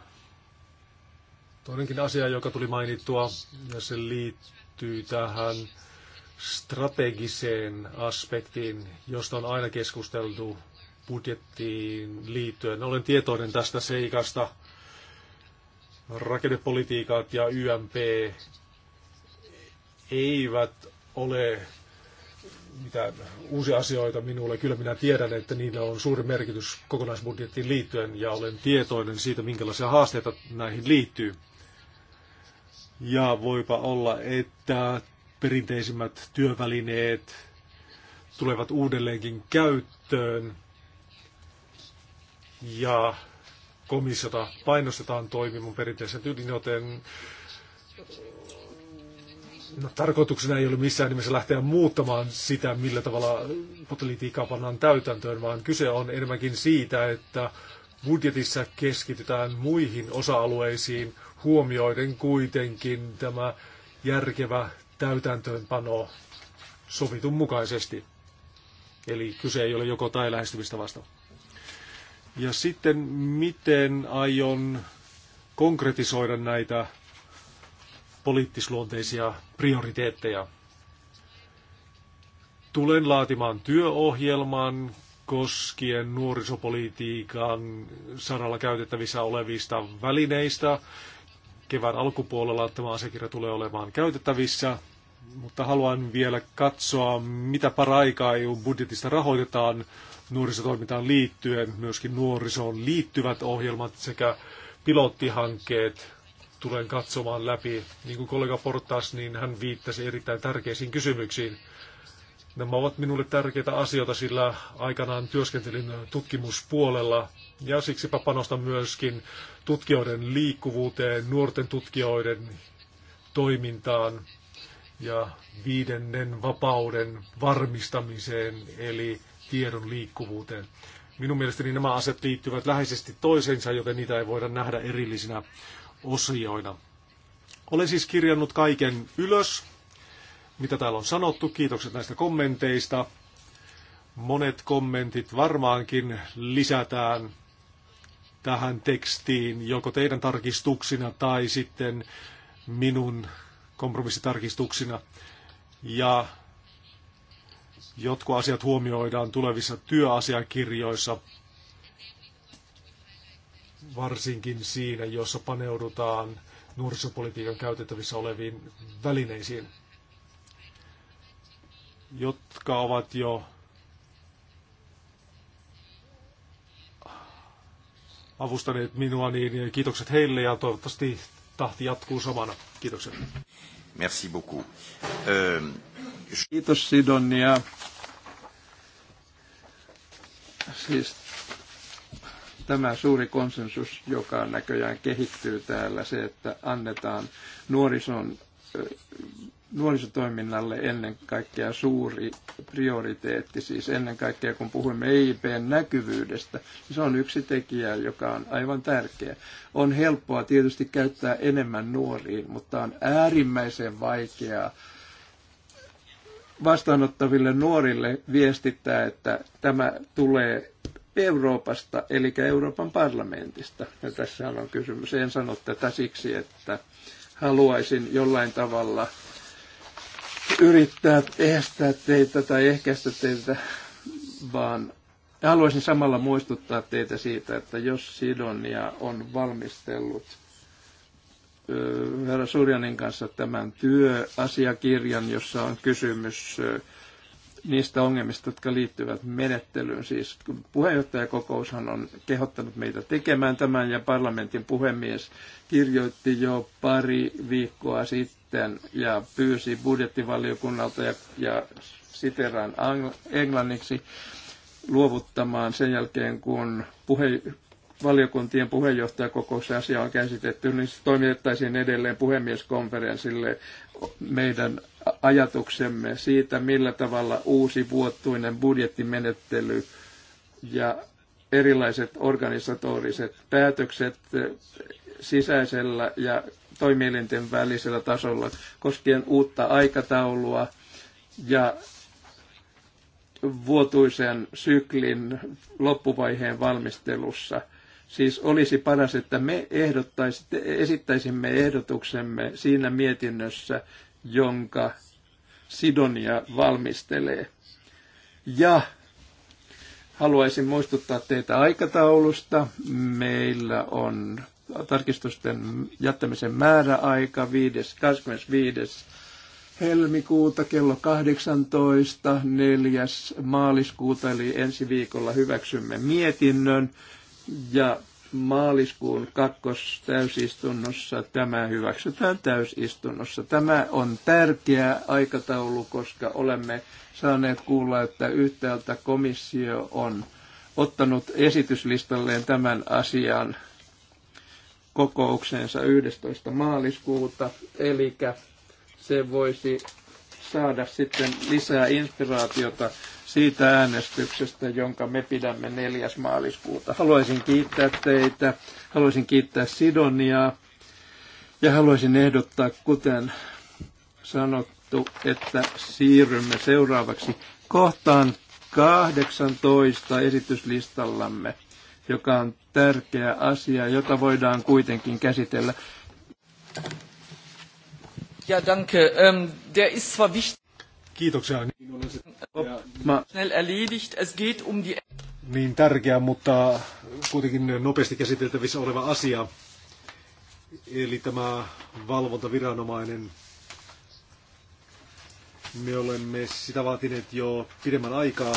Toinenkin asia, joka tuli mainittua, ja se liittyy tähän strategiseen aspektiin, josta on aina keskusteltu budjettiin liittyen. Olen tietoinen tästä seikasta. Rakennepolitiikat ja YMP eivät ole mitään uusia asioita minulle. Kyllä minä tiedän, että niillä on suuri merkitys kokonaisbudjettiin liittyen ja olen tietoinen siitä, minkälaisia haasteita näihin liittyy. Ja voipa olla, että perinteisimmät työvälineet tulevat uudelleenkin käyttöön ja komissiota painostetaan toimimaan perinteisen tyylin, joten no, tarkoituksena ei ole missään nimessä lähteä muuttamaan sitä, millä tavalla politiikkaa pannaan täytäntöön, vaan kyse on enemmänkin siitä, että budjetissa keskitytään muihin osa-alueisiin, huomioiden kuitenkin tämä järkevä täytäntöönpano sovitun mukaisesti. Eli kyse ei ole joko tai lähestymistä vasta. Ja sitten miten aion konkretisoida näitä poliittisluonteisia prioriteetteja. Tulen laatimaan työohjelman koskien nuorisopolitiikan saralla käytettävissä olevista välineistä kevään alkupuolella tämä asiakirja tulee olemaan käytettävissä, mutta haluan vielä katsoa, mitä paraikaa EU-budjetista rahoitetaan nuorisotoimintaan liittyen, myöskin nuorisoon liittyvät ohjelmat sekä pilottihankkeet tulen katsomaan läpi. Niin kuin kollega Portas, niin hän viittasi erittäin tärkeisiin kysymyksiin. Nämä ovat minulle tärkeitä asioita, sillä aikanaan työskentelin tutkimuspuolella ja siksipä panostan myöskin tutkijoiden liikkuvuuteen, nuorten tutkijoiden toimintaan ja viidennen vapauden varmistamiseen, eli tiedon liikkuvuuteen. Minun mielestäni nämä asiat liittyvät läheisesti toisensa, joten niitä ei voida nähdä erillisinä osioina. Olen siis kirjannut kaiken ylös, mitä täällä on sanottu. Kiitokset näistä kommenteista. Monet kommentit varmaankin lisätään tähän tekstiin, joko teidän tarkistuksina tai sitten minun kompromissitarkistuksina. Ja jotkut asiat huomioidaan tulevissa työasiakirjoissa, varsinkin siinä, jossa paneudutaan nuorisopolitiikan käytettävissä oleviin välineisiin, jotka ovat jo avustaneet minua, niin, niin kiitokset heille ja toivottavasti tahti jatkuu samana. Kiitokset. Merci beaucoup. Euh... Kiitos Sidonia. Siis tämä suuri konsensus, joka näköjään kehittyy täällä, se, että annetaan nuorison nuorisotoiminnalle ennen kaikkea suuri prioriteetti, siis ennen kaikkea kun puhumme EIPn näkyvyydestä, niin se on yksi tekijä, joka on aivan tärkeä. On helppoa tietysti käyttää enemmän nuoriin, mutta on äärimmäisen vaikeaa vastaanottaville nuorille viestittää, että tämä tulee Euroopasta, eli Euroopan parlamentista. Ja tässä on kysymys. En sano tätä siksi, että haluaisin jollain tavalla – yrittää estää teitä tai ehkäistä teitä, vaan haluaisin samalla muistuttaa teitä siitä, että jos Sidonia on valmistellut herra Surjanin kanssa tämän työasiakirjan, jossa on kysymys niistä ongelmista, jotka liittyvät menettelyyn. Siis puheenjohtajakokoushan on kehottanut meitä tekemään tämän ja parlamentin puhemies kirjoitti jo pari viikkoa sitten ja pyysi budjettivaliokunnalta ja, ja siteraan englanniksi luovuttamaan sen jälkeen, kun puhe, valiokuntien puheenjohtajakokous asia on käsitetty, niin se toimitettaisiin edelleen puhemieskonferenssille meidän ajatuksemme siitä, millä tavalla uusi vuotuinen budjettimenettely ja erilaiset organisatoriset päätökset sisäisellä ja toimielinten välisellä tasolla koskien uutta aikataulua ja vuotuisen syklin loppuvaiheen valmistelussa. Siis olisi paras, että me esittäisimme ehdotuksemme siinä mietinnössä, jonka Sidonia valmistelee. Ja haluaisin muistuttaa teitä aikataulusta. Meillä on tarkistusten jättämisen määräaika 5. 25 helmikuuta kello 18, 4. maaliskuuta eli ensi viikolla hyväksymme mietinnön ja maaliskuun kakkostäysistunnossa tämä hyväksytään täysistunnossa. Tämä on tärkeä aikataulu, koska olemme saaneet kuulla, että yhtäältä komissio on ottanut esityslistalleen tämän asian kokoukseensa 11. maaliskuuta, eli se voisi saada sitten lisää inspiraatiota siitä äänestyksestä, jonka me pidämme 4. maaliskuuta. Haluaisin kiittää teitä, haluaisin kiittää Sidoniaa ja haluaisin ehdottaa, kuten sanottu, että siirrymme seuraavaksi kohtaan 18 esityslistallamme, joka on tärkeä asia, jota voidaan kuitenkin käsitellä. Ja, danke. Ähm, der ist zwar wichtig. Kiitoksia. Schnell erledigt. Es geht um die... Niin tärkeä, mutta kuitenkin nopeasti käsiteltävissä oleva asia. Eli tämä valvontaviranomainen. Me olemme sitä vaatineet jo pidemmän aikaa.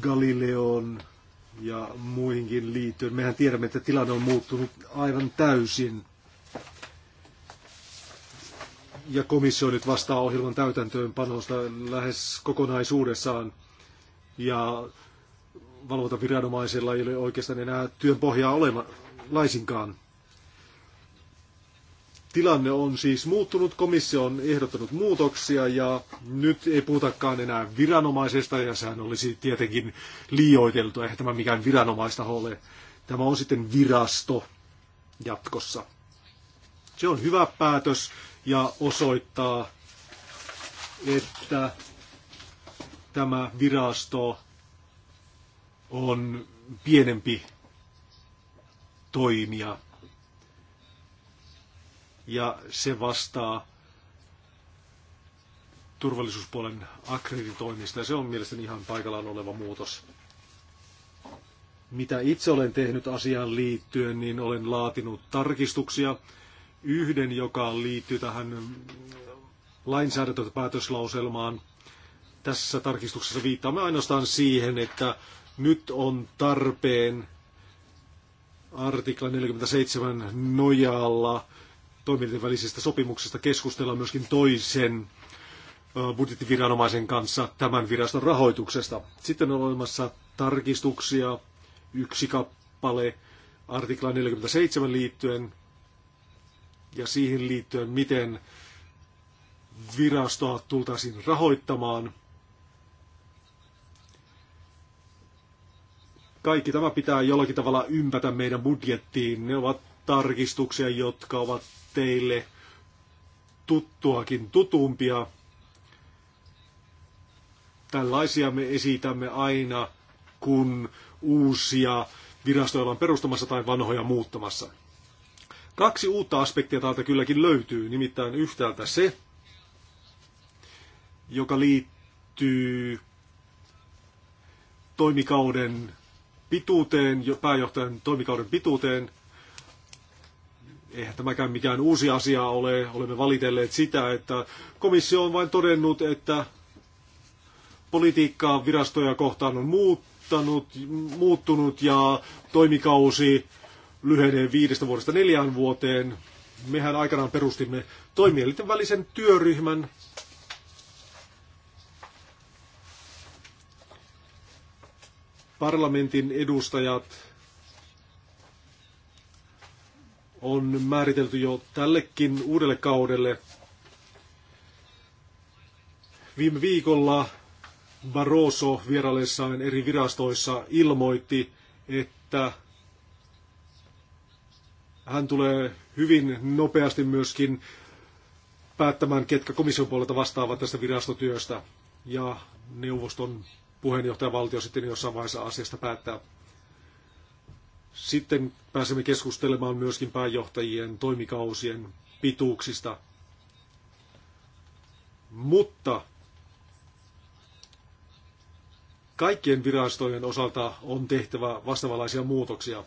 Galileon ja muihinkin liittyen. Mehän tiedämme, että tilanne on muuttunut aivan täysin. Ja komissio nyt vastaa ohjelman täytäntöönpanosta lähes kokonaisuudessaan. Ja valvontaviranomaisilla ei ole oikeastaan enää työn pohjaa olema laisinkaan. Tilanne on siis muuttunut, komissio on ehdottanut muutoksia ja nyt ei puhutakaan enää viranomaisesta ja sehän olisi tietenkin liioiteltu, eihän tämä mikään viranomaista ole. Tämä on sitten virasto jatkossa. Se on hyvä päätös ja osoittaa, että tämä virasto on pienempi toimija ja se vastaa turvallisuuspuolen akkreditoinnista ja se on mielestäni ihan paikallaan oleva muutos. Mitä itse olen tehnyt asiaan liittyen, niin olen laatinut tarkistuksia. Yhden, joka liittyy tähän lainsäädäntöpäätöslauselmaan. Tässä tarkistuksessa viittaamme ainoastaan siihen, että nyt on tarpeen artikla 47 nojalla toimijoiden välisestä sopimuksesta keskustella myöskin toisen budjettiviranomaisen kanssa tämän viraston rahoituksesta. Sitten on olemassa tarkistuksia, yksi kappale, artikla 47 liittyen ja siihen liittyen, miten virastoa tultaisiin rahoittamaan. Kaikki tämä pitää jollakin tavalla ympätä meidän budjettiin. Ne ovat tarkistuksia, jotka ovat teille tuttuakin tutumpia. Tällaisia me esitämme aina, kun uusia virastoja ollaan perustamassa tai vanhoja muuttamassa. Kaksi uutta aspektia täältä kylläkin löytyy, nimittäin yhtäältä se, joka liittyy toimikauden pituuteen, pääjohtajan toimikauden pituuteen, eihän tämäkään mikään uusi asia ole. Olemme valitelleet sitä, että komissio on vain todennut, että politiikkaa virastoja kohtaan on muuttanut, muuttunut ja toimikausi lyhenee viidestä vuodesta neljään vuoteen. Mehän aikanaan perustimme toimielinten välisen työryhmän, parlamentin edustajat on määritelty jo tällekin uudelle kaudelle. Viime viikolla Barroso vieraillessaan eri virastoissa ilmoitti, että hän tulee hyvin nopeasti myöskin päättämään, ketkä komission puolelta vastaavat tästä virastotyöstä. Ja neuvoston puheenjohtajavaltio sitten jossain vaiheessa asiasta päättää. Sitten pääsemme keskustelemaan myöskin pääjohtajien toimikausien pituuksista. Mutta kaikkien virastojen osalta on tehtävä vastaavanlaisia muutoksia.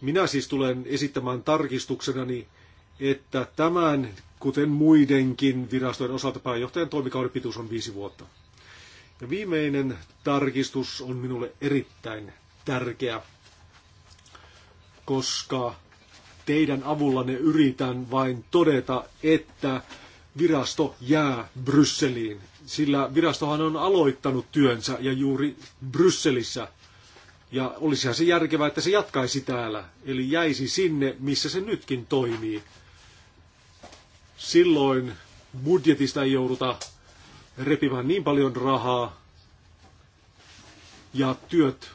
Minä siis tulen esittämään tarkistuksenani, että tämän, kuten muidenkin virastojen osalta, pääjohtajan toimikauden pituus on viisi vuotta. Ja viimeinen tarkistus on minulle erittäin tärkeä koska teidän avullanne yritän vain todeta, että virasto jää Brysseliin. Sillä virastohan on aloittanut työnsä ja juuri Brysselissä. Ja olisihan se järkevää, että se jatkaisi täällä. Eli jäisi sinne, missä se nytkin toimii. Silloin budjetista ei jouduta repimään niin paljon rahaa. Ja työt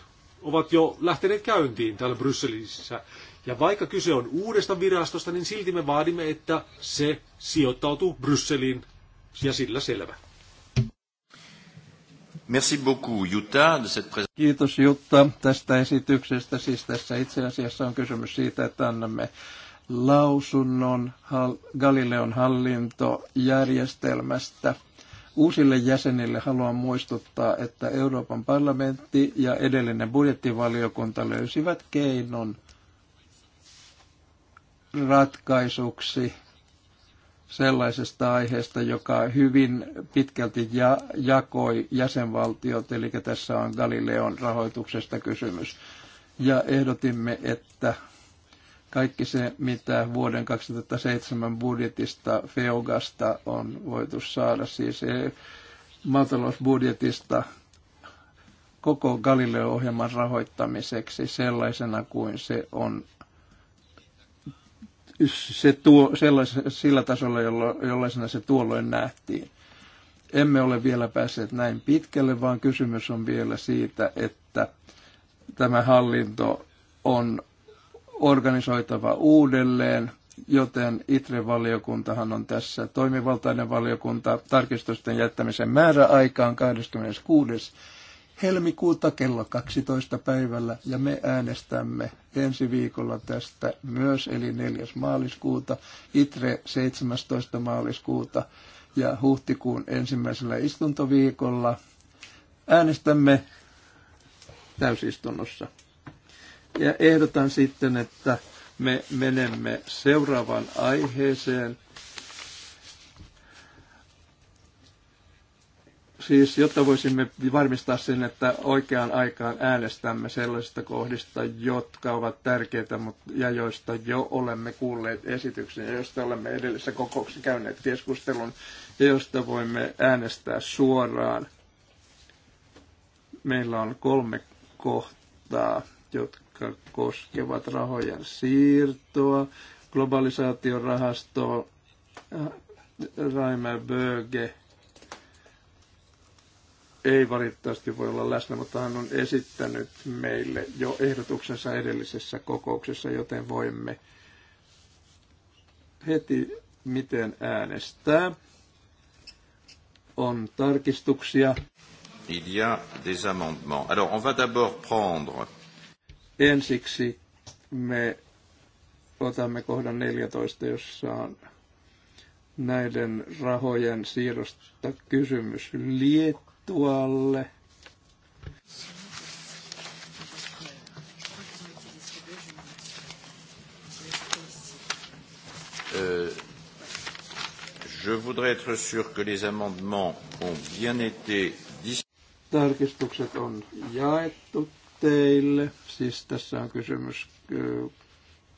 ovat jo lähteneet käyntiin täällä Brysselissä. Ja vaikka kyse on uudesta virastosta, niin silti me vaadimme, että se sijoittautuu Brysseliin ja sillä selvä. Merci beaucoup, Jutta, de cette Kiitos Jutta tästä esityksestä. Siis tässä itse asiassa on kysymys siitä, että annamme lausunnon Galileon hallintojärjestelmästä – Uusille jäsenille haluan muistuttaa, että Euroopan parlamentti ja edellinen budjettivaliokunta löysivät keinon ratkaisuksi sellaisesta aiheesta, joka hyvin pitkälti ja, jakoi jäsenvaltiot, eli tässä on Galileon rahoituksesta kysymys. Ja ehdotimme, että kaikki se, mitä vuoden 2007 budjetista FEOGasta on voitu saada, siis eh, maatalousbudjetista koko Galileo-ohjelman rahoittamiseksi sellaisena kuin se on se tuo, sellais, sillä tasolla, jollo, jollaisena se tuolloin nähtiin. Emme ole vielä päässeet näin pitkälle, vaan kysymys on vielä siitä, että tämä hallinto on organisoitava uudelleen, joten ITRE-valiokuntahan on tässä toimivaltainen valiokunta tarkistusten jättämisen määräaikaan 26 helmikuuta kello 12 päivällä ja me äänestämme ensi viikolla tästä myös eli 4. maaliskuuta, ITRE 17. maaliskuuta ja huhtikuun ensimmäisellä istuntoviikolla äänestämme täysistunnossa. Ja ehdotan sitten, että me menemme seuraavaan aiheeseen. Siis, jotta voisimme varmistaa sen, että oikeaan aikaan äänestämme sellaisista kohdista, jotka ovat tärkeitä ja joista jo olemme kuulleet esityksen ja joista olemme edellisessä kokouksessa käyneet keskustelun ja joista voimme äänestää suoraan. Meillä on kolme kohtaa, jotka jotka koskevat rahojen siirtoa, globalisaatiorahastoa, äh, Raimer Böge ei valitettavasti voi olla läsnä, mutta hän on esittänyt meille jo ehdotuksensa edellisessä kokouksessa, joten voimme heti miten äänestää. On tarkistuksia. Il y a des amendements. Alors on va d'abord prendre Ensiksi me otamme kohdan 14, jossa on näiden rahojen siirrosta kysymys Liettualle. Euh, je voudrais être sûr que les amendements ont bien été Tarkistukset on jaettu teille. Siis tässä on kysymys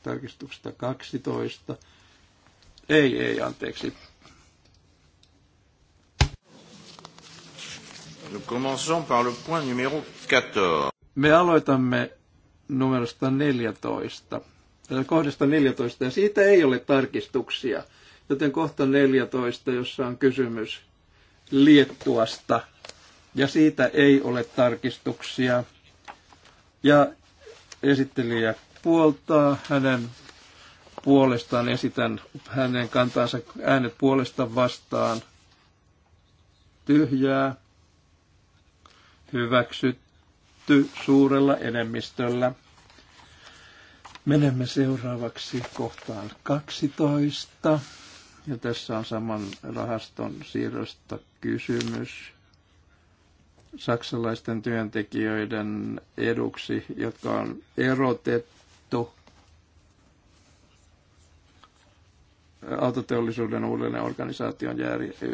tarkistuksesta 12. Ei, ei, anteeksi. Me aloitamme numerosta 14, kohdasta 14, ja siitä ei ole tarkistuksia. Joten kohta 14, jossa on kysymys Liettuasta, ja siitä ei ole tarkistuksia. Ja esittelijä puoltaa hänen puolestaan. Esitän hänen kantaansa äänet puolesta vastaan. Tyhjää. Hyväksytty suurella enemmistöllä. Menemme seuraavaksi kohtaan 12. Ja tässä on saman rahaston siirrosta kysymys saksalaisten työntekijöiden eduksi, jotka on erotettu autoteollisuuden uudelleen organisaation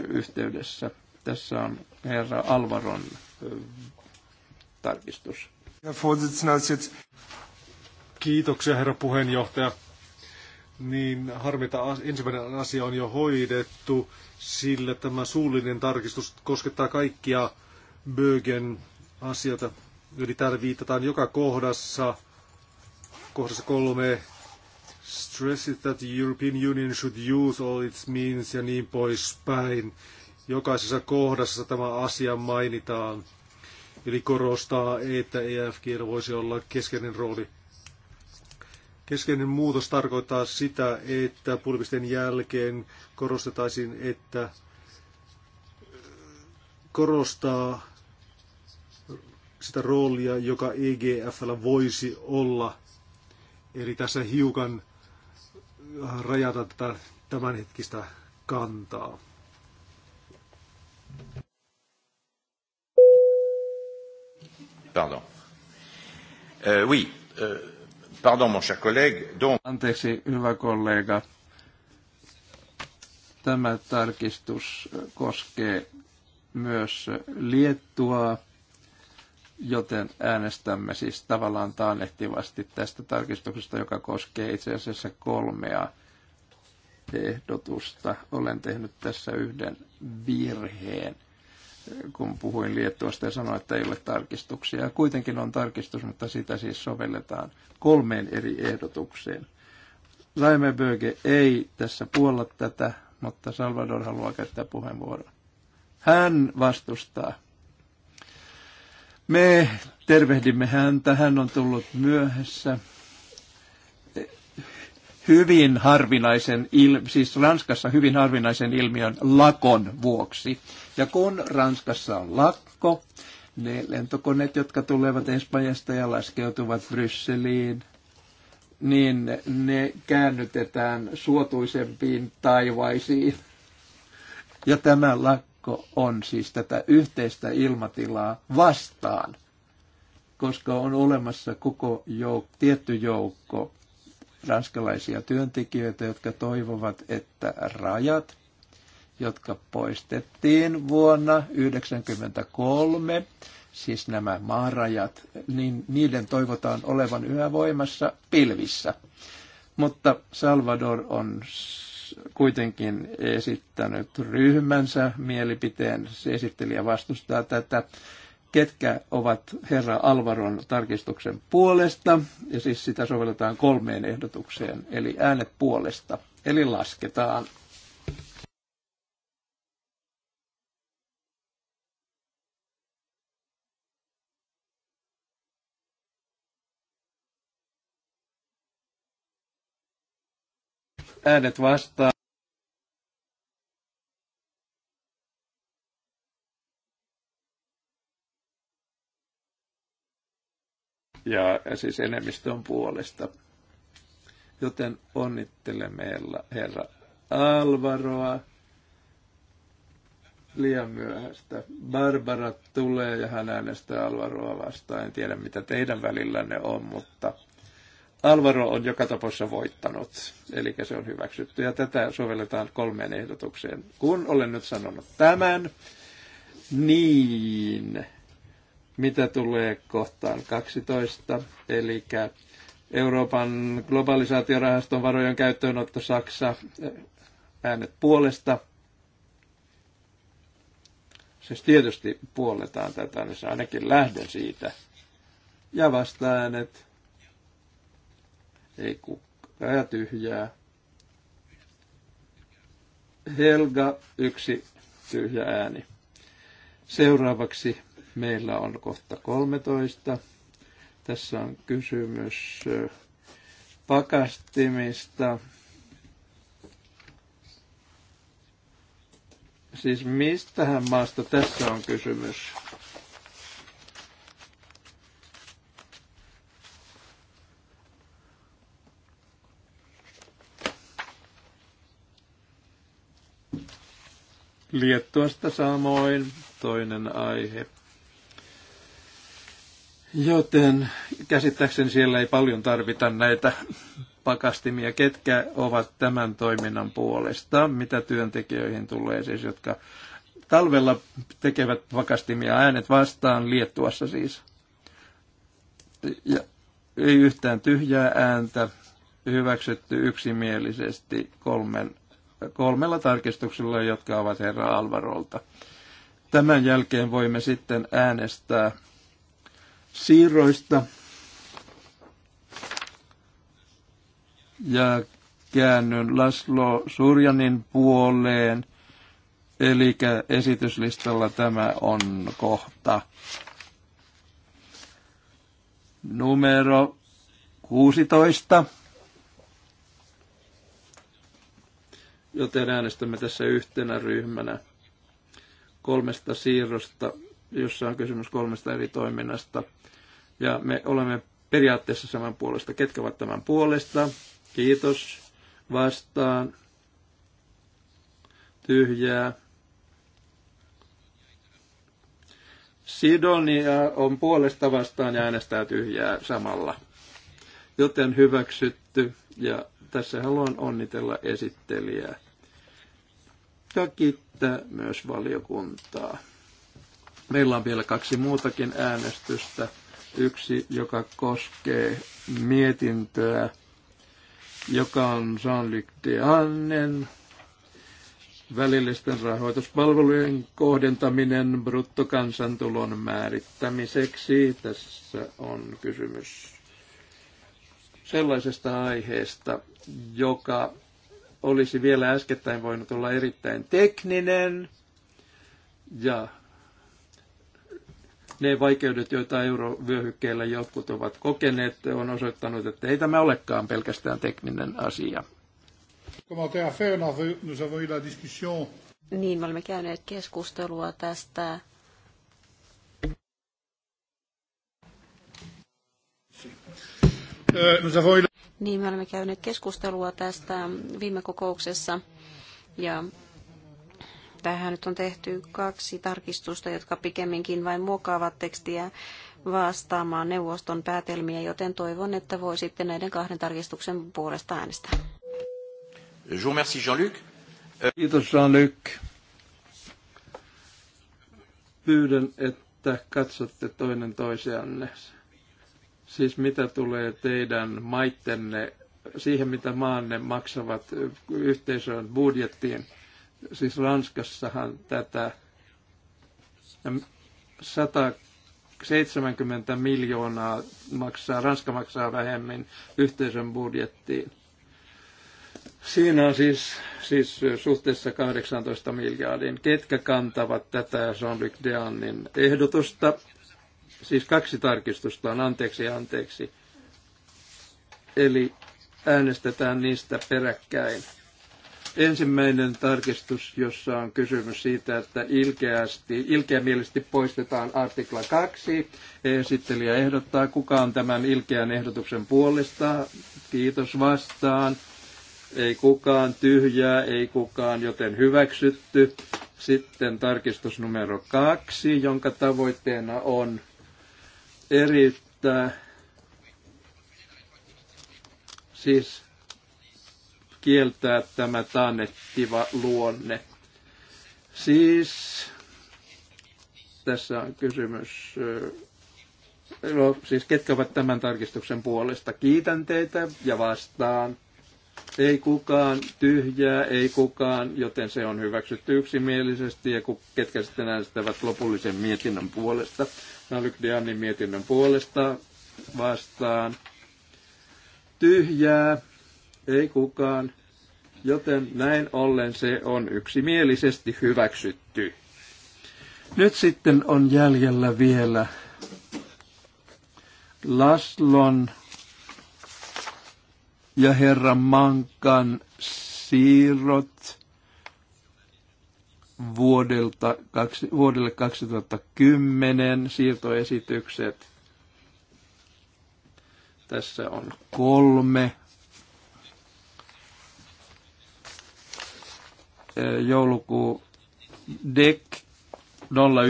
yhteydessä. Tässä on herra Alvaron tarkistus. Kiitoksia herra puheenjohtaja. Niin harmita ensimmäinen asia on jo hoidettu, sillä tämä suullinen tarkistus koskettaa kaikkia Bögen asioita. Eli täällä viitataan joka kohdassa, kohdassa kolme, it that the European Union should use all its means ja niin poispäin. Jokaisessa kohdassa tämä asia mainitaan. Eli korostaa, että EFG voisi olla keskeinen rooli. Keskeinen muutos tarkoittaa sitä, että pulpisten jälkeen korostetaisiin, että korostaa sitä roolia, joka EGFllä voisi olla. Eli tässä hiukan rajata tätä tämänhetkistä kantaa. Pardon. Uh, oui, Uh, pardon mon cher collègue. Donc... Anteeksi, hyvä kollega. Tämä tarkistus koskee myös Liettuaa Joten äänestämme siis tavallaan taannehtivasti tästä tarkistuksesta, joka koskee itse asiassa kolmea ehdotusta. Olen tehnyt tässä yhden virheen, kun puhuin Liettuasta ja sanoin, että ei ole tarkistuksia. Kuitenkin on tarkistus, mutta sitä siis sovelletaan kolmeen eri ehdotukseen. Böge ei tässä puolla tätä, mutta Salvador haluaa käyttää puheenvuoron. Hän vastustaa. Me tervehdimme häntä, hän on tullut myöhässä. Hyvin harvinaisen, siis Ranskassa hyvin harvinaisen ilmiön lakon vuoksi. Ja kun Ranskassa on lakko, ne lentokoneet, jotka tulevat Espanjasta ja laskeutuvat Brysseliin, niin ne käännytetään suotuisempiin taivaisiin. Ja tämä lakko kirkko on siis tätä yhteistä ilmatilaa vastaan, koska on olemassa koko jouk- tietty joukko ranskalaisia työntekijöitä, jotka toivovat, että rajat, jotka poistettiin vuonna 1993, siis nämä maarajat, niin niiden toivotaan olevan yhä voimassa pilvissä. Mutta Salvador on kuitenkin esittänyt ryhmänsä mielipiteen. Se esittelijä vastustaa tätä. Ketkä ovat herra Alvaron tarkistuksen puolesta, ja siis sitä sovelletaan kolmeen ehdotukseen, eli äänet puolesta. Eli lasketaan äänet vastaan. Ja siis enemmistön puolesta. Joten onnittelemme herra Alvaroa liian myöhäistä. Barbara tulee ja hän äänestää Alvaroa vastaan. En tiedä, mitä teidän välillänne on, mutta Alvaro on joka tapauksessa voittanut, eli se on hyväksytty. Ja tätä sovelletaan kolmeen ehdotukseen. Kun olen nyt sanonut tämän, niin mitä tulee kohtaan 12, eli Euroopan globalisaatiorahaston varojen käyttöönotto Saksa, eh, äänet puolesta. Siis tietysti puoletaan tätä, niin ainakin lähden siitä. Ja vasta-äänet ei kukaan tyhjää. Helga, yksi tyhjä ääni. Seuraavaksi meillä on kohta 13. Tässä on kysymys pakastimista. Siis mistähän maasta tässä on kysymys? Liettuasta samoin toinen aihe. Joten käsittääkseni siellä ei paljon tarvita näitä pakastimia, ketkä ovat tämän toiminnan puolesta, mitä työntekijöihin tulee siis, jotka talvella tekevät pakastimia äänet vastaan Liettuassa siis. Ja ei yhtään tyhjää ääntä, hyväksytty yksimielisesti kolmen kolmella tarkistuksella, jotka ovat herra Alvarolta. Tämän jälkeen voimme sitten äänestää siirroista ja käännyn Laslo Surjanin puoleen. Eli esityslistalla tämä on kohta numero 16. joten äänestämme tässä yhtenä ryhmänä kolmesta siirrosta, jossa on kysymys kolmesta eri toiminnasta. Ja me olemme periaatteessa saman puolesta. Ketkä ovat tämän puolesta? Kiitos. Vastaan. Tyhjää. Sidonia on puolesta vastaan ja äänestää tyhjää samalla. Joten hyväksytty. Ja tässä haluan onnitella esittelijää ja kiittää myös valiokuntaa. Meillä on vielä kaksi muutakin äänestystä. Yksi, joka koskee mietintöä, joka on Jean-Luc Dehannen välillisten rahoituspalvelujen kohdentaminen bruttokansantulon määrittämiseksi. Tässä on kysymys sellaisesta aiheesta, joka olisi vielä äskettäin voinut olla erittäin tekninen ja ne vaikeudet, joita eurovyöhykkeellä jotkut ovat kokeneet, on osoittanut, että ei tämä olekaan pelkästään tekninen asia. Niin, me olemme käyneet keskustelua tästä euh, Nous avons eu niin me olemme käyneet keskustelua tästä viime kokouksessa ja tähän nyt on tehty kaksi tarkistusta, jotka pikemminkin vain muokkaavat tekstiä vastaamaan neuvoston päätelmiä, joten toivon, että voi sitten näiden kahden tarkistuksen puolesta äänestää. Je Jean-Luc. Euh, Kiitos Jean-Luc. Pyydän, että katsotte toinen toisianne. Siis mitä tulee teidän maittenne, siihen mitä maanne maksavat yhteisön budjettiin, siis Ranskassahan tätä 170 miljoonaa maksaa, Ranska maksaa vähemmän yhteisön budjettiin. Siinä on siis, siis suhteessa 18 miljardin. Ketkä kantavat tätä Jean-Luc Deannin ehdotusta? siis kaksi tarkistusta on anteeksi anteeksi. Eli äänestetään niistä peräkkäin. Ensimmäinen tarkistus, jossa on kysymys siitä, että ilkeästi, ilkeämielisesti poistetaan artikla 2. Esittelijä ehdottaa, kuka on tämän ilkeän ehdotuksen puolesta. Kiitos vastaan. Ei kukaan tyhjää, ei kukaan, joten hyväksytty. Sitten tarkistus numero kaksi, jonka tavoitteena on erittää. Siis kieltää tämä taannettiva luonne. Siis tässä on kysymys, no, siis ketkä ovat tämän tarkistuksen puolesta. Kiitän teitä ja vastaan ei kukaan tyhjää, ei kukaan, joten se on hyväksytty yksimielisesti ja ketkä sitten äänestävät lopullisen mietinnön puolesta. Nalik Dianin mietinnön puolesta vastaan. Tyhjää, ei kukaan, joten näin ollen se on yksimielisesti hyväksytty. Nyt sitten on jäljellä vielä Laslon ja herra Mankan siirrot vuodelta, kaksi, vuodelle 2010 siirtoesitykset. Tässä on kolme. Joulukuu DEC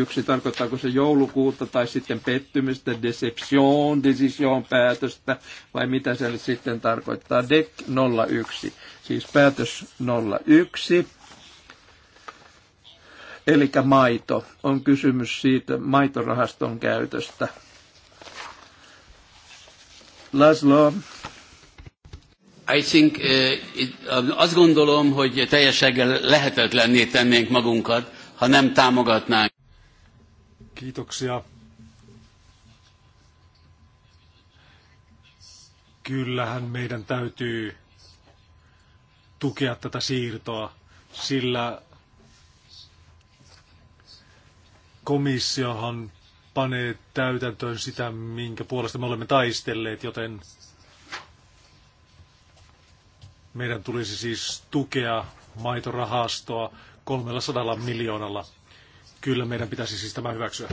01, tarkoittaako se joulukuuta tai sitten pettymystä, deception, decision päätöstä vai mitä se sitten tarkoittaa. DEC 01, siis päätös 01. Eli maito. On kysymys siitä maitorahaston käytöstä. Laszlo. I think, uh, it, azt gondolom, hogy teljesen lehetetlenné tennénk magunkat, ha nem támogatnánk. Kiitoksia. Kyllähän meidän täytyy tukea tätä siirtoa, sillä komissiohan panee täytäntöön sitä, minkä puolesta me olemme taistelleet, joten meidän tulisi siis tukea maitorahastoa 300 miljoonalla. Kyllä meidän pitäisi siis tämä hyväksyä.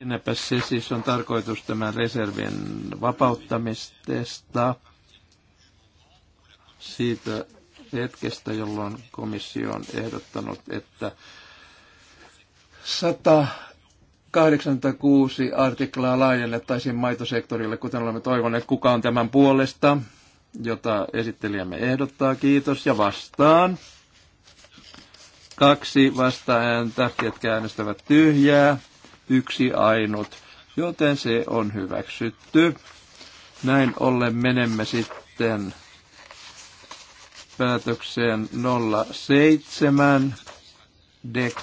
Ennäpä se siis on tarkoitus tämän reservin vapauttamisesta siitä hetkestä, jolloin komissio on ehdottanut, että 186 artiklaa laajennettaisiin maitosektorille, kuten olemme toivoneet, kuka on tämän puolesta, jota esittelijämme ehdottaa. Kiitos ja vastaan kaksi vastaääntä, ketkä äänestävät tyhjää, yksi ainut, joten se on hyväksytty. Näin ollen menemme sitten päätökseen 07, DEC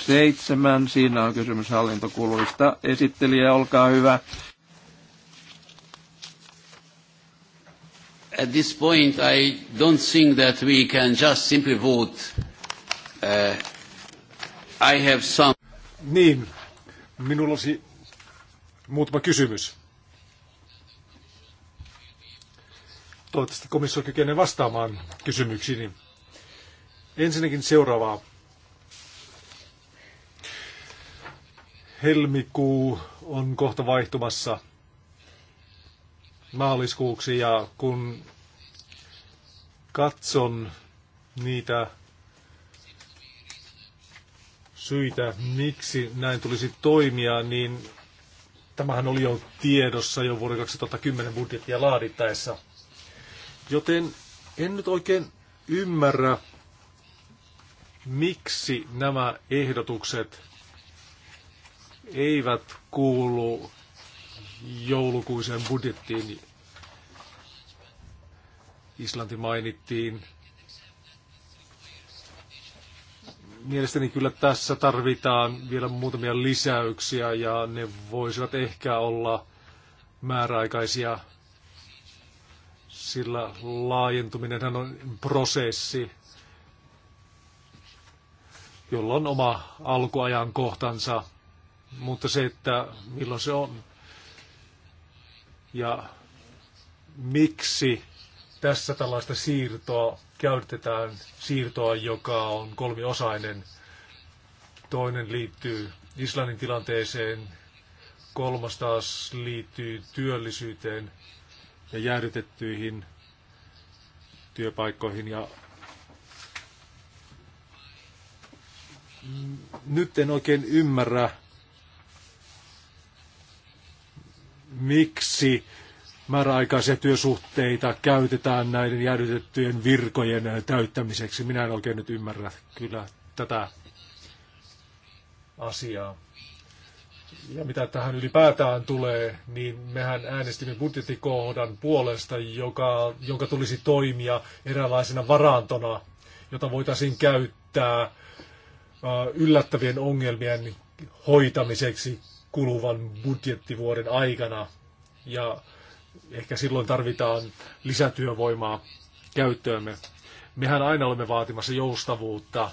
07. Siinä on kysymys hallintokuluista. Esittelijä, olkaa hyvä. At this point I don't think that we can just simply vote Uh, I have some... Niin, minulla olisi muutama kysymys. Toivottavasti komissio kykenee vastaamaan kysymyksiini. Ensinnäkin seuraavaa. Helmikuu on kohta vaihtumassa maaliskuuksi ja kun katson niitä syitä, miksi näin tulisi toimia, niin tämähän oli jo tiedossa jo vuoden 2010 budjettia laadittaessa. Joten en nyt oikein ymmärrä, miksi nämä ehdotukset eivät kuulu joulukuiseen budjettiin. Islanti mainittiin, mielestäni kyllä tässä tarvitaan vielä muutamia lisäyksiä ja ne voisivat ehkä olla määräaikaisia, sillä laajentuminen on prosessi, jolla on oma alkuajan kohtansa, mutta se, että milloin se on ja miksi tässä tällaista siirtoa käytetään siirtoa, joka on kolmiosainen. Toinen liittyy Islannin tilanteeseen, kolmas taas liittyy työllisyyteen ja jäädytettyihin työpaikkoihin. Ja nyt en oikein ymmärrä, miksi määräaikaisia työsuhteita käytetään näiden jäädytettyjen virkojen täyttämiseksi. Minä en oikein nyt ymmärrä kyllä tätä asiaa. Ja mitä tähän ylipäätään tulee, niin mehän äänestimme budjettikohdan puolesta, joka, jonka tulisi toimia eräänlaisena varantona, jota voitaisiin käyttää yllättävien ongelmien hoitamiseksi kuluvan budjettivuoden aikana. Ja Ehkä silloin tarvitaan lisätyövoimaa käyttöömme. Mehän aina olemme vaatimassa joustavuutta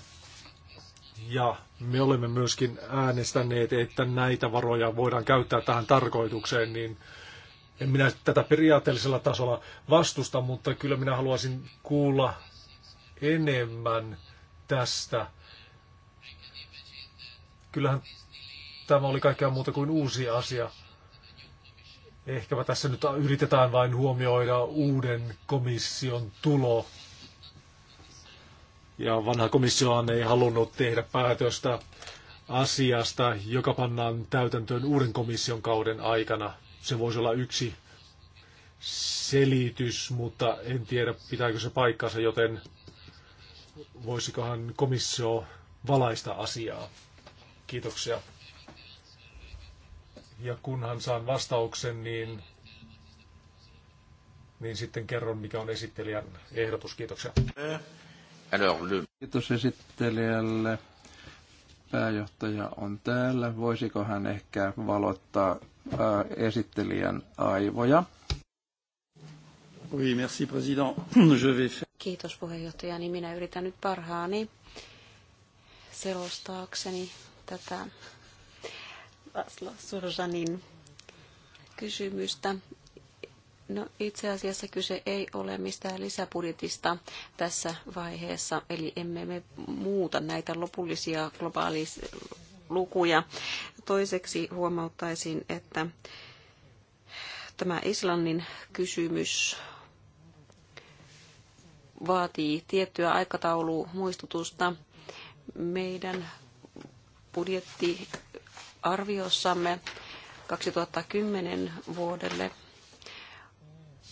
ja me olemme myöskin äänestäneet, että näitä varoja voidaan käyttää tähän tarkoitukseen, niin en minä tätä periaatteellisella tasolla vastusta, mutta kyllä minä haluaisin kuulla enemmän tästä. Kyllähän tämä oli kaikkea muuta kuin uusi asia. Ehkäpä tässä nyt yritetään vain huomioida uuden komission tulo. Ja vanha komissiohan ei halunnut tehdä päätöstä asiasta, joka pannaan täytäntöön uuden komission kauden aikana. Se voisi olla yksi selitys, mutta en tiedä pitääkö se paikkansa, joten voisikohan komissio valaista asiaa. Kiitoksia. Ja kunhan saan vastauksen, niin, niin sitten kerron, mikä on esittelijän ehdotus. Kiitoksia. Kiitos esittelijälle. Pääjohtaja on täällä. Voisiko hän ehkä valottaa ää, äh, esittelijän aivoja? Oui, merci, président. Je vais faire... Kiitos puheenjohtaja. Niin minä yritän nyt parhaani selostaakseni tätä Laslo Surjanin kysymystä. No, itse asiassa kyse ei ole mistään lisäbudjetista tässä vaiheessa, eli emme me muuta näitä lopullisia globaalislukuja. Toiseksi huomauttaisin, että tämä Islannin kysymys vaatii tiettyä aikataulumuistutusta. Meidän budjetti arviossamme 2010 vuodelle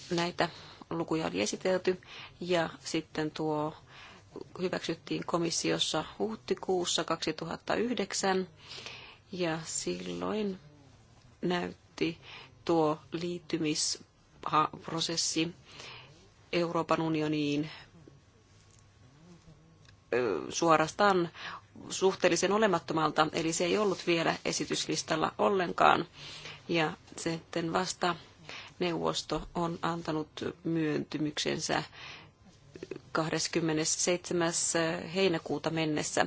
näitä lukuja oli esitelty ja sitten tuo hyväksyttiin komissiossa huhtikuussa 2009 ja silloin näytti tuo liittymisprosessi Euroopan unioniin suorastaan suhteellisen olemattomalta, eli se ei ollut vielä esityslistalla ollenkaan. Ja sitten vasta neuvosto on antanut myöntymyksensä 27. heinäkuuta mennessä.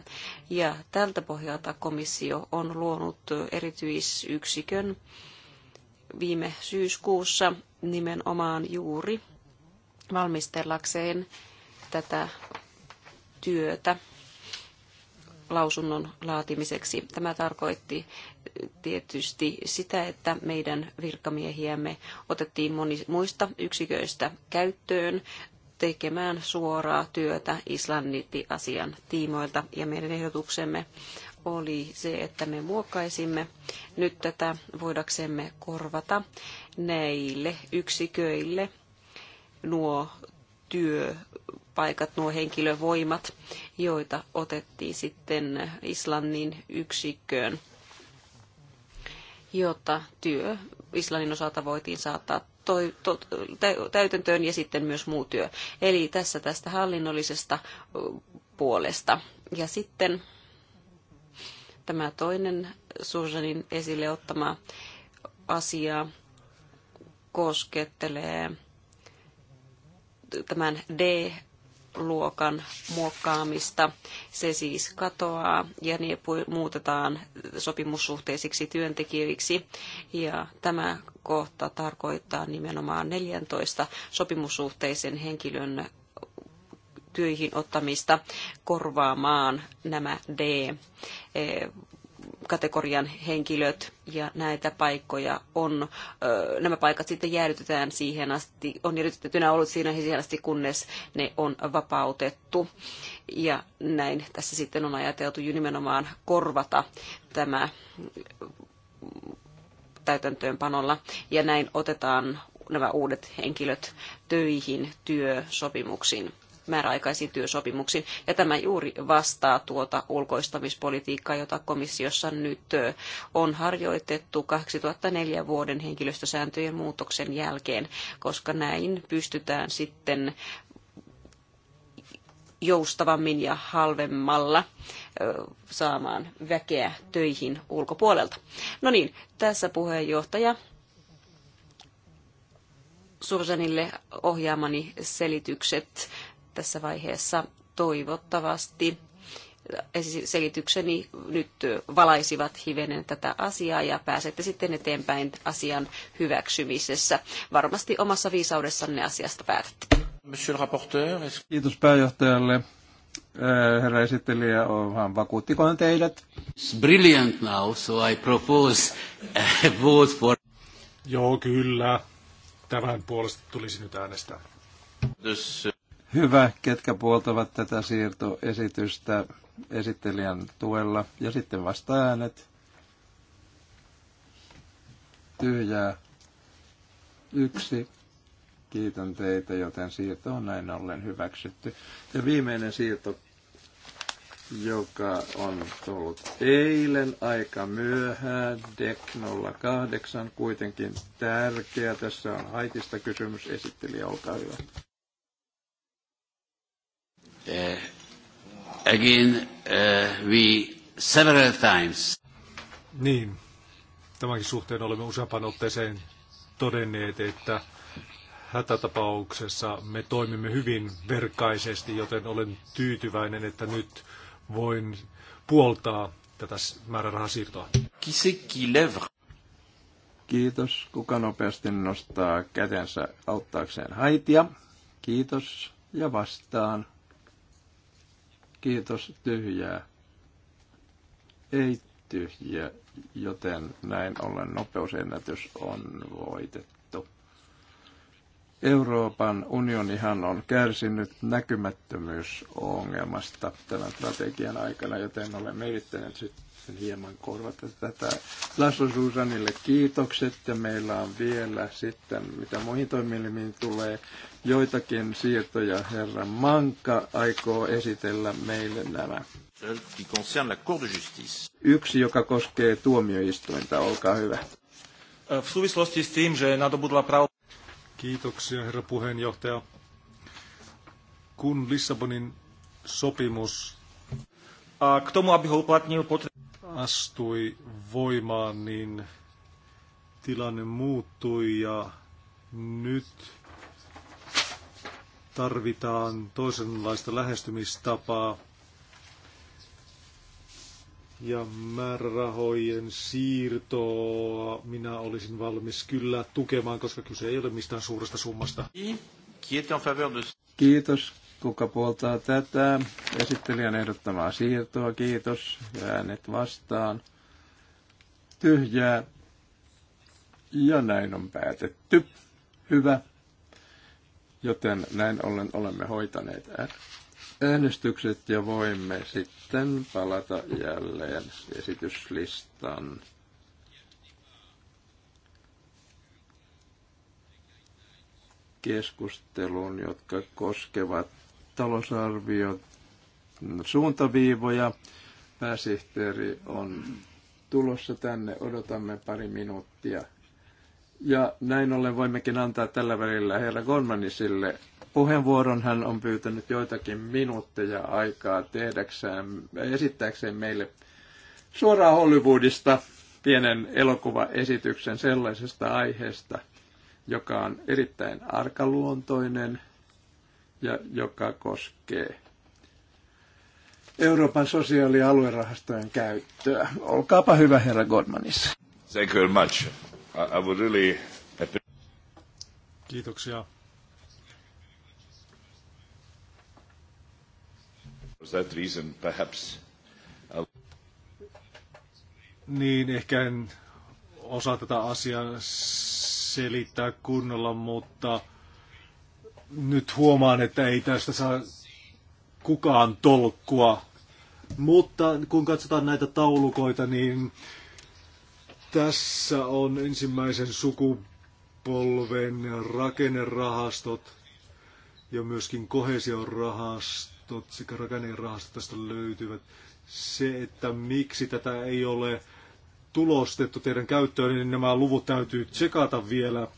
Ja tältä pohjalta komissio on luonut erityisyksikön viime syyskuussa nimenomaan juuri valmistellakseen tätä työtä lausunnon laatimiseksi. Tämä tarkoitti tietysti sitä, että meidän virkamiehiämme otettiin moni, muista yksiköistä käyttöön tekemään suoraa työtä Islannitti-asian tiimoilta. Ja meidän ehdotuksemme oli se, että me muokkaisimme nyt tätä voidaksemme korvata näille yksiköille nuo työ, paikat, nuo henkilövoimat, joita otettiin sitten Islannin yksikköön, jotta työ Islannin osalta voitiin saattaa toi, to, täytäntöön ja sitten myös muu työ. Eli tässä tästä hallinnollisesta puolesta. Ja sitten tämä toinen Susanin esille ottama asia koskettelee tämän D luokan muokkaamista. Se siis katoaa ja ne muutetaan sopimussuhteisiksi työntekijöiksi. Ja tämä kohta tarkoittaa nimenomaan 14 sopimussuhteisen henkilön työihin ottamista korvaamaan nämä D eh, kategorian henkilöt ja näitä paikkoja on, nämä paikat sitten jäädytetään siihen asti, on jäädytettynä ollut siinä siihen asti, kunnes ne on vapautettu. Ja näin tässä sitten on ajateltu nimenomaan korvata tämä täytäntöönpanolla ja näin otetaan nämä uudet henkilöt töihin työsopimuksiin määräaikaisiin työsopimuksiin. Ja tämä juuri vastaa tuota ulkoistamispolitiikkaa, jota komissiossa nyt on harjoitettu 2004 vuoden henkilöstösääntöjen muutoksen jälkeen, koska näin pystytään sitten joustavammin ja halvemmalla saamaan väkeä töihin ulkopuolelta. No niin, tässä puheenjohtaja Surjanille ohjaamani selitykset tässä vaiheessa. Toivottavasti selitykseni nyt valaisivat hivenen tätä asiaa ja pääsette sitten eteenpäin asian hyväksymisessä. Varmasti omassa viisaudessanne asiasta päätätte. Monsieur rapporteur, Kiitos pääjohtajalle. Äh, herra esittelijä, onhan vakuuttikoon teidät. It's brilliant now, so I propose a vote for... Joo, kyllä. Tämän puolesta tulisi nyt äänestää. This... Uh, hyvä, ketkä puoltavat tätä siirtoesitystä esittelijän tuella. Ja sitten vasta äänet. Tyhjää. Yksi. Kiitän teitä, joten siirto on näin ollen hyväksytty. Ja viimeinen siirto, joka on tullut eilen aika myöhään, DEC 08, kuitenkin tärkeä. Tässä on Haitista kysymys, esittelijä, olkaa hyvä. Uh, again, uh, we several times. Niin, tämänkin suhteen olemme useampaan otteeseen todenneet, että hätätapauksessa me toimimme hyvin verkkaisesti, joten olen tyytyväinen, että nyt voin puoltaa tätä määrärahasiirtoa. Kiitos. Kuka nopeasti nostaa kätensä auttaakseen haitia? Kiitos. Ja vastaan. Kiitos tyhjää. Ei tyhjää, joten näin ollen nopeusennätys on voitettu. Euroopan unionihan on kärsinyt näkymättömyysongelmasta tämän strategian aikana, joten olen merittänyt sitten hieman korvata tätä. Lasso Susanille kiitokset ja meillä on vielä sitten, mitä muihin toimielimiin tulee, joitakin siirtoja. Herra Manka aikoo esitellä meille nämä. Yksi, joka koskee tuomioistuinta. Olkaa hyvä. E, Kiitoksia, herra puheenjohtaja. Kun Lissabonin sopimus A astui voimaan, niin tilanne muuttui ja nyt tarvitaan toisenlaista lähestymistapaa ja määrärahojen siirtoa minä olisin valmis kyllä tukemaan, koska kyse ei ole mistään suuresta summasta. Kiitos, kuka puoltaa tätä. Esittelijän ehdottamaa siirtoa, kiitos. Äänet vastaan. Tyhjää. Ja näin on päätetty. Hyvä. Joten näin ollen olemme hoitaneet äänestykset ja voimme sitten palata jälleen esityslistan keskusteluun, jotka koskevat talousarviot suuntaviivoja. Pääsihteeri on tulossa tänne. Odotamme pari minuuttia ja näin ollen voimmekin antaa tällä välillä herra Gormanisille puheenvuoron. Hän on pyytänyt joitakin minuutteja aikaa tehdäkseen, esittääkseen meille suoraan Hollywoodista pienen elokuvaesityksen sellaisesta aiheesta, joka on erittäin arkaluontoinen ja joka koskee Euroopan sosiaali- ja aluerahastojen käyttöä. Olkaapa hyvä, herra Godmanis. Thank you very much. I would really... Kiitoksia. For that reason, perhaps... Niin, ehkä en osaa tätä asiaa selittää kunnolla, mutta nyt huomaan, että ei tästä saa kukaan tolkkua. Mutta kun katsotaan näitä taulukoita, niin tässä on ensimmäisen sukupolven rakennerahastot ja myöskin kohesiorahastot sekä rakennerahastot tästä löytyvät. Se, että miksi tätä ei ole tulostettu teidän käyttöön, niin nämä luvut täytyy tsekata vielä.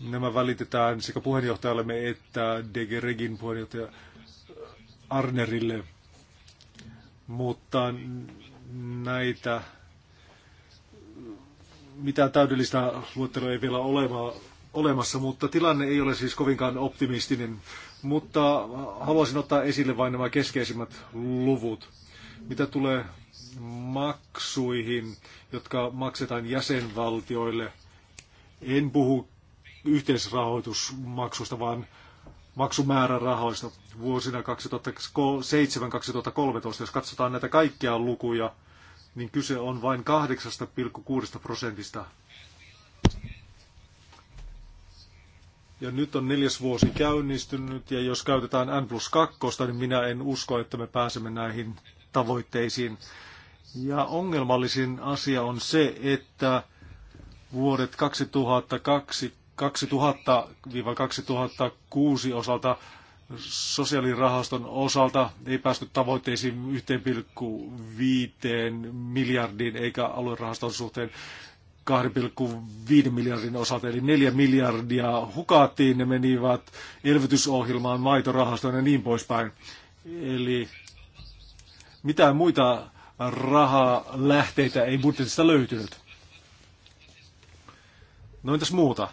Nämä välitetään sekä puheenjohtajallemme että DG Regin puheenjohtaja Arnerille. Mutta näitä, mitä täydellistä luetteloa ei vielä ole, olemassa, mutta tilanne ei ole siis kovinkaan optimistinen. Mutta haluaisin ottaa esille vain nämä keskeisimmät luvut. Mitä tulee maksuihin, jotka maksetaan jäsenvaltioille, en puhu yhteisrahoitusmaksusta, vaan maksumäärärahoista vuosina 2007-2013. Jos katsotaan näitä kaikkia lukuja, niin kyse on vain 8,6 prosentista. Ja nyt on neljäs vuosi käynnistynyt, ja jos käytetään N plus 2, niin minä en usko, että me pääsemme näihin tavoitteisiin. Ja ongelmallisin asia on se, että vuodet 2002 2000-2006 osalta sosiaalirahaston osalta ei päästy tavoitteisiin 1,5 miljardin eikä aluerahaston suhteen 2,5 miljardin osalta, eli 4 miljardia hukattiin, ne menivät elvytysohjelmaan, maitorahastoon ja niin poispäin. Eli mitään muita rahalähteitä ei budjetista löytynyt. No entäs muuta?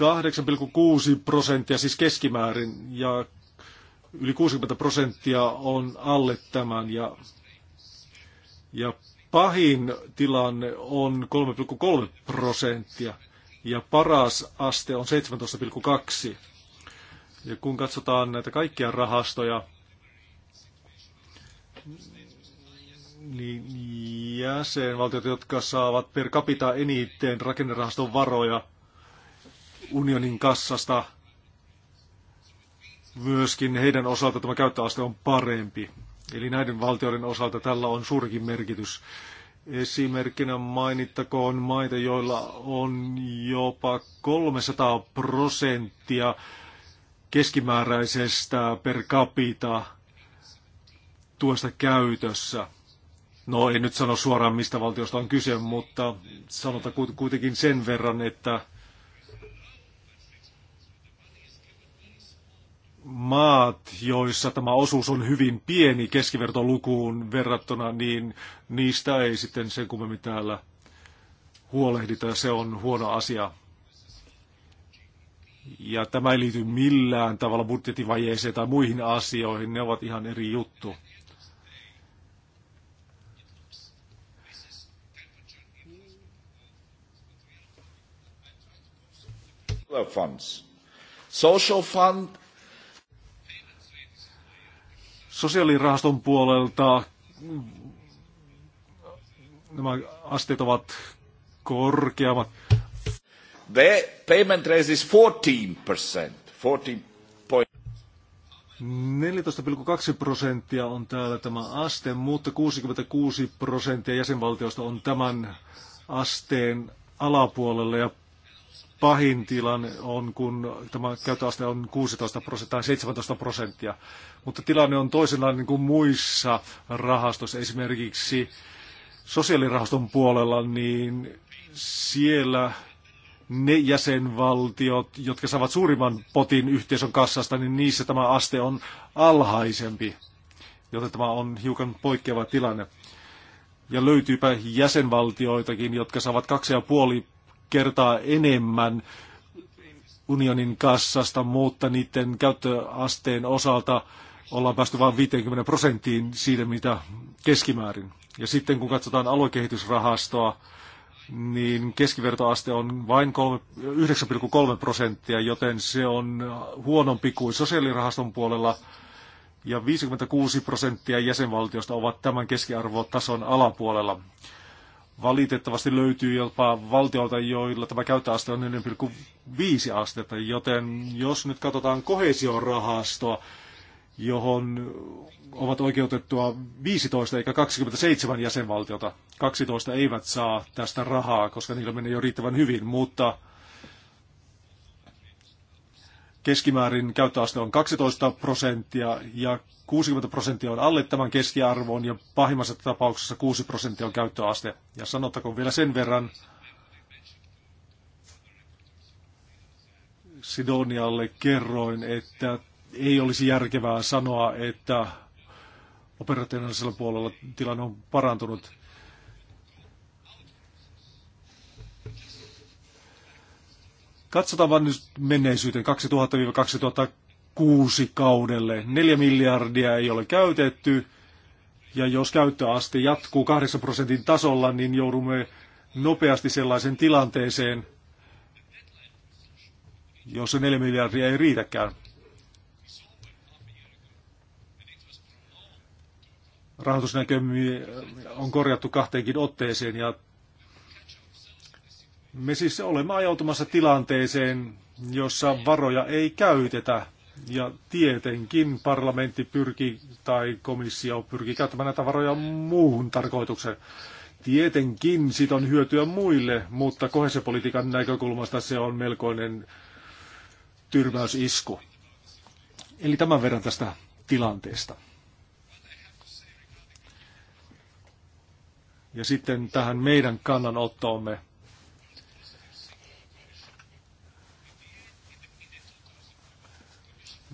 8,6 prosenttia siis keskimäärin ja yli 60 prosenttia on alle tämän ja, ja pahin tilanne on 3,3 prosenttia ja paras aste on 17,2. Ja kun katsotaan näitä kaikkia rahastoja, niin jäsenvaltiot, jotka saavat per capita eniten rakennerahaston varoja, unionin kassasta. Myöskin heidän osalta tämä käyttöaste on parempi. Eli näiden valtioiden osalta tällä on suurikin merkitys. Esimerkkinä mainittakoon maita, joilla on jopa 300 prosenttia keskimääräisestä per capita tuosta käytössä. No en nyt sano suoraan mistä valtiosta on kyse, mutta sanotaan kuitenkin sen verran, että maat, joissa tämä osuus on hyvin pieni keskivertolukuun verrattuna, niin niistä ei sitten sen kummemmin täällä huolehdita ja se on huono asia. Ja tämä ei liity millään tavalla budjettivajeeseen tai muihin asioihin, ne ovat ihan eri juttu. Funds. Social fund Sosiaalirahaston puolelta nämä asteet ovat korkeammat. The payment rate is 14%. 14 14,2 prosenttia on täällä tämä aste, mutta 66 prosenttia jäsenvaltioista on tämän asteen alapuolella ja pahin tilanne on, kun tämä käyttöaste on 16 prosenttia tai 17 prosenttia. Mutta tilanne on toisenlainen niin kuin muissa rahastoissa. Esimerkiksi sosiaalirahaston puolella, niin siellä ne jäsenvaltiot, jotka saavat suurimman potin yhteisön kassasta, niin niissä tämä aste on alhaisempi, joten tämä on hiukan poikkeava tilanne. Ja löytyypä jäsenvaltioitakin, jotka saavat 2,5 kertaa enemmän unionin kassasta, mutta niiden käyttöasteen osalta ollaan päästy vain 50 prosenttiin siitä, mitä keskimäärin. Ja sitten kun katsotaan aluekehitysrahastoa, niin keskivertoaste on vain 9,3 prosenttia, joten se on huonompi kuin sosiaalirahaston puolella. Ja 56 prosenttia jäsenvaltiosta ovat tämän keskiarvotason alapuolella valitettavasti löytyy jopa valtioilta, joilla tämä käyttöaste on 4,5 astetta, joten jos nyt katsotaan kohesiorahastoa, johon ovat oikeutettua 15 eikä 27 jäsenvaltiota. 12 eivät saa tästä rahaa, koska niillä menee jo riittävän hyvin, mutta Keskimäärin käyttöaste on 12 prosenttia ja 60 prosenttia on alle tämän keskiarvon ja pahimmassa tapauksessa 6 prosenttia on käyttöaste. Ja sanottakoon vielä sen verran Sidonialle kerroin, että ei olisi järkevää sanoa, että operatiivisella puolella tilanne on parantunut. Katsotaan vaan nyt menneisyyteen 2000-2006 kaudelle. 4 miljardia ei ole käytetty. Ja jos käyttöaste jatkuu 8 prosentin tasolla, niin joudumme nopeasti sellaisen tilanteeseen, jossa 4 miljardia ei riitäkään. Rahoitusnäkömiä on korjattu kahteenkin otteeseen ja me siis olemme ajautumassa tilanteeseen, jossa varoja ei käytetä. Ja tietenkin parlamentti pyrkii tai komissio pyrkii käyttämään näitä varoja muuhun tarkoitukseen. Tietenkin siitä on hyötyä muille, mutta kohesiopolitiikan näkökulmasta se on melkoinen tyrmäysisku. Eli tämän verran tästä tilanteesta. Ja sitten tähän meidän kannanottoomme.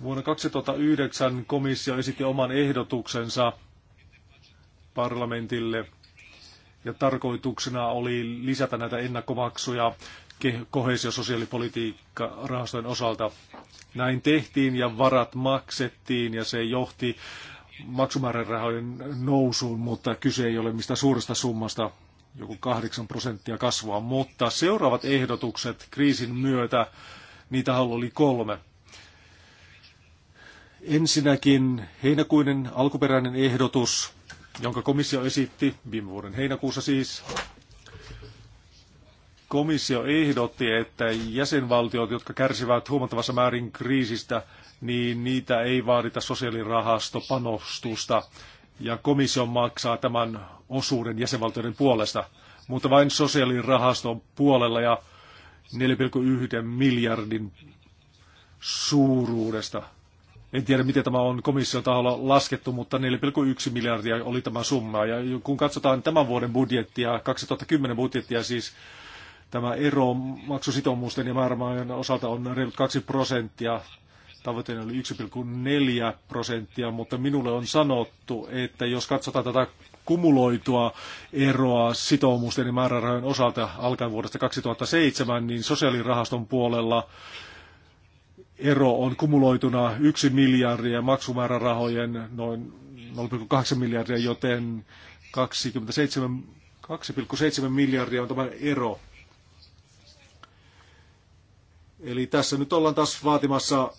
Vuonna 2009 komissio esitti oman ehdotuksensa parlamentille ja tarkoituksena oli lisätä näitä ennakkomaksuja kohesio- ja sosiaalipolitiikka-rahastojen osalta. Näin tehtiin ja varat maksettiin ja se johti maksumäärärahojen nousuun, mutta kyse ei ole mistä suuresta summasta, joku 8 prosenttia kasvua. Mutta seuraavat ehdotukset kriisin myötä, niitä oli kolme. Ensinnäkin heinäkuinen alkuperäinen ehdotus, jonka komissio esitti viime vuoden heinäkuussa siis. Komissio ehdotti, että jäsenvaltiot, jotka kärsivät huomattavassa määrin kriisistä, niin niitä ei vaadita sosiaalirahastopanostusta ja komissio maksaa tämän osuuden jäsenvaltioiden puolesta, mutta vain sosiaalirahaston puolella ja 4,1 miljardin suuruudesta en tiedä, miten tämä on komission taholla laskettu, mutta 4,1 miljardia oli tämä summa. Ja kun katsotaan tämän vuoden budjettia, 2010 budjettia siis, tämä ero maksusitoumusten ja määrämaiden osalta on reilut 2 prosenttia. Tavoitteena oli 1,4 prosenttia, mutta minulle on sanottu, että jos katsotaan tätä kumuloitua eroa sitoumusten ja määrärahojen osalta alkaen vuodesta 2007, niin sosiaalirahaston puolella ero on kumuloituna 1 miljardia maksumäärärahojen noin 0,8 miljardia, joten 27, 2,7 miljardia on tämä ero. Eli tässä nyt ollaan taas vaatimassa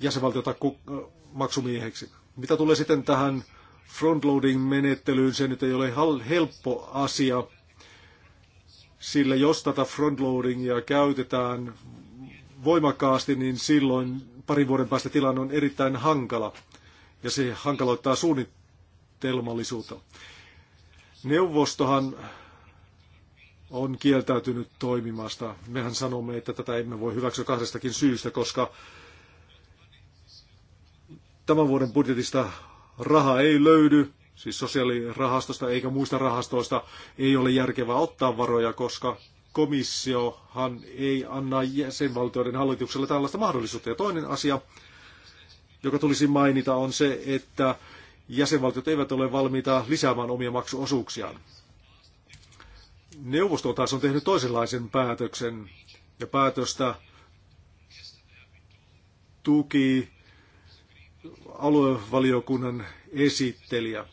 jäsenvaltiota maksumieheksi. Mitä tulee sitten tähän frontloading-menettelyyn, se nyt ei ole helppo asia, sillä jos tätä frontloadingia käytetään voimakkaasti, niin silloin parin vuoden päästä tilanne on erittäin hankala ja se hankaloittaa suunnitelmallisuutta. Neuvostohan on kieltäytynyt toimimasta. Mehän sanomme, että tätä emme voi hyväksyä kahdestakin syystä, koska tämän vuoden budjetista raha ei löydy, siis sosiaalirahastosta eikä muista rahastoista ei ole järkevää ottaa varoja, koska komissiohan ei anna jäsenvaltioiden hallitukselle tällaista mahdollisuutta. Ja toinen asia, joka tulisi mainita, on se, että jäsenvaltiot eivät ole valmiita lisäämään omia maksuosuuksiaan. Neuvosto taas on tehnyt toisenlaisen päätöksen, ja päätöstä tuki aluevaliokunnan esittelijä.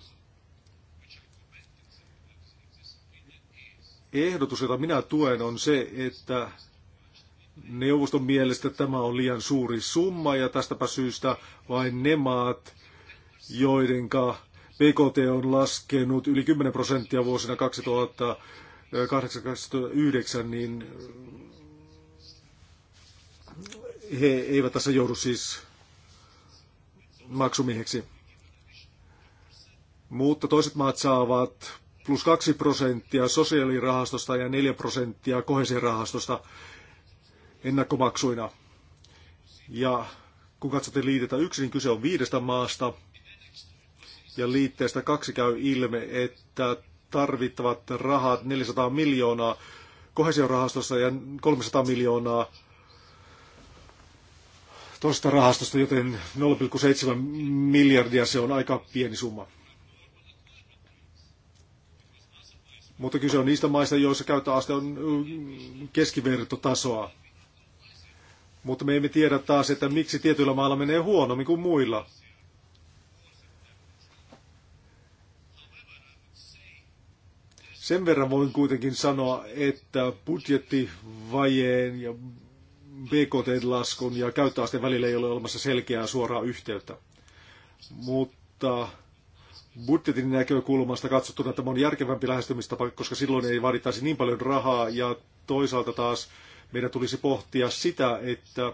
ehdotus, jota minä tuen, on se, että neuvoston mielestä tämä on liian suuri summa ja tästäpä syystä vain ne maat, joidenka PKT on laskenut yli 10 prosenttia vuosina 2008-2009, niin he eivät tässä joudu siis maksumieheksi. Mutta toiset maat saavat plus 2 prosenttia sosiaalirahastosta ja 4 prosenttia kohesirahastosta ennakkomaksuina. Ja kun katsotte liitettä yksi, niin kyse on viidestä maasta. Ja liitteestä kaksi käy ilme, että tarvittavat rahat 400 miljoonaa kohesiorahastossa ja 300 miljoonaa tuosta rahastosta, joten 0,7 miljardia se on aika pieni summa. Mutta kyse on niistä maista, joissa käyttöaste on keskivertotasoa. Mutta me emme tiedä taas, että miksi tietyillä mailla menee huonommin kuin muilla. Sen verran voin kuitenkin sanoa, että budjettivajeen ja BKT-laskun ja käyttöasteen välillä ei ole olemassa selkeää suoraa yhteyttä. Mutta budjetin näkökulmasta katsottuna tämä on järkevämpi lähestymistapa, koska silloin ei vaadittaisi niin paljon rahaa ja toisaalta taas meidän tulisi pohtia sitä, että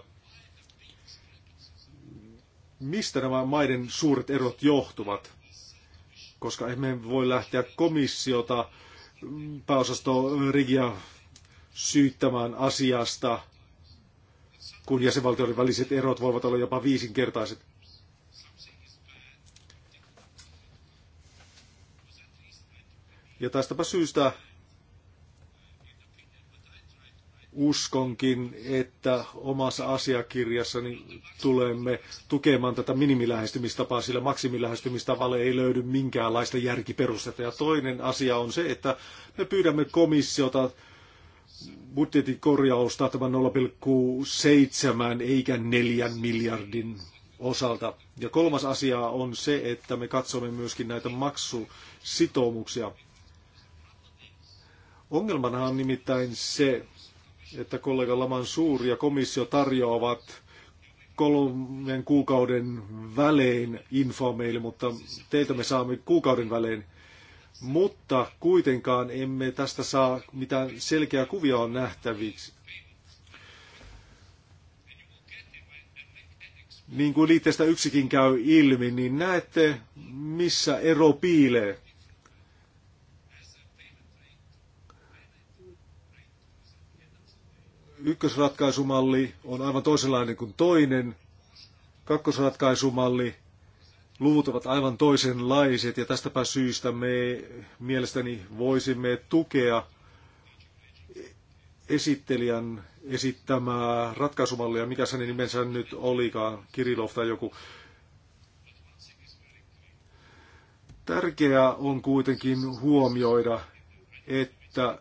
mistä nämä maiden suuret erot johtuvat, koska emme voi lähteä komissiota mm, pääosasto Rigia syyttämään asiasta, kun jäsenvaltioiden väliset erot voivat olla jopa viisinkertaiset. Ja tästäpä syystä uskonkin, että omassa asiakirjassani tulemme tukemaan tätä minimilähestymistapaa, sillä maksimilähestymistavalle ei löydy minkäänlaista järkiperustetta. Ja toinen asia on se, että me pyydämme komissiota budjetin korjausta tämän 0,7 eikä 4 miljardin osalta. Ja kolmas asia on se, että me katsomme myöskin näitä maksusitoumuksia. Ongelmana on nimittäin se, että kollega Laman suuri ja komissio tarjoavat kolmen kuukauden välein infoa meille, mutta teiltä me saamme kuukauden välein. Mutta kuitenkaan emme tästä saa mitään selkeää kuvia on nähtäviksi. Niin kuin liitteestä yksikin käy ilmi, niin näette, missä ero piilee. ykkösratkaisumalli on aivan toisenlainen kuin toinen. Kakkosratkaisumalli, luvut ovat aivan toisenlaiset ja tästäpä syystä me mielestäni voisimme tukea esittelijän esittämää ratkaisumallia, mikä sen nimensä nyt olikaan, Kirilov tai joku. Tärkeää on kuitenkin huomioida, että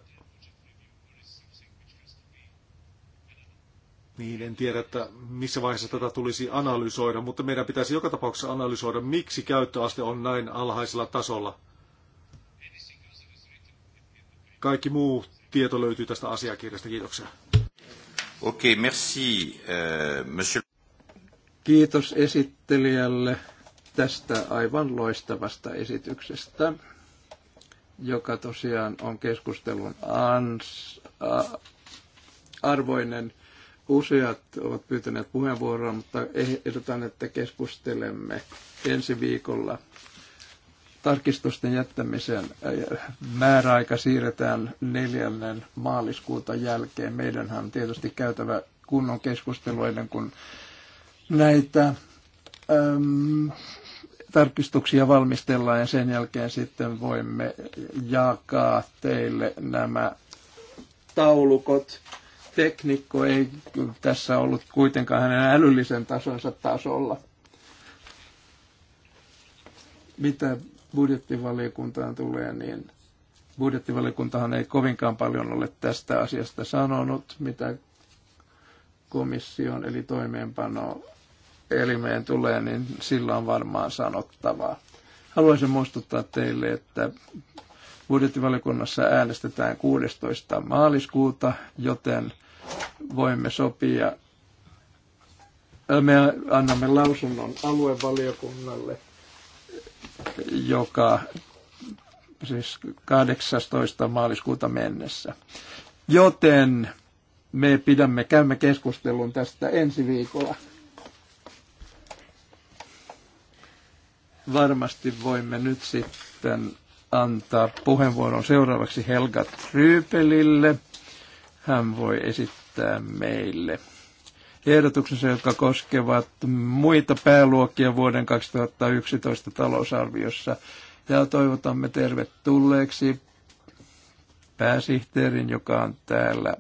niin en tiedä, että missä vaiheessa tätä tulisi analysoida, mutta meidän pitäisi joka tapauksessa analysoida, miksi käyttöaste on näin alhaisella tasolla. Kaikki muu tieto löytyy tästä asiakirjasta. Kiitoksia. Okei, okay, merci, uh, monsieur. Kiitos esittelijälle tästä aivan loistavasta esityksestä, joka tosiaan on keskustelun ans, a, arvoinen Useat ovat pyytäneet puheenvuoroa, mutta eh- ehdotan, että keskustelemme ensi viikolla. Tarkistusten jättämisen eh, määräaika siirretään neljännen maaliskuuta jälkeen. Meidänhän on tietysti käytävä kunnon keskustelu ennen kuin näitä äm, ehm, tarkistuksia valmistellaan ja sen jälkeen sitten voimme jakaa teille nämä taulukot teknikko ei tässä ollut kuitenkaan hänen älyllisen tasonsa tasolla. Mitä budjettivaliokuntaan tulee, niin budjettivaliokuntahan ei kovinkaan paljon ole tästä asiasta sanonut, mitä komission eli toimeenpano elimeen tulee, niin sillä on varmaan sanottavaa. Haluaisin muistuttaa teille, että budjettivaliokunnassa äänestetään 16. maaliskuuta, joten voimme sopia, me annamme lausunnon aluevaliokunnalle, joka siis 18. maaliskuuta mennessä. Joten me pidämme, käymme keskustelun tästä ensi viikolla. Varmasti voimme nyt sitten antaa puheenvuoron seuraavaksi Helga Trypelille hän voi esittää meille ehdotuksensa, jotka koskevat muita pääluokkia vuoden 2011 talousarviossa. Ja toivotamme tervetulleeksi pääsihteerin, joka on täällä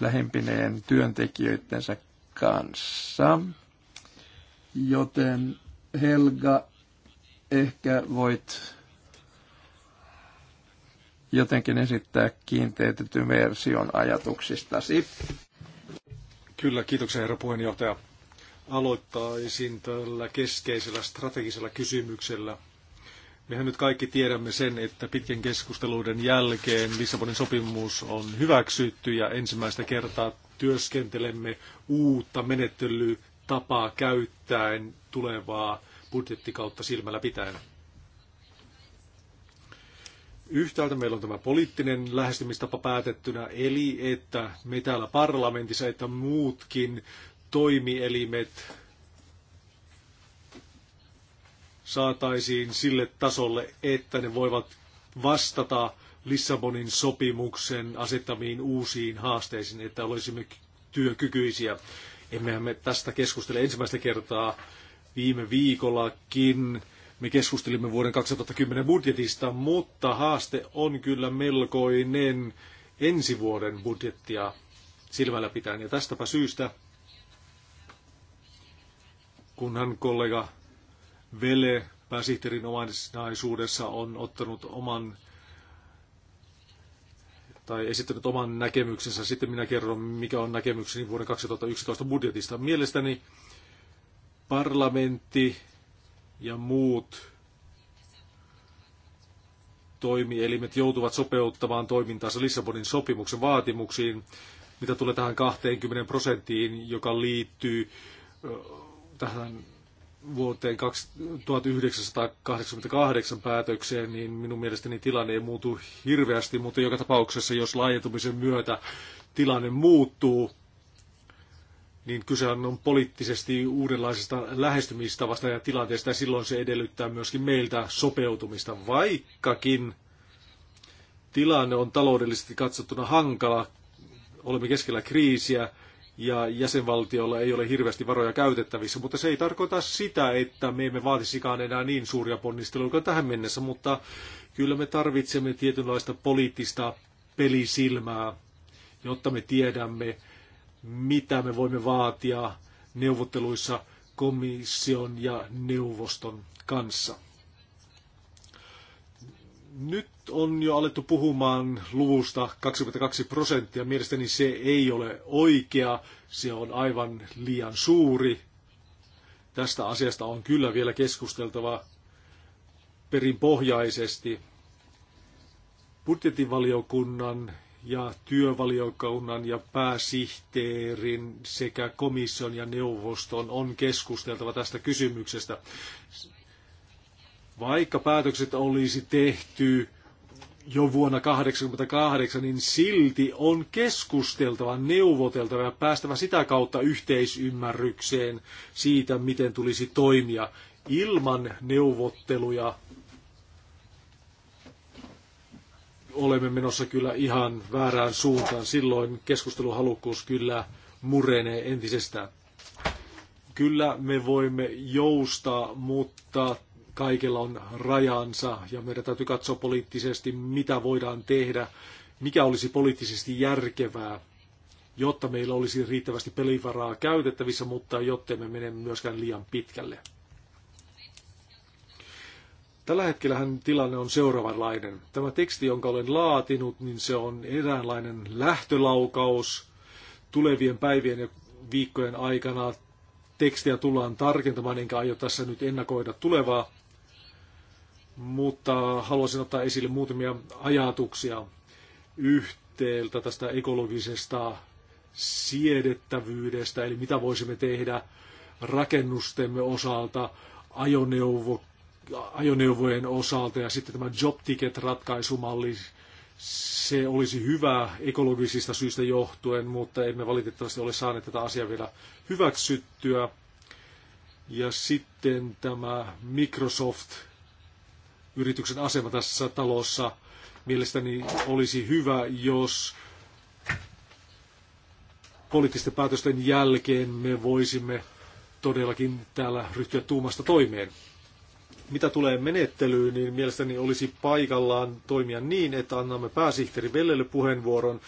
lähimpineen työntekijöittensä kanssa. Joten Helga, ehkä voit jotenkin esittää kiinteytetyn version ajatuksistasi. Kyllä, kiitoksia herra puheenjohtaja. Aloittaisin tällä keskeisellä strategisella kysymyksellä. Mehän nyt kaikki tiedämme sen, että pitkän keskusteluiden jälkeen Lissabonin sopimus on hyväksytty ja ensimmäistä kertaa työskentelemme uutta menettelytapaa käyttäen tulevaa budjettikautta silmällä pitäen. Yhtäältä meillä on tämä poliittinen lähestymistapa päätettynä, eli että me täällä parlamentissa, että muutkin toimielimet saataisiin sille tasolle, että ne voivat vastata Lissabonin sopimuksen asettamiin uusiin haasteisiin, että olisimme työkykyisiä. Emmehän me tästä keskustele ensimmäistä kertaa viime viikollakin me keskustelimme vuoden 2010 budjetista, mutta haaste on kyllä melkoinen ensi vuoden budjettia silmällä pitäen. Ja tästäpä syystä, kunhan kollega Vele pääsihteerin omaisuudessa on ottanut oman tai esittänyt oman näkemyksensä. Sitten minä kerron, mikä on näkemykseni vuoden 2011 budjetista. Mielestäni parlamentti ja muut toimielimet joutuvat sopeuttamaan toimintaansa Lissabonin sopimuksen vaatimuksiin, mitä tulee tähän 20 prosenttiin, joka liittyy tähän vuoteen 1988 päätökseen, niin minun mielestäni tilanne ei muutu hirveästi, mutta joka tapauksessa, jos laajentumisen myötä tilanne muuttuu, niin kyse on poliittisesti uudenlaisesta lähestymistavasta ja tilanteesta, ja silloin se edellyttää myöskin meiltä sopeutumista, vaikkakin tilanne on taloudellisesti katsottuna hankala, olemme keskellä kriisiä, ja jäsenvaltiolla ei ole hirveästi varoja käytettävissä, mutta se ei tarkoita sitä, että me emme vaatisikaan enää niin suuria ponnisteluja tähän mennessä, mutta kyllä me tarvitsemme tietynlaista poliittista pelisilmää, jotta me tiedämme, mitä me voimme vaatia neuvotteluissa komission ja neuvoston kanssa. Nyt on jo alettu puhumaan luvusta 22 prosenttia. Mielestäni se ei ole oikea, se on aivan liian suuri. Tästä asiasta on kyllä vielä keskusteltava perinpohjaisesti Budjetinvaliokunnan ja työvaliokunnan ja pääsihteerin sekä komission ja neuvoston on keskusteltava tästä kysymyksestä. Vaikka päätökset olisi tehty jo vuonna 1988, niin silti on keskusteltava, neuvoteltava ja päästävä sitä kautta yhteisymmärrykseen siitä, miten tulisi toimia. Ilman neuvotteluja olemme menossa kyllä ihan väärään suuntaan. Silloin keskusteluhalukkuus kyllä murenee entisestään. Kyllä me voimme joustaa, mutta kaikella on rajansa ja meidän täytyy katsoa poliittisesti, mitä voidaan tehdä, mikä olisi poliittisesti järkevää, jotta meillä olisi riittävästi pelivaraa käytettävissä, mutta jotta me mene myöskään liian pitkälle. Tällä hetkellähän tilanne on seuraavanlainen. Tämä teksti, jonka olen laatinut, niin se on eräänlainen lähtölaukaus tulevien päivien ja viikkojen aikana. Tekstiä tullaan tarkentamaan, enkä aio tässä nyt ennakoida tulevaa, mutta haluaisin ottaa esille muutamia ajatuksia yhteeltä tästä ekologisesta siedettävyydestä, eli mitä voisimme tehdä rakennustemme osalta, ajoneuvo ajoneuvojen osalta ja sitten tämä job ticket ratkaisumalli, se olisi hyvä ekologisista syistä johtuen, mutta emme valitettavasti ole saaneet tätä asiaa vielä hyväksyttyä. Ja sitten tämä Microsoft-yrityksen asema tässä talossa mielestäni olisi hyvä, jos poliittisten päätösten jälkeen me voisimme todellakin täällä ryhtyä tuumasta toimeen mitä tulee menettelyyn, niin mielestäni olisi paikallaan toimia niin, että annamme pääsihteeri Vellelle puheenvuoron.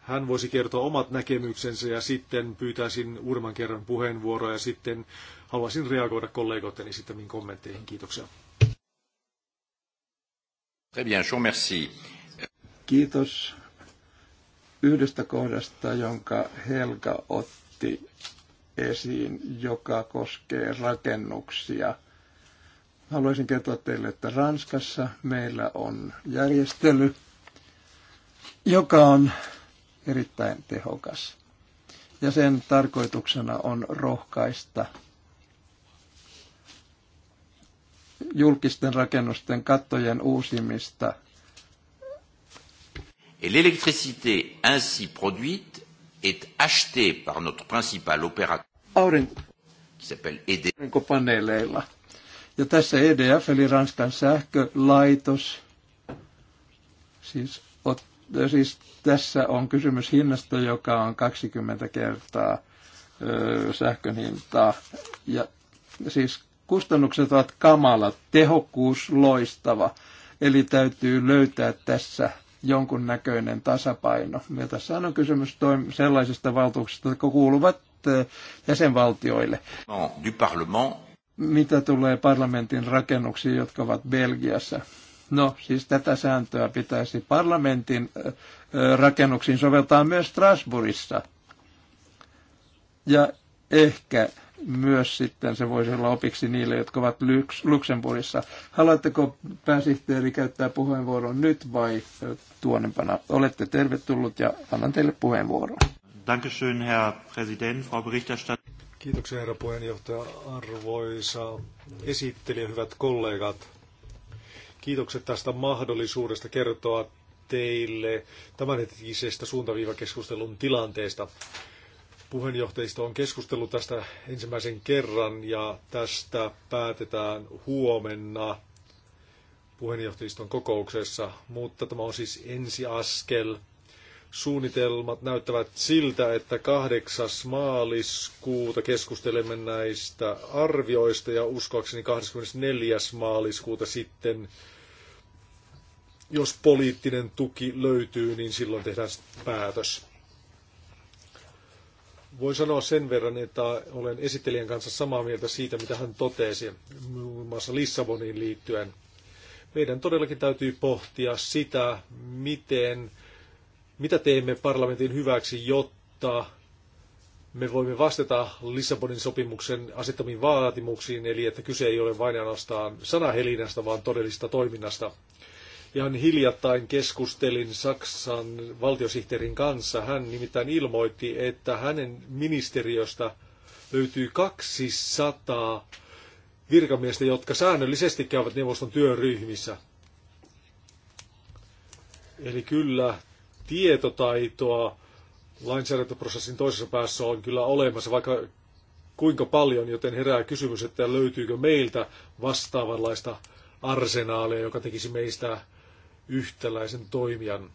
Hän voisi kertoa omat näkemyksensä ja sitten pyytäisin uudemman kerran puheenvuoroa ja sitten haluaisin reagoida kollegoitteni sitten kommentteihin. Kiitoksia. Kiitos yhdestä kohdasta, jonka Helga otti esiin, joka koskee rakennuksia – Haluaisin kertoa teille, että Ranskassa meillä on järjestely, joka on erittäin tehokas. Ja sen tarkoituksena on rohkaista julkisten rakennusten kattojen uusimista. Et l'électricité ainsi produite est achetée par notre principal opérateur Aurin... qui s'appelle Aurinkopaneeleilla ja tässä EDF eli Ranskan sähkölaitos, siis, ot, siis tässä on kysymys hinnasta, joka on 20 kertaa ö, sähkön hintaa. Ja siis kustannukset ovat kamala, tehokkuus loistava. Eli täytyy löytää tässä jonkun näköinen tasapaino. Ja tässä on kysymys toim- sellaisista valtuuksista, jotka kuuluvat jäsenvaltioille. No, du parlement mitä tulee parlamentin rakennuksiin, jotka ovat Belgiassa. No, siis tätä sääntöä pitäisi parlamentin rakennuksiin soveltaa myös Strasbourgissa. Ja ehkä myös sitten se voisi olla opiksi niille, jotka ovat Luxemburgissa. Haluatteko pääsihteeri käyttää puheenvuoron nyt vai tuonempana? Olette tervetullut ja annan teille puheenvuoron. Dankeschön, Herr Präsident, Frau Berichterstatter. Kiitoksia herra puheenjohtaja, arvoisa esittelijä, hyvät kollegat. Kiitokset tästä mahdollisuudesta kertoa teille tämänhetkisestä suuntaviivakeskustelun tilanteesta. Puheenjohtajisto on keskustellut tästä ensimmäisen kerran ja tästä päätetään huomenna puheenjohtajiston kokouksessa, mutta tämä on siis ensiaskel suunnitelmat näyttävät siltä, että 8. maaliskuuta keskustelemme näistä arvioista ja uskoakseni 24. maaliskuuta sitten, jos poliittinen tuki löytyy, niin silloin tehdään päätös. Voin sanoa sen verran, että olen esittelijän kanssa samaa mieltä siitä, mitä hän totesi, muun muassa Lissaboniin liittyen. Meidän todellakin täytyy pohtia sitä, miten mitä teemme parlamentin hyväksi, jotta me voimme vastata Lissabonin sopimuksen asettamiin vaatimuksiin, eli että kyse ei ole vain ainoastaan sanahelinästä, vaan todellista toiminnasta. Ihan hiljattain keskustelin Saksan valtiosihteerin kanssa. Hän nimittäin ilmoitti, että hänen ministeriöstä löytyy 200 virkamiestä, jotka säännöllisesti käyvät neuvoston työryhmissä. Eli kyllä tietotaitoa lainsäädäntöprosessin toisessa päässä on kyllä olemassa, vaikka kuinka paljon, joten herää kysymys, että löytyykö meiltä vastaavanlaista arsenaalia, joka tekisi meistä yhtäläisen toimijan.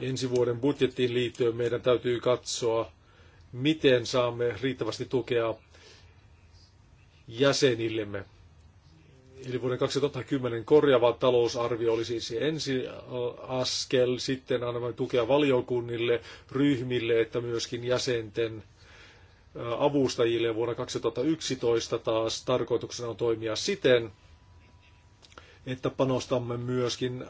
Ensi vuoden budjettiin liittyen meidän täytyy katsoa, miten saamme riittävästi tukea jäsenillemme. Eli vuoden 2010 korjaava talousarvio oli siis ensi äh, askel, sitten annamme tukea valiokunnille, ryhmille, että myöskin jäsenten äh, avustajille vuonna 2011 taas tarkoituksena on toimia siten, että panostamme myöskin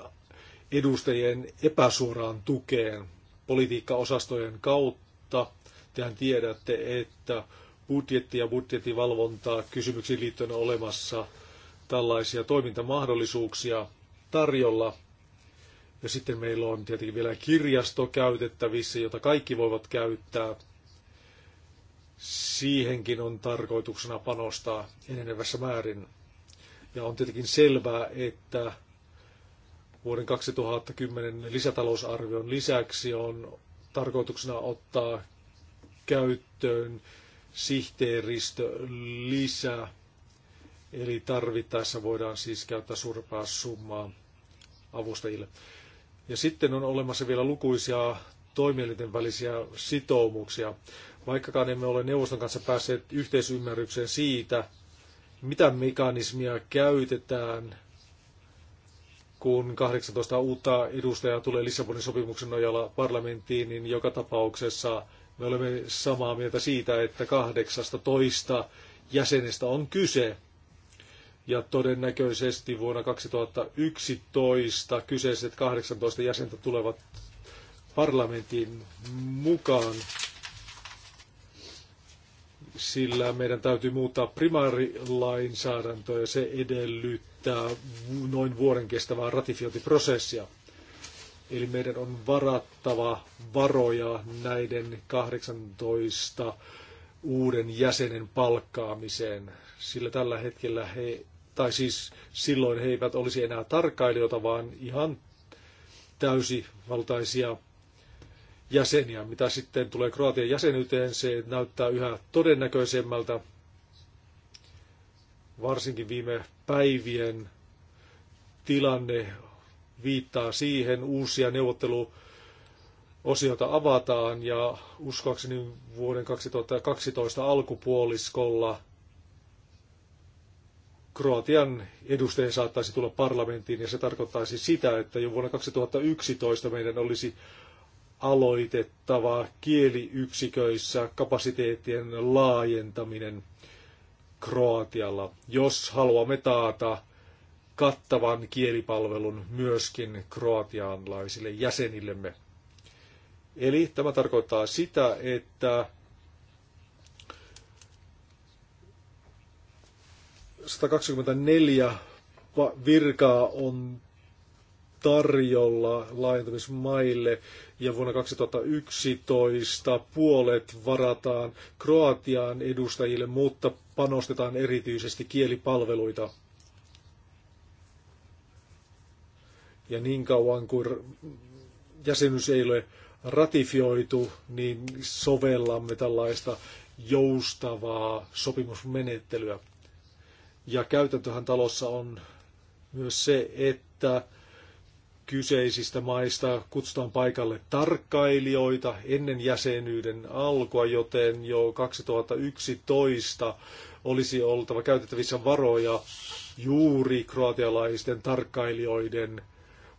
edustajien epäsuoraan tukeen politiikkaosastojen kautta. Tehän tiedätte, että budjetti ja budjettivalvontaa kysymyksiin liittyen on olemassa tällaisia toimintamahdollisuuksia tarjolla. Ja sitten meillä on tietenkin vielä kirjasto käytettävissä, jota kaikki voivat käyttää. Siihenkin on tarkoituksena panostaa enenevässä määrin. Ja on tietenkin selvää, että vuoden 2010 lisätalousarvion lisäksi on tarkoituksena ottaa käyttöön sihteeristö lisää Eli tarvittaessa voidaan siis käyttää suurempaa summaa avustajille. Ja sitten on olemassa vielä lukuisia toimielinten välisiä sitoumuksia. Vaikkakaan emme ole neuvoston kanssa päässeet yhteisymmärrykseen siitä, mitä mekanismia käytetään, kun 18 uutta edustajaa tulee Lissabonin sopimuksen nojalla parlamenttiin, niin joka tapauksessa me olemme samaa mieltä siitä, että 18 jäsenestä on kyse ja todennäköisesti vuonna 2011 kyseiset 18 jäsentä tulevat parlamentin mukaan, sillä meidän täytyy muuttaa primaarilainsäädäntöä ja se edellyttää noin vuoden kestävää ratifiointiprosessia. Eli meidän on varattava varoja näiden 18 uuden jäsenen palkkaamiseen, sillä tällä hetkellä he tai siis silloin he eivät olisi enää tarkkailijoita, vaan ihan täysivaltaisia jäseniä. Mitä sitten tulee Kroatian jäsenyyteen, se näyttää yhä todennäköisemmältä, varsinkin viime päivien tilanne viittaa siihen, uusia neuvotteluosiota avataan ja uskoakseni vuoden 2012 alkupuoliskolla Kroatian edustajia saattaisi tulla parlamenttiin ja se tarkoittaisi sitä, että jo vuonna 2011 meidän olisi aloitettava kieliyksiköissä kapasiteettien laajentaminen Kroatialla, jos haluamme taata kattavan kielipalvelun myöskin kroatianlaisille jäsenillemme. Eli tämä tarkoittaa sitä, että 124 virkaa on tarjolla laajentumismaille ja vuonna 2011 puolet varataan Kroatian edustajille, mutta panostetaan erityisesti kielipalveluita. Ja niin kauan kuin jäsenyys ei ole ratifioitu, niin sovellamme tällaista joustavaa sopimusmenettelyä. Ja käytäntöhän talossa on myös se, että kyseisistä maista kutsutaan paikalle tarkkailijoita ennen jäsenyyden alkua, joten jo 2011 olisi oltava käytettävissä varoja juuri kroatialaisten tarkkailijoiden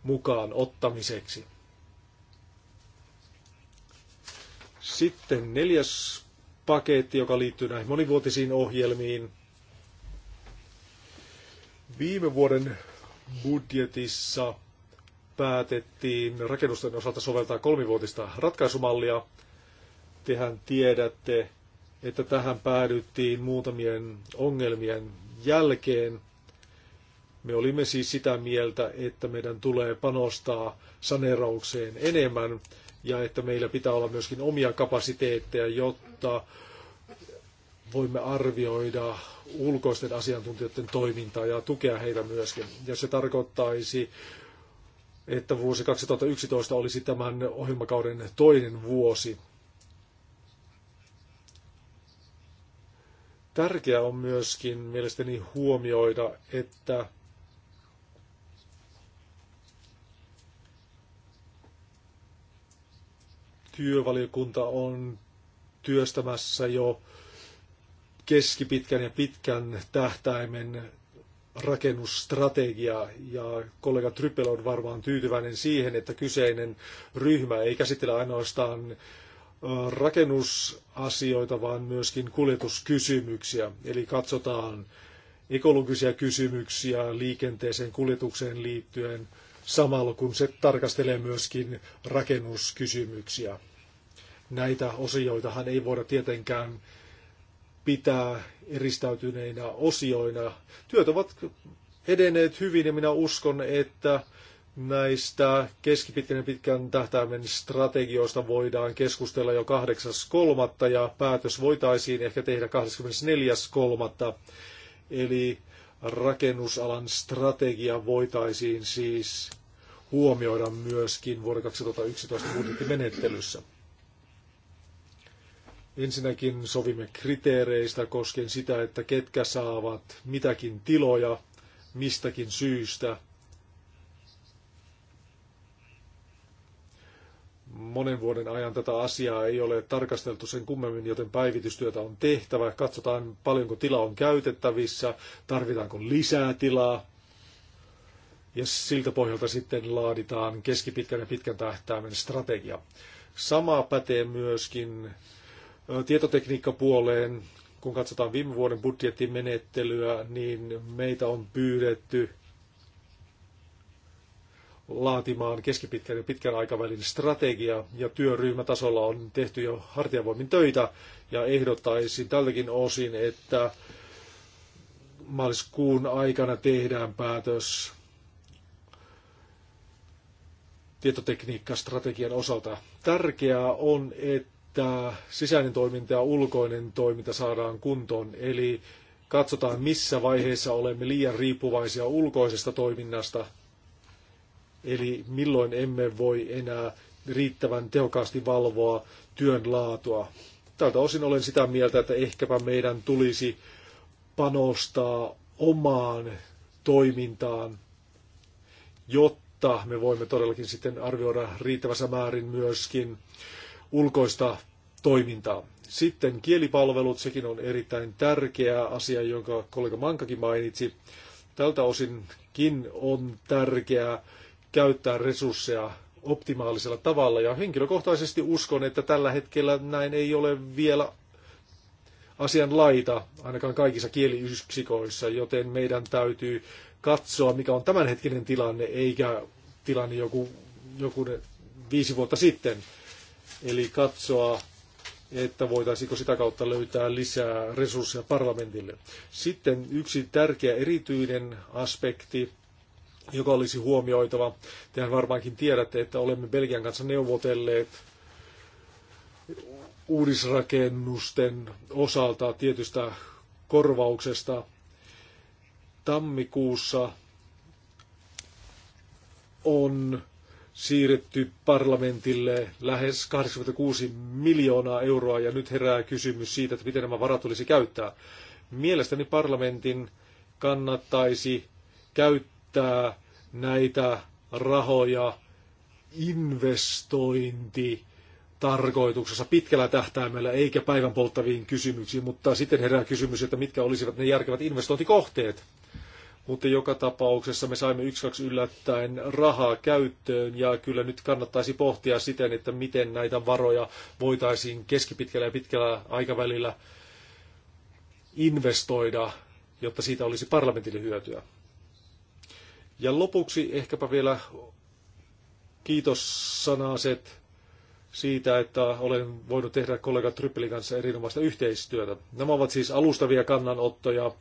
mukaan ottamiseksi. Sitten neljäs paketti, joka liittyy näihin monivuotisiin ohjelmiin – Viime vuoden budjetissa päätettiin rakennusten osalta soveltaa kolmivuotista ratkaisumallia. Tehän tiedätte, että tähän päädyttiin muutamien ongelmien jälkeen. Me olimme siis sitä mieltä, että meidän tulee panostaa saneeraukseen enemmän ja että meillä pitää olla myöskin omia kapasiteetteja, jotta voimme arvioida ulkoisten asiantuntijoiden toimintaa ja tukea heitä myöskin. Ja se tarkoittaisi, että vuosi 2011 olisi tämän ohjelmakauden toinen vuosi. Tärkeää on myöskin mielestäni huomioida, että työvaliokunta on työstämässä jo keskipitkän ja pitkän tähtäimen rakennusstrategia ja kollega Trüpel on varmaan tyytyväinen siihen, että kyseinen ryhmä ei käsittele ainoastaan rakennusasioita, vaan myöskin kuljetuskysymyksiä. Eli katsotaan ekologisia kysymyksiä liikenteeseen, kuljetukseen liittyen, samalla kun se tarkastelee myöskin rakennuskysymyksiä. Näitä osioitahan ei voida tietenkään pitää eristäytyneinä osioina. Työt ovat edenneet hyvin ja minä uskon, että näistä keskipitkän ja pitkän tähtäimen strategioista voidaan keskustella jo 8.3. ja päätös voitaisiin ehkä tehdä 24.3. Eli rakennusalan strategia voitaisiin siis huomioida myöskin vuoden 2011 budjettimenettelyssä. Ensinnäkin sovimme kriteereistä koskien sitä, että ketkä saavat mitäkin tiloja mistäkin syystä. Monen vuoden ajan tätä asiaa ei ole tarkasteltu sen kummemmin, joten päivitystyötä on tehtävä. Katsotaan paljonko tila on käytettävissä, tarvitaanko lisää tilaa. Ja siltä pohjalta sitten laaditaan keskipitkän ja pitkän tähtäimen strategia. Sama pätee myöskin tietotekniikkapuoleen, kun katsotaan viime vuoden budjettimenettelyä, niin meitä on pyydetty laatimaan keskipitkän ja pitkän aikavälin strategia, ja työryhmätasolla on tehty jo hartiavoimin töitä, ja ehdottaisin tältäkin osin, että maaliskuun aikana tehdään päätös tietotekniikkastrategian osalta. Tärkeää on, että että sisäinen toiminta ja ulkoinen toiminta saadaan kuntoon. Eli katsotaan, missä vaiheessa olemme liian riippuvaisia ulkoisesta toiminnasta, eli milloin emme voi enää riittävän tehokkaasti valvoa työn laatua. Tältä osin olen sitä mieltä, että ehkäpä meidän tulisi panostaa omaan toimintaan, jotta me voimme todellakin sitten arvioida riittävässä määrin myöskin ulkoista toimintaa. Sitten kielipalvelut, sekin on erittäin tärkeä asia, jonka kollega Mankakin mainitsi. Tältä osinkin on tärkeää käyttää resursseja optimaalisella tavalla. Ja henkilökohtaisesti uskon, että tällä hetkellä näin ei ole vielä asian laita, ainakaan kaikissa kieliyksikoissa, joten meidän täytyy katsoa, mikä on tämänhetkinen tilanne, eikä tilanne joku, joku viisi vuotta sitten. Eli katsoa, että voitaisiinko sitä kautta löytää lisää resursseja parlamentille. Sitten yksi tärkeä erityinen aspekti, joka olisi huomioitava. Tehän varmaankin tiedätte, että olemme Belgian kanssa neuvotelleet uudisrakennusten osalta tietystä korvauksesta tammikuussa on siirretty parlamentille lähes 86 miljoonaa euroa ja nyt herää kysymys siitä, että miten nämä varat tulisi käyttää. Mielestäni parlamentin kannattaisi käyttää näitä rahoja investointi tarkoituksessa pitkällä tähtäimellä eikä päivän polttaviin kysymyksiin, mutta sitten herää kysymys, että mitkä olisivat ne järkevät investointikohteet. Mutta joka tapauksessa me saimme yksi kaksi yllättäen rahaa käyttöön ja kyllä nyt kannattaisi pohtia siten, että miten näitä varoja voitaisiin keskipitkällä ja pitkällä aikavälillä investoida, jotta siitä olisi parlamentille hyötyä. Ja lopuksi ehkäpä vielä kiitos sanaset siitä, että olen voinut tehdä kollega Tryppelin kanssa erinomaista yhteistyötä. Nämä ovat siis alustavia kannanottoja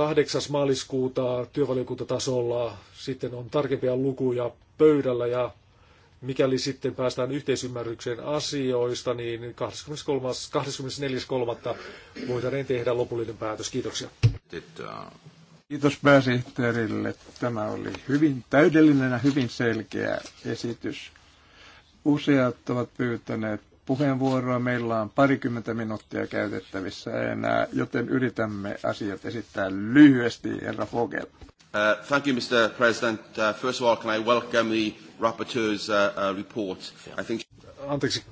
8. maaliskuuta työvaliokuntatasolla sitten on tarkempia lukuja pöydällä ja mikäli sitten päästään yhteisymmärrykseen asioista, niin 24.3. voidaan tehdä lopullinen päätös. Kiitoksia. Kiitos pääsihteerille. Tämä oli hyvin täydellinen ja hyvin selkeä esitys. Useat ovat pyytäneet puheenvuoroa. Meillä on parikymmentä minuuttia käytettävissä enää, joten yritämme asiat esittää lyhyesti, herra Fogel. Uh, thank you, Mr. President. Uh, first of all, can I welcome the rapporteur's uh, uh, report? I think... Anteeksi,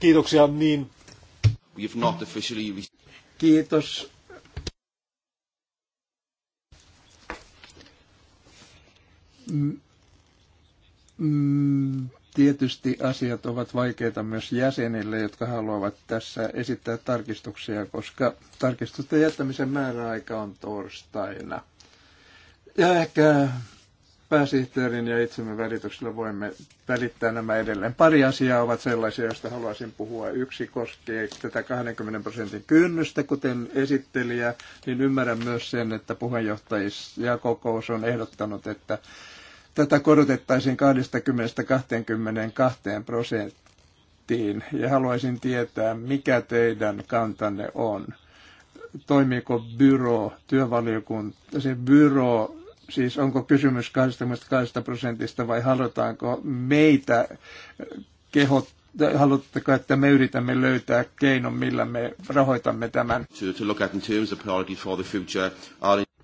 kiitoksia niin. have not officially... Kiitos. Mm. Mm Tietysti asiat ovat vaikeita myös jäsenille, jotka haluavat tässä esittää tarkistuksia, koska tarkistusten jättämisen määräaika on torstaina. Ja ehkä pääsihteerin ja itsemme välityksellä voimme välittää nämä edelleen. Pari asiaa ovat sellaisia, joista haluaisin puhua. Yksi koskee tätä 20 prosentin kynnystä, kuten esittelijä, niin ymmärrän myös sen, että puheenjohtajia kokous on ehdottanut, että tätä korotettaisiin 20-22 prosenttiin ja haluaisin tietää, mikä teidän kantanne on. Toimiiko byro, työvaliokunta, se byro, siis onko kysymys 22 prosentista vai halutaanko meitä kehottaa? haluatteko, että me yritämme löytää keinon, millä me rahoitamme tämän?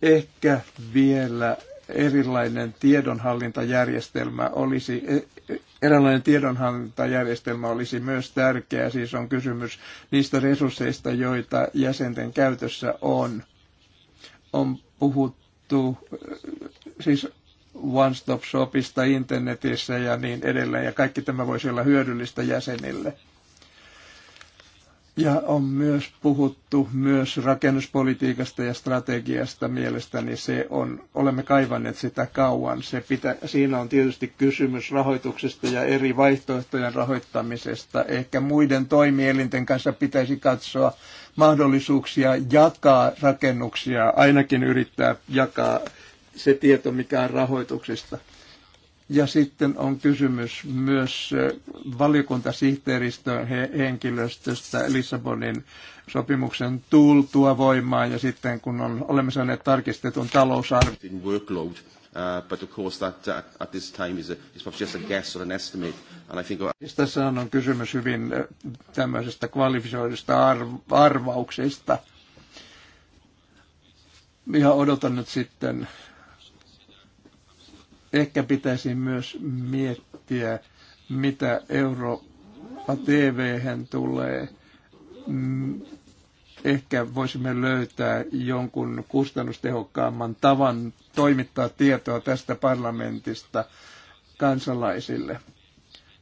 Ehkä vielä erilainen tiedonhallintajärjestelmä olisi, e, e, eräänlainen tiedonhallintajärjestelmä olisi myös tärkeä, siis on kysymys niistä resursseista, joita jäsenten käytössä on. On puhuttu e, siis one-stop-shopista internetissä ja niin edelleen, ja kaikki tämä voisi olla hyödyllistä jäsenille. Ja on myös puhuttu myös rakennuspolitiikasta ja strategiasta. Mielestäni se on, olemme kaivanneet sitä kauan. Se pitä, siinä on tietysti kysymys rahoituksesta ja eri vaihtoehtojen rahoittamisesta. Ehkä muiden toimielinten kanssa pitäisi katsoa mahdollisuuksia jakaa rakennuksia, ainakin yrittää jakaa se tieto, mikä on rahoituksesta ja sitten on kysymys myös eh, valiokuntasihteeristön henkilöstöstä Lissabonin sopimuksen tultua voimaan ja sitten kun on, olemme saaneet tarkistetun talousarvion. Uh, but of course that uh, at this time is, a, is just a guess or an estimate. And I think... Tässä on kysymys hyvin eh, tämmöisestä kvalifisoidusta arv arvauksesta. Ihan odotan nyt sitten Ehkä pitäisi myös miettiä, mitä Eurooppa tv tulee. Mm, ehkä voisimme löytää jonkun kustannustehokkaamman tavan toimittaa tietoa tästä parlamentista kansalaisille.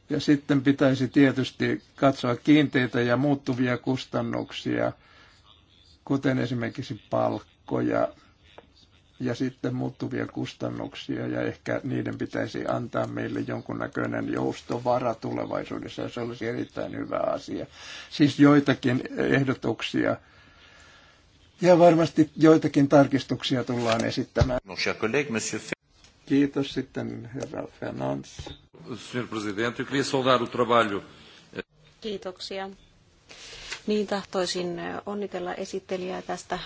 Ja sitten pitäisi tietysti katsoa kiinteitä ja muuttuvia kustannuksia, kuten esimerkiksi palkkoja, ja sitten muuttuvia kustannuksia ja ehkä niiden pitäisi antaa meille jonkunnäköinen joustovara tulevaisuudessa ja se olisi erittäin hyvä asia. Siis joitakin ehdotuksia ja varmasti joitakin tarkistuksia tullaan esittämään. Kiitos sitten herra Fernandes. Kiitoksia niin tahtoisin onnitella esittelijää tästä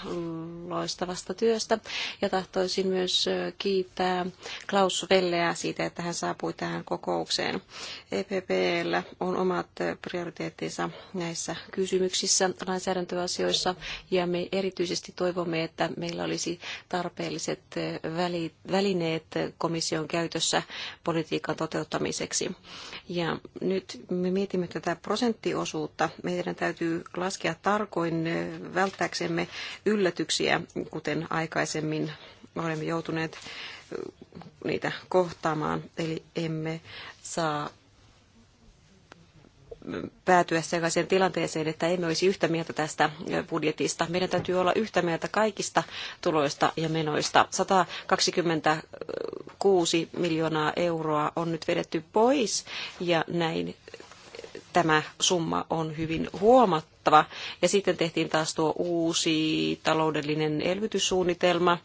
loistavasta työstä ja tahtoisin myös kiittää Klaus Velleä siitä, että hän saapui tähän kokoukseen. EPPllä on omat prioriteettinsa näissä kysymyksissä, lainsäädäntöasioissa ja me erityisesti toivomme, että meillä olisi tarpeelliset välineet komission käytössä politiikan toteuttamiseksi. Ja nyt me mietimme tätä prosenttiosuutta. Meidän täytyy laskea tarkoin eh, välttääksemme yllätyksiä, kuten aikaisemmin olemme joutuneet eh, niitä kohtaamaan. Eli emme saa päätyä sellaiseen tilanteeseen, että emme olisi yhtä mieltä tästä eh, budjetista. Meidän täytyy olla yhtä mieltä kaikista tuloista ja menoista. 126 miljoonaa euroa on nyt vedetty pois ja näin tämä summa on hyvin huomattava huomattava. Ja sitten tehtiin taas tuo uusi taloudellinen elvytyssuunnitelma.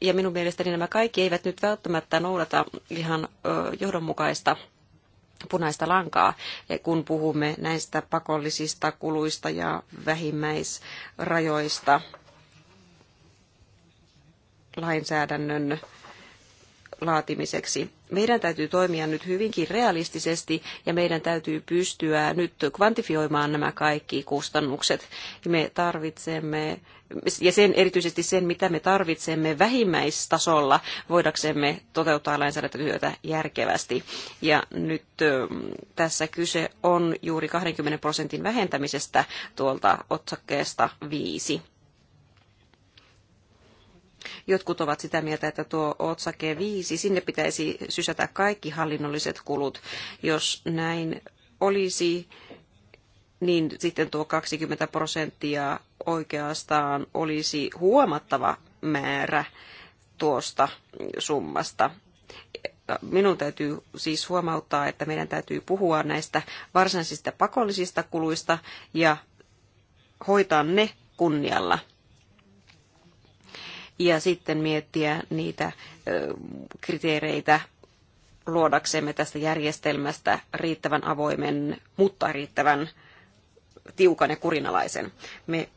Ja minun mielestäni nämä kaikki eivät nyt välttämättä noudata ihan johdonmukaista punaista lankaa, e, kun puhumme näistä pakollisista kuluista ja vähimmäisrajoista lainsäädännön laatimiseksi. Meidän täytyy toimia nyt hyvinkin realistisesti ja meidän täytyy pystyä nyt kvantifioimaan nämä kaikki kustannukset. Me tarvitsemme, ja sen, erityisesti sen, mitä me tarvitsemme vähimmäistasolla voidaksemme toteuttaa lainsäädäntötyötä järkevästi. Ja nyt ähm, tässä kyse on juuri 20 prosentin vähentämisestä tuolta otsakkeesta viisi Jotkut ovat sitä mieltä, että tuo otsake 5, sinne pitäisi sysätä kaikki hallinnolliset kulut. Jos näin olisi, niin sitten tuo 20 prosenttia oikeastaan olisi huomattava määrä tuosta summasta. Minun täytyy siis huomauttaa, että meidän täytyy puhua näistä varsinaisista pakollisista kuluista ja hoitaa ne kunnialla ja sitten miettiä niitä kriteereitä luodaksemme tästä järjestelmästä riittävän avoimen, mutta riittävän tiukan ja kurinalaisen. Me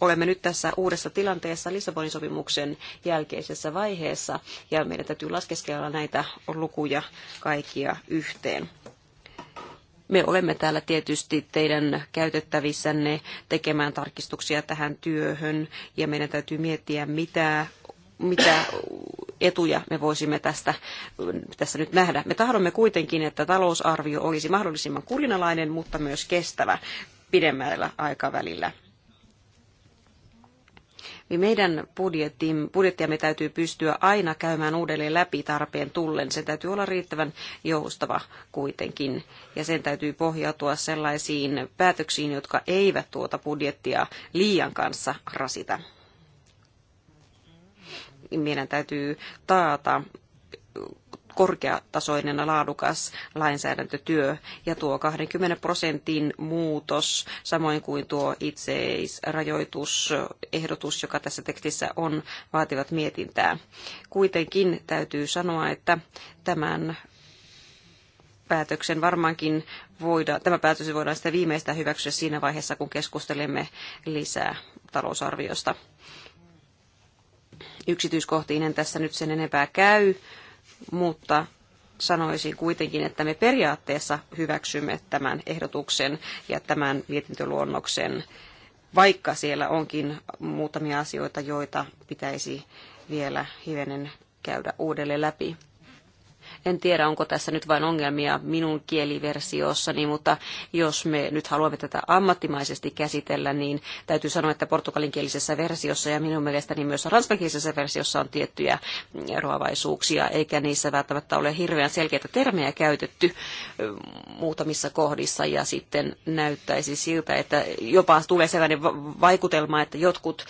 olemme nyt tässä uudessa tilanteessa Lissabonin sopimuksen jälkeisessä vaiheessa ja meidän täytyy laskeskella näitä lukuja kaikkia yhteen me olemme täällä tietysti teidän käytettävissänne tekemään tarkistuksia tähän työhön ja meidän täytyy miettiä, mitä mitä etuja me voisimme tästä, tässä nyt nähdä. Me tahdomme kuitenkin, että talousarvio olisi mahdollisimman kurinalainen, mutta myös kestävä pidemmällä aikavälillä. Niin meidän budjettiamme täytyy pystyä aina käymään uudelleen läpi tarpeen tullen. Sen täytyy olla riittävän joustava kuitenkin. Ja sen täytyy pohjautua sellaisiin päätöksiin, jotka eivät tuota budjettia liian kanssa rasita meidän täytyy taata korkeatasoinen laadukas lainsäädäntötyö ja tuo 20 prosentin muutos, samoin kuin tuo itseisrajoitusehdotus, joka tässä tekstissä on, vaativat mietintää. Kuitenkin täytyy sanoa, että tämän päätöksen varmaankin voida, tämä päätös voidaan sitä viimeistään hyväksyä siinä vaiheessa, kun keskustelemme lisää talousarviosta. Yksityiskohtiin en tässä nyt sen enempää käy mutta sanoisin kuitenkin, että me periaatteessa hyväksymme tämän ehdotuksen ja tämän mietintöluonnoksen, vaikka siellä onkin muutamia asioita, joita pitäisi vielä hivenen käydä uudelleen läpi. En tiedä, onko tässä nyt vain ongelmia minun kieliversiossani, mutta jos me nyt haluamme tätä ammattimaisesti käsitellä, niin täytyy sanoa, että portugalinkielisessä versiossa ja minun mielestäni myös ranskankielisessä versiossa on tiettyjä eroavaisuuksia, eikä niissä välttämättä ole hirveän selkeitä termejä käytetty muutamissa kohdissa ja sitten näyttäisi siltä, että jopa tulee sellainen vaikutelma, että jotkut,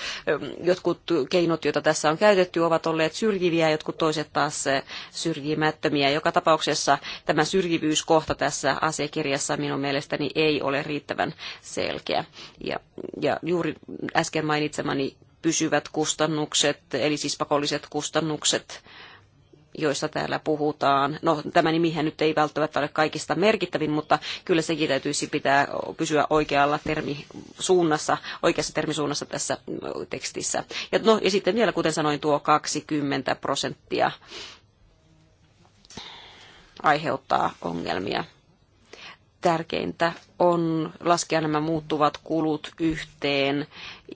jotkut keinot, joita tässä on käytetty, ovat olleet syrjiviä, jotkut toiset taas syrjimättömiä ryhmiä. Joka tapauksessa tämä syrjivyyskohta tässä asiakirjassa minun mielestäni ei ole riittävän selkeä. Ja, ja juuri äsken mainitsemani pysyvät kustannukset, eli siis pakolliset kustannukset, joista täällä puhutaan. No, tämä nimihän nyt ei välttämättä ole kaikista merkittävin, mutta kyllä sekin täytyisi pitää pysyä oikealla termisuunnassa, oikeassa termisuunnassa tässä tekstissä. Ja, no, ja sitten vielä, kuten sanoin, tuo 20 prosenttia aiheuttaa ongelmia tärkeintä on laskea nämä muuttuvat kulut yhteen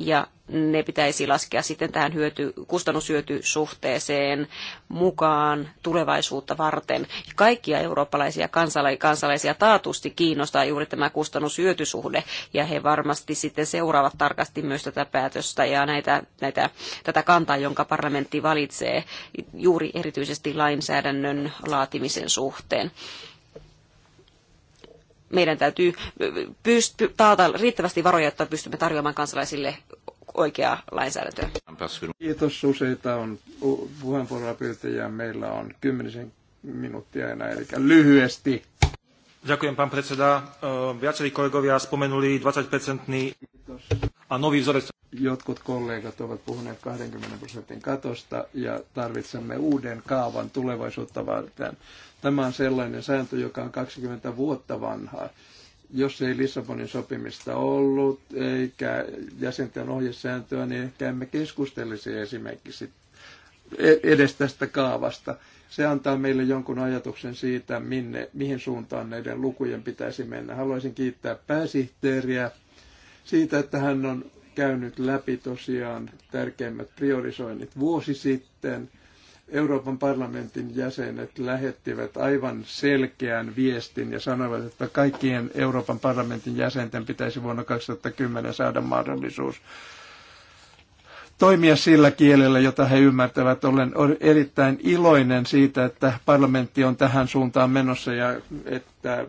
ja ne pitäisi laskea sitten tähän hyöty, kustannushyötysuhteeseen mukaan tulevaisuutta varten. Kaikkia eurooppalaisia kansalaisia, kansalaisia taatusti kiinnostaa juuri tämä kustannushyötysuhde ja he varmasti sitten seuraavat tarkasti myös tätä päätöstä ja näitä, näitä, tätä kantaa, jonka parlamentti valitsee juuri erityisesti lainsäädännön laatimisen suhteen meidän täytyy pyst- taata riittävästi varoja, jotta pystymme tarjoamaan kansalaisille oikeaa lainsäädäntöä. Kiitos useita on puheenvuoroa pyytäjiä. Meillä on kymmenisen minuuttia enää, eli lyhyesti. Ďakujem, pán predseda. E, viacerí kolegovia spomenuli 20-percentný a nový vzorec. Jotkut kollegat ovat puhuneet 20 prosentin katosta ja tarvitsemme uuden kaavan tulevaisuutta varten. Tämä on sellainen sääntö, joka on 20 vuotta vanha. Jos ei Lissabonin sopimista ollut, eikä jäsenten ohjesääntöä, niin ehkä emme keskustelisi esimerkiksi e- edes tästä kaavasta. Se antaa meille jonkun ajatuksen siitä, minne, mihin suuntaan näiden lukujen pitäisi mennä. Haluaisin kiittää pääsihteeriä siitä, että hän on käynyt läpi tosiaan tärkeimmät priorisoinnit vuosi sitten – Euroopan parlamentin jäsenet lähettivät aivan selkeän viestin ja sanoivat, että kaikkien Euroopan parlamentin jäsenten pitäisi vuonna 2010 saada mahdollisuus toimia sillä kielellä, jota he ymmärtävät. Olen erittäin iloinen siitä, että parlamentti on tähän suuntaan menossa ja että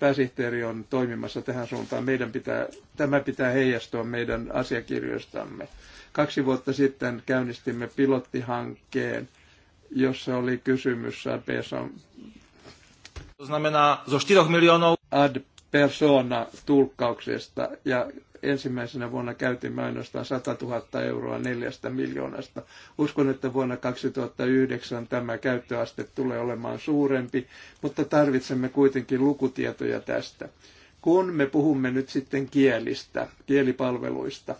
pääsihteeri on toimimassa tähän suuntaan. Meidän pitää, tämä pitää heijastua meidän asiakirjoistamme. Kaksi vuotta sitten käynnistimme pilottihankkeen, jossa oli kysymys peson. To znamená zo 4 miljoonaa ad persona tulkkauksesta ja ensimmäisenä vuonna käytimme ainoastaan 100 000 euroa neljästä miljoonasta. Uskon, että vuonna 2009 tämä käyttöaste tulee olemaan suurempi, mutta tarvitsemme kuitenkin lukutietoja tästä. Kun me puhumme nyt sitten kielistä, kielipalveluista,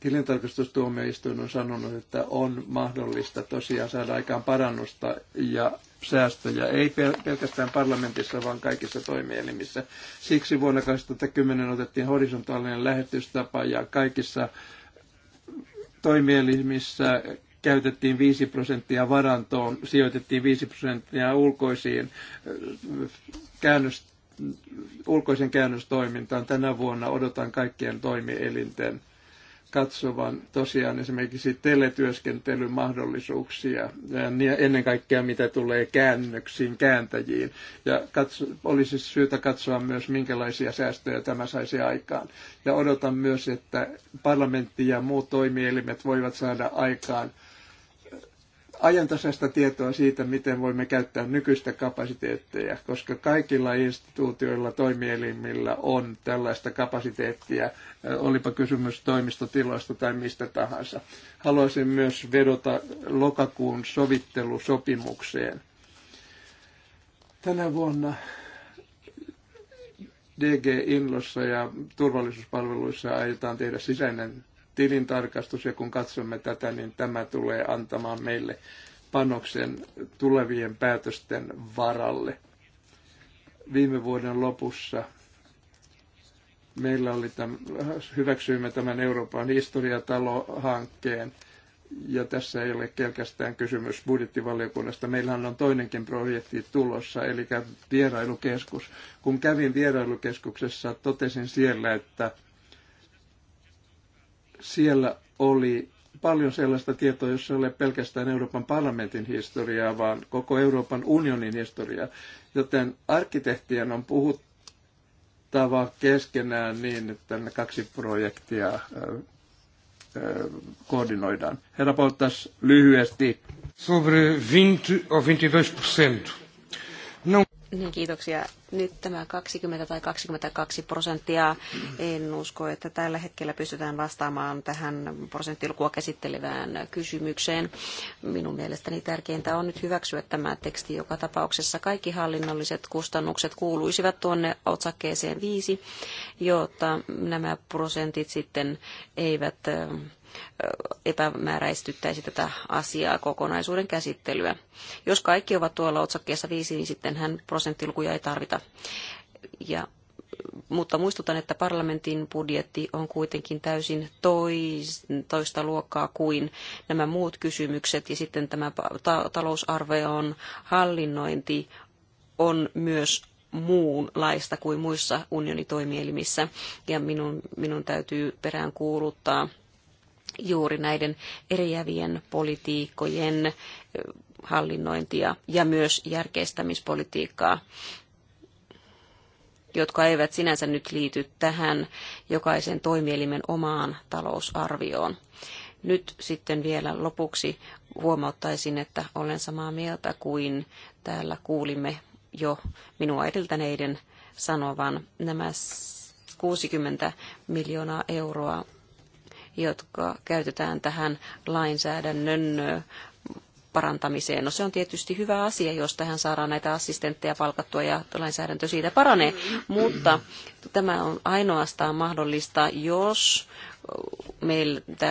Tilintarkastustuomioistuin on sanonut, että on mahdollista tosiaan saada aikaan parannusta ja säästöjä, ei pelkästään parlamentissa, vaan kaikissa toimielimissä. Siksi vuonna 2010 otettiin horisontaalinen lähetystapa ja kaikissa toimielimissä käytettiin 5 prosenttia varantoon, sijoitettiin 5 prosenttia ulkoisiin käännös, ulkoisen käännöstoimintaan. Tänä vuonna odotan kaikkien toimielinten katsovan tosiaan esimerkiksi teletyöskentelyn mahdollisuuksia, ja ennen kaikkea mitä tulee käännöksiin, kääntäjiin. Ja katso, olisi syytä katsoa myös, minkälaisia säästöjä tämä saisi aikaan. Ja odotan myös, että parlamentti ja muut toimielimet voivat saada aikaan – ajantasaista tietoa siitä, miten voimme käyttää nykyistä kapasiteettia, koska kaikilla instituutioilla, toimielimillä on tällaista kapasiteettia, olipa kysymys toimistotiloista tai mistä tahansa. Haluaisin myös vedota lokakuun sovittelusopimukseen. Tänä vuonna DG Inlossa ja turvallisuuspalveluissa aiotaan tehdä sisäinen tilintarkastus ja kun katsomme tätä, niin tämä tulee antamaan meille panoksen tulevien päätösten varalle. Viime vuoden lopussa meillä oli tämän, hyväksyimme tämän Euroopan historiatalohankkeen hankkeen ja tässä ei ole pelkästään kysymys budjettivaliokunnasta. Meillähän on toinenkin projekti tulossa, eli vierailukeskus. Kun kävin vierailukeskuksessa, totesin siellä, että siellä oli paljon sellaista tietoa, jossa ei ole pelkästään Euroopan parlamentin historiaa, vaan koko Euroopan unionin historiaa. Joten arkkitehtien on puhuttava keskenään niin, että nämä kaksi projektia koordinoidaan. Herra Poltas, lyhyesti. Sobre 20 o 22 No. Niin, kiitoksia nyt tämä 20 tai 22 prosenttia, en usko, että tällä hetkellä pystytään vastaamaan tähän prosenttilukua käsittelevään kysymykseen. Minun mielestäni tärkeintä on nyt hyväksyä tämä teksti joka tapauksessa. Kaikki hallinnolliset kustannukset kuuluisivat tuonne otsakkeeseen viisi, jotta nämä prosentit sitten eivät epämääräistyttäisi tätä asiaa kokonaisuuden käsittelyä. Jos kaikki ovat tuolla otsakkeessa viisi, niin sittenhän prosenttilukuja ei tarvita. Ja mutta muistutan, että parlamentin budjetti on kuitenkin täysin toista luokkaa kuin nämä muut kysymykset. Ja sitten tämä ta- talousarveon hallinnointi on myös muunlaista kuin muissa unionitoimielimissä. Ja minun, minun täytyy perään kuuluttaa juuri näiden eriävien politiikkojen hallinnointia ja myös järkeistämispolitiikkaa, jotka eivät sinänsä nyt liity tähän jokaisen toimielimen omaan talousarvioon. Nyt sitten vielä lopuksi huomauttaisin, että olen samaa mieltä kuin täällä kuulimme jo minua edeltäneiden sanovan nämä 60 miljoonaa euroa jotka käytetään tähän lainsäädännön parantamiseen. No se on tietysti hyvä asia, jos tähän saadaan näitä assistentteja palkattua ja lainsäädäntö siitä paranee, mutta tämä on ainoastaan mahdollista, jos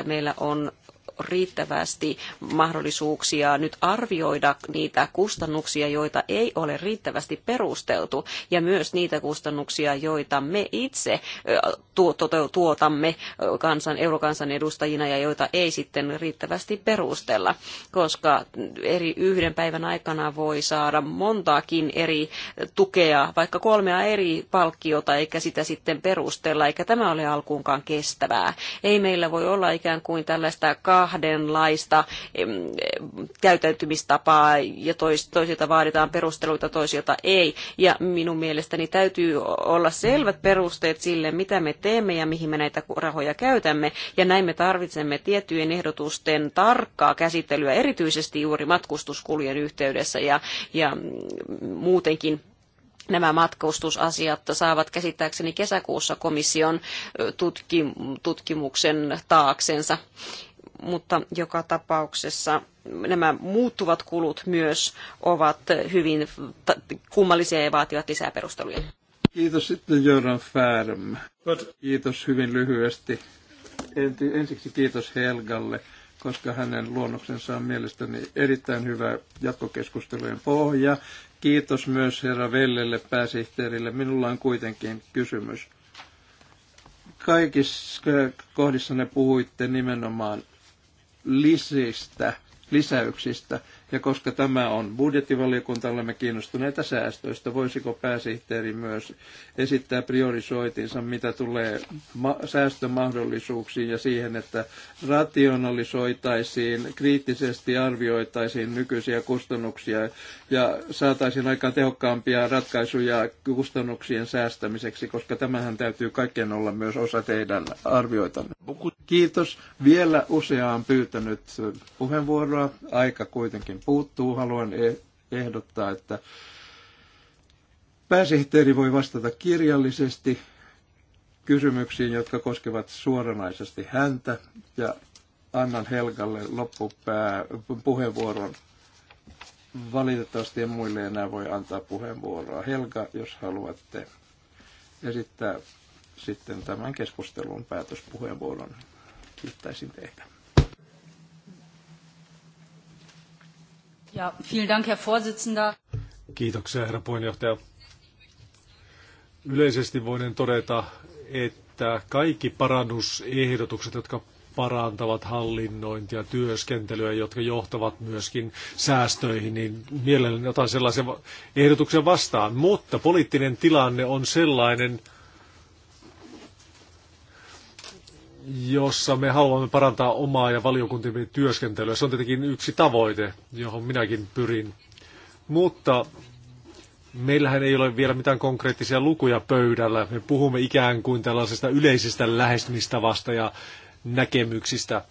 meillä on riittävästi mahdollisuuksia nyt arvioida niitä kustannuksia, joita ei ole riittävästi perusteltu, ja myös niitä kustannuksia, joita me itse tuota, tuotamme kansan, eurokansan edustajina ja joita ei sitten riittävästi perustella, koska eri yhden päivän aikana voi saada montaakin eri tukea, vaikka kolmea eri palkkiota, eikä sitä sitten perustella, eikä tämä ole alkuunkaan kestävää. Ei meillä voi olla ikään kuin tällaista kahdenlaista käyttäytymistapaa ja toisilta vaaditaan perusteluita, toisilta ei. Ja minun mielestäni täytyy olla selvät perusteet sille, mitä me teemme ja mihin me näitä rahoja käytämme. Ja näin me tarvitsemme tiettyjen ehdotusten tarkkaa käsittelyä, erityisesti juuri matkustuskulujen yhteydessä ja, ja muutenkin nämä matkustusasiat saavat käsittääkseni kesäkuussa komission tutkimuksen taaksensa mutta joka tapauksessa nämä muuttuvat kulut myös ovat hyvin kummallisia ja vaativat lisää perusteluja. Kiitos sitten Joran Färm. Kiitos hyvin lyhyesti. Ensiksi kiitos Helgalle, koska hänen luonnoksensa on mielestäni erittäin hyvä jatkokeskustelujen pohja. Kiitos myös herra Vellelle pääsihteerille. Minulla on kuitenkin kysymys. Kaikissa kohdissa ne puhuitte nimenomaan lisistä, lisäyksistä – ja koska tämä on budjettivaliokunta, olemme kiinnostuneita säästöistä. Voisiko pääsihteeri myös esittää priorisoitinsa, mitä tulee säästömahdollisuuksiin ja siihen, että rationalisoitaisiin, kriittisesti arvioitaisiin nykyisiä kustannuksia ja saataisiin aikaan tehokkaampia ratkaisuja kustannuksien säästämiseksi, koska tämähän täytyy kaikkien olla myös osa teidän arvioitanne. Kiitos. Vielä useaan pyytänyt puheenvuoroa. Aika kuitenkin siihen puuttuu. Haluan e- ehdottaa, että pääsihteeri voi vastata kirjallisesti kysymyksiin, jotka koskevat suoranaisesti häntä. Ja annan Helgalle loppupää puheenvuoron. Valitettavasti en muille enää voi antaa puheenvuoroa. Helga, jos haluatte esittää sitten tämän keskustelun päätöspuheenvuoron, kiittäisin teitä. Ja, vielen Dank, Herr Vorsitzender. Kiitoksia, herra puheenjohtaja. Yleisesti voinen todeta, että kaikki parannusehdotukset, jotka parantavat hallinnointia, työskentelyä, jotka johtavat myöskin säästöihin, niin mielelläni otan sellaisen ehdotuksen vastaan. Mutta poliittinen tilanne on sellainen, jossa me haluamme parantaa omaa ja valiokuntimme työskentelyä. Se on tietenkin yksi tavoite, johon minäkin pyrin. Mutta meillähän ei ole vielä mitään konkreettisia lukuja pöydällä. Me puhumme ikään kuin tällaisesta yleisestä lähestymistavasta ja näkemyksistä.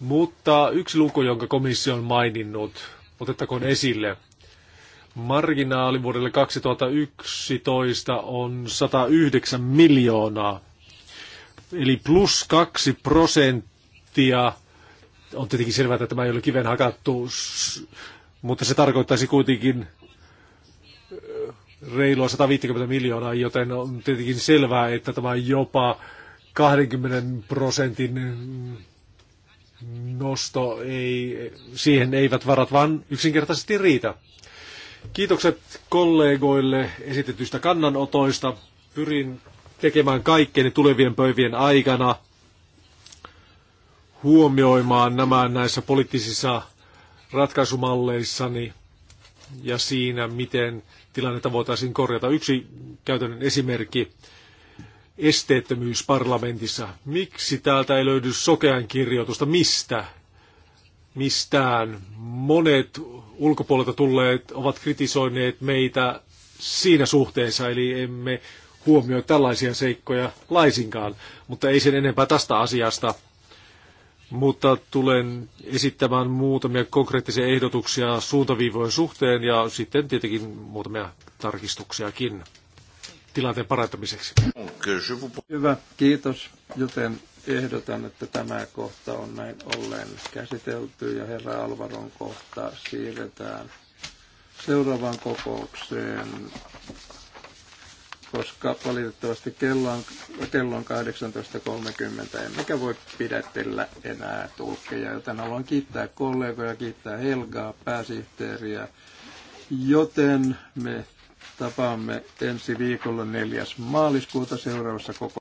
Mutta yksi luku, jonka komissio on maininnut, otettakoon esille. Marginaali vuodelle 2011 on 109 miljoonaa Eli plus kaksi prosenttia. On tietenkin selvää, että tämä ei ole kiven hakattu, mutta se tarkoittaisi kuitenkin reilua 150 miljoonaa, joten on tietenkin selvää, että tämä jopa 20 prosentin nosto ei, siihen eivät varat vaan yksinkertaisesti riitä. Kiitokset kollegoille esitetyistä kannanotoista. Pyrin tekemään kaikkeen tulevien pöivien aikana huomioimaan nämä näissä poliittisissa ratkaisumalleissani ja siinä, miten tilannetta voitaisiin korjata. Yksi käytännön esimerkki, esteettömyys parlamentissa. Miksi täältä ei löydy sokean kirjoitusta? Mistä? Mistään. Monet ulkopuolelta tulleet ovat kritisoineet meitä siinä suhteessa, eli emme huomioi tällaisia seikkoja laisinkaan, mutta ei sen enempää tästä asiasta. Mutta tulen esittämään muutamia konkreettisia ehdotuksia suuntaviivojen suhteen ja sitten tietenkin muutamia tarkistuksiakin tilanteen parantamiseksi. Hyvä, kiitos. Joten ehdotan, että tämä kohta on näin ollen käsitelty ja herra Alvaron kohta siirretään seuraavaan kokoukseen koska valitettavasti kello on, kello on 18.30, emmekä voi pidätellä enää tulkkeja, joten haluan kiittää kollegoja, kiittää Helgaa, pääsihteeriä, joten me tapaamme ensi viikolla 4. maaliskuuta seuraavassa koko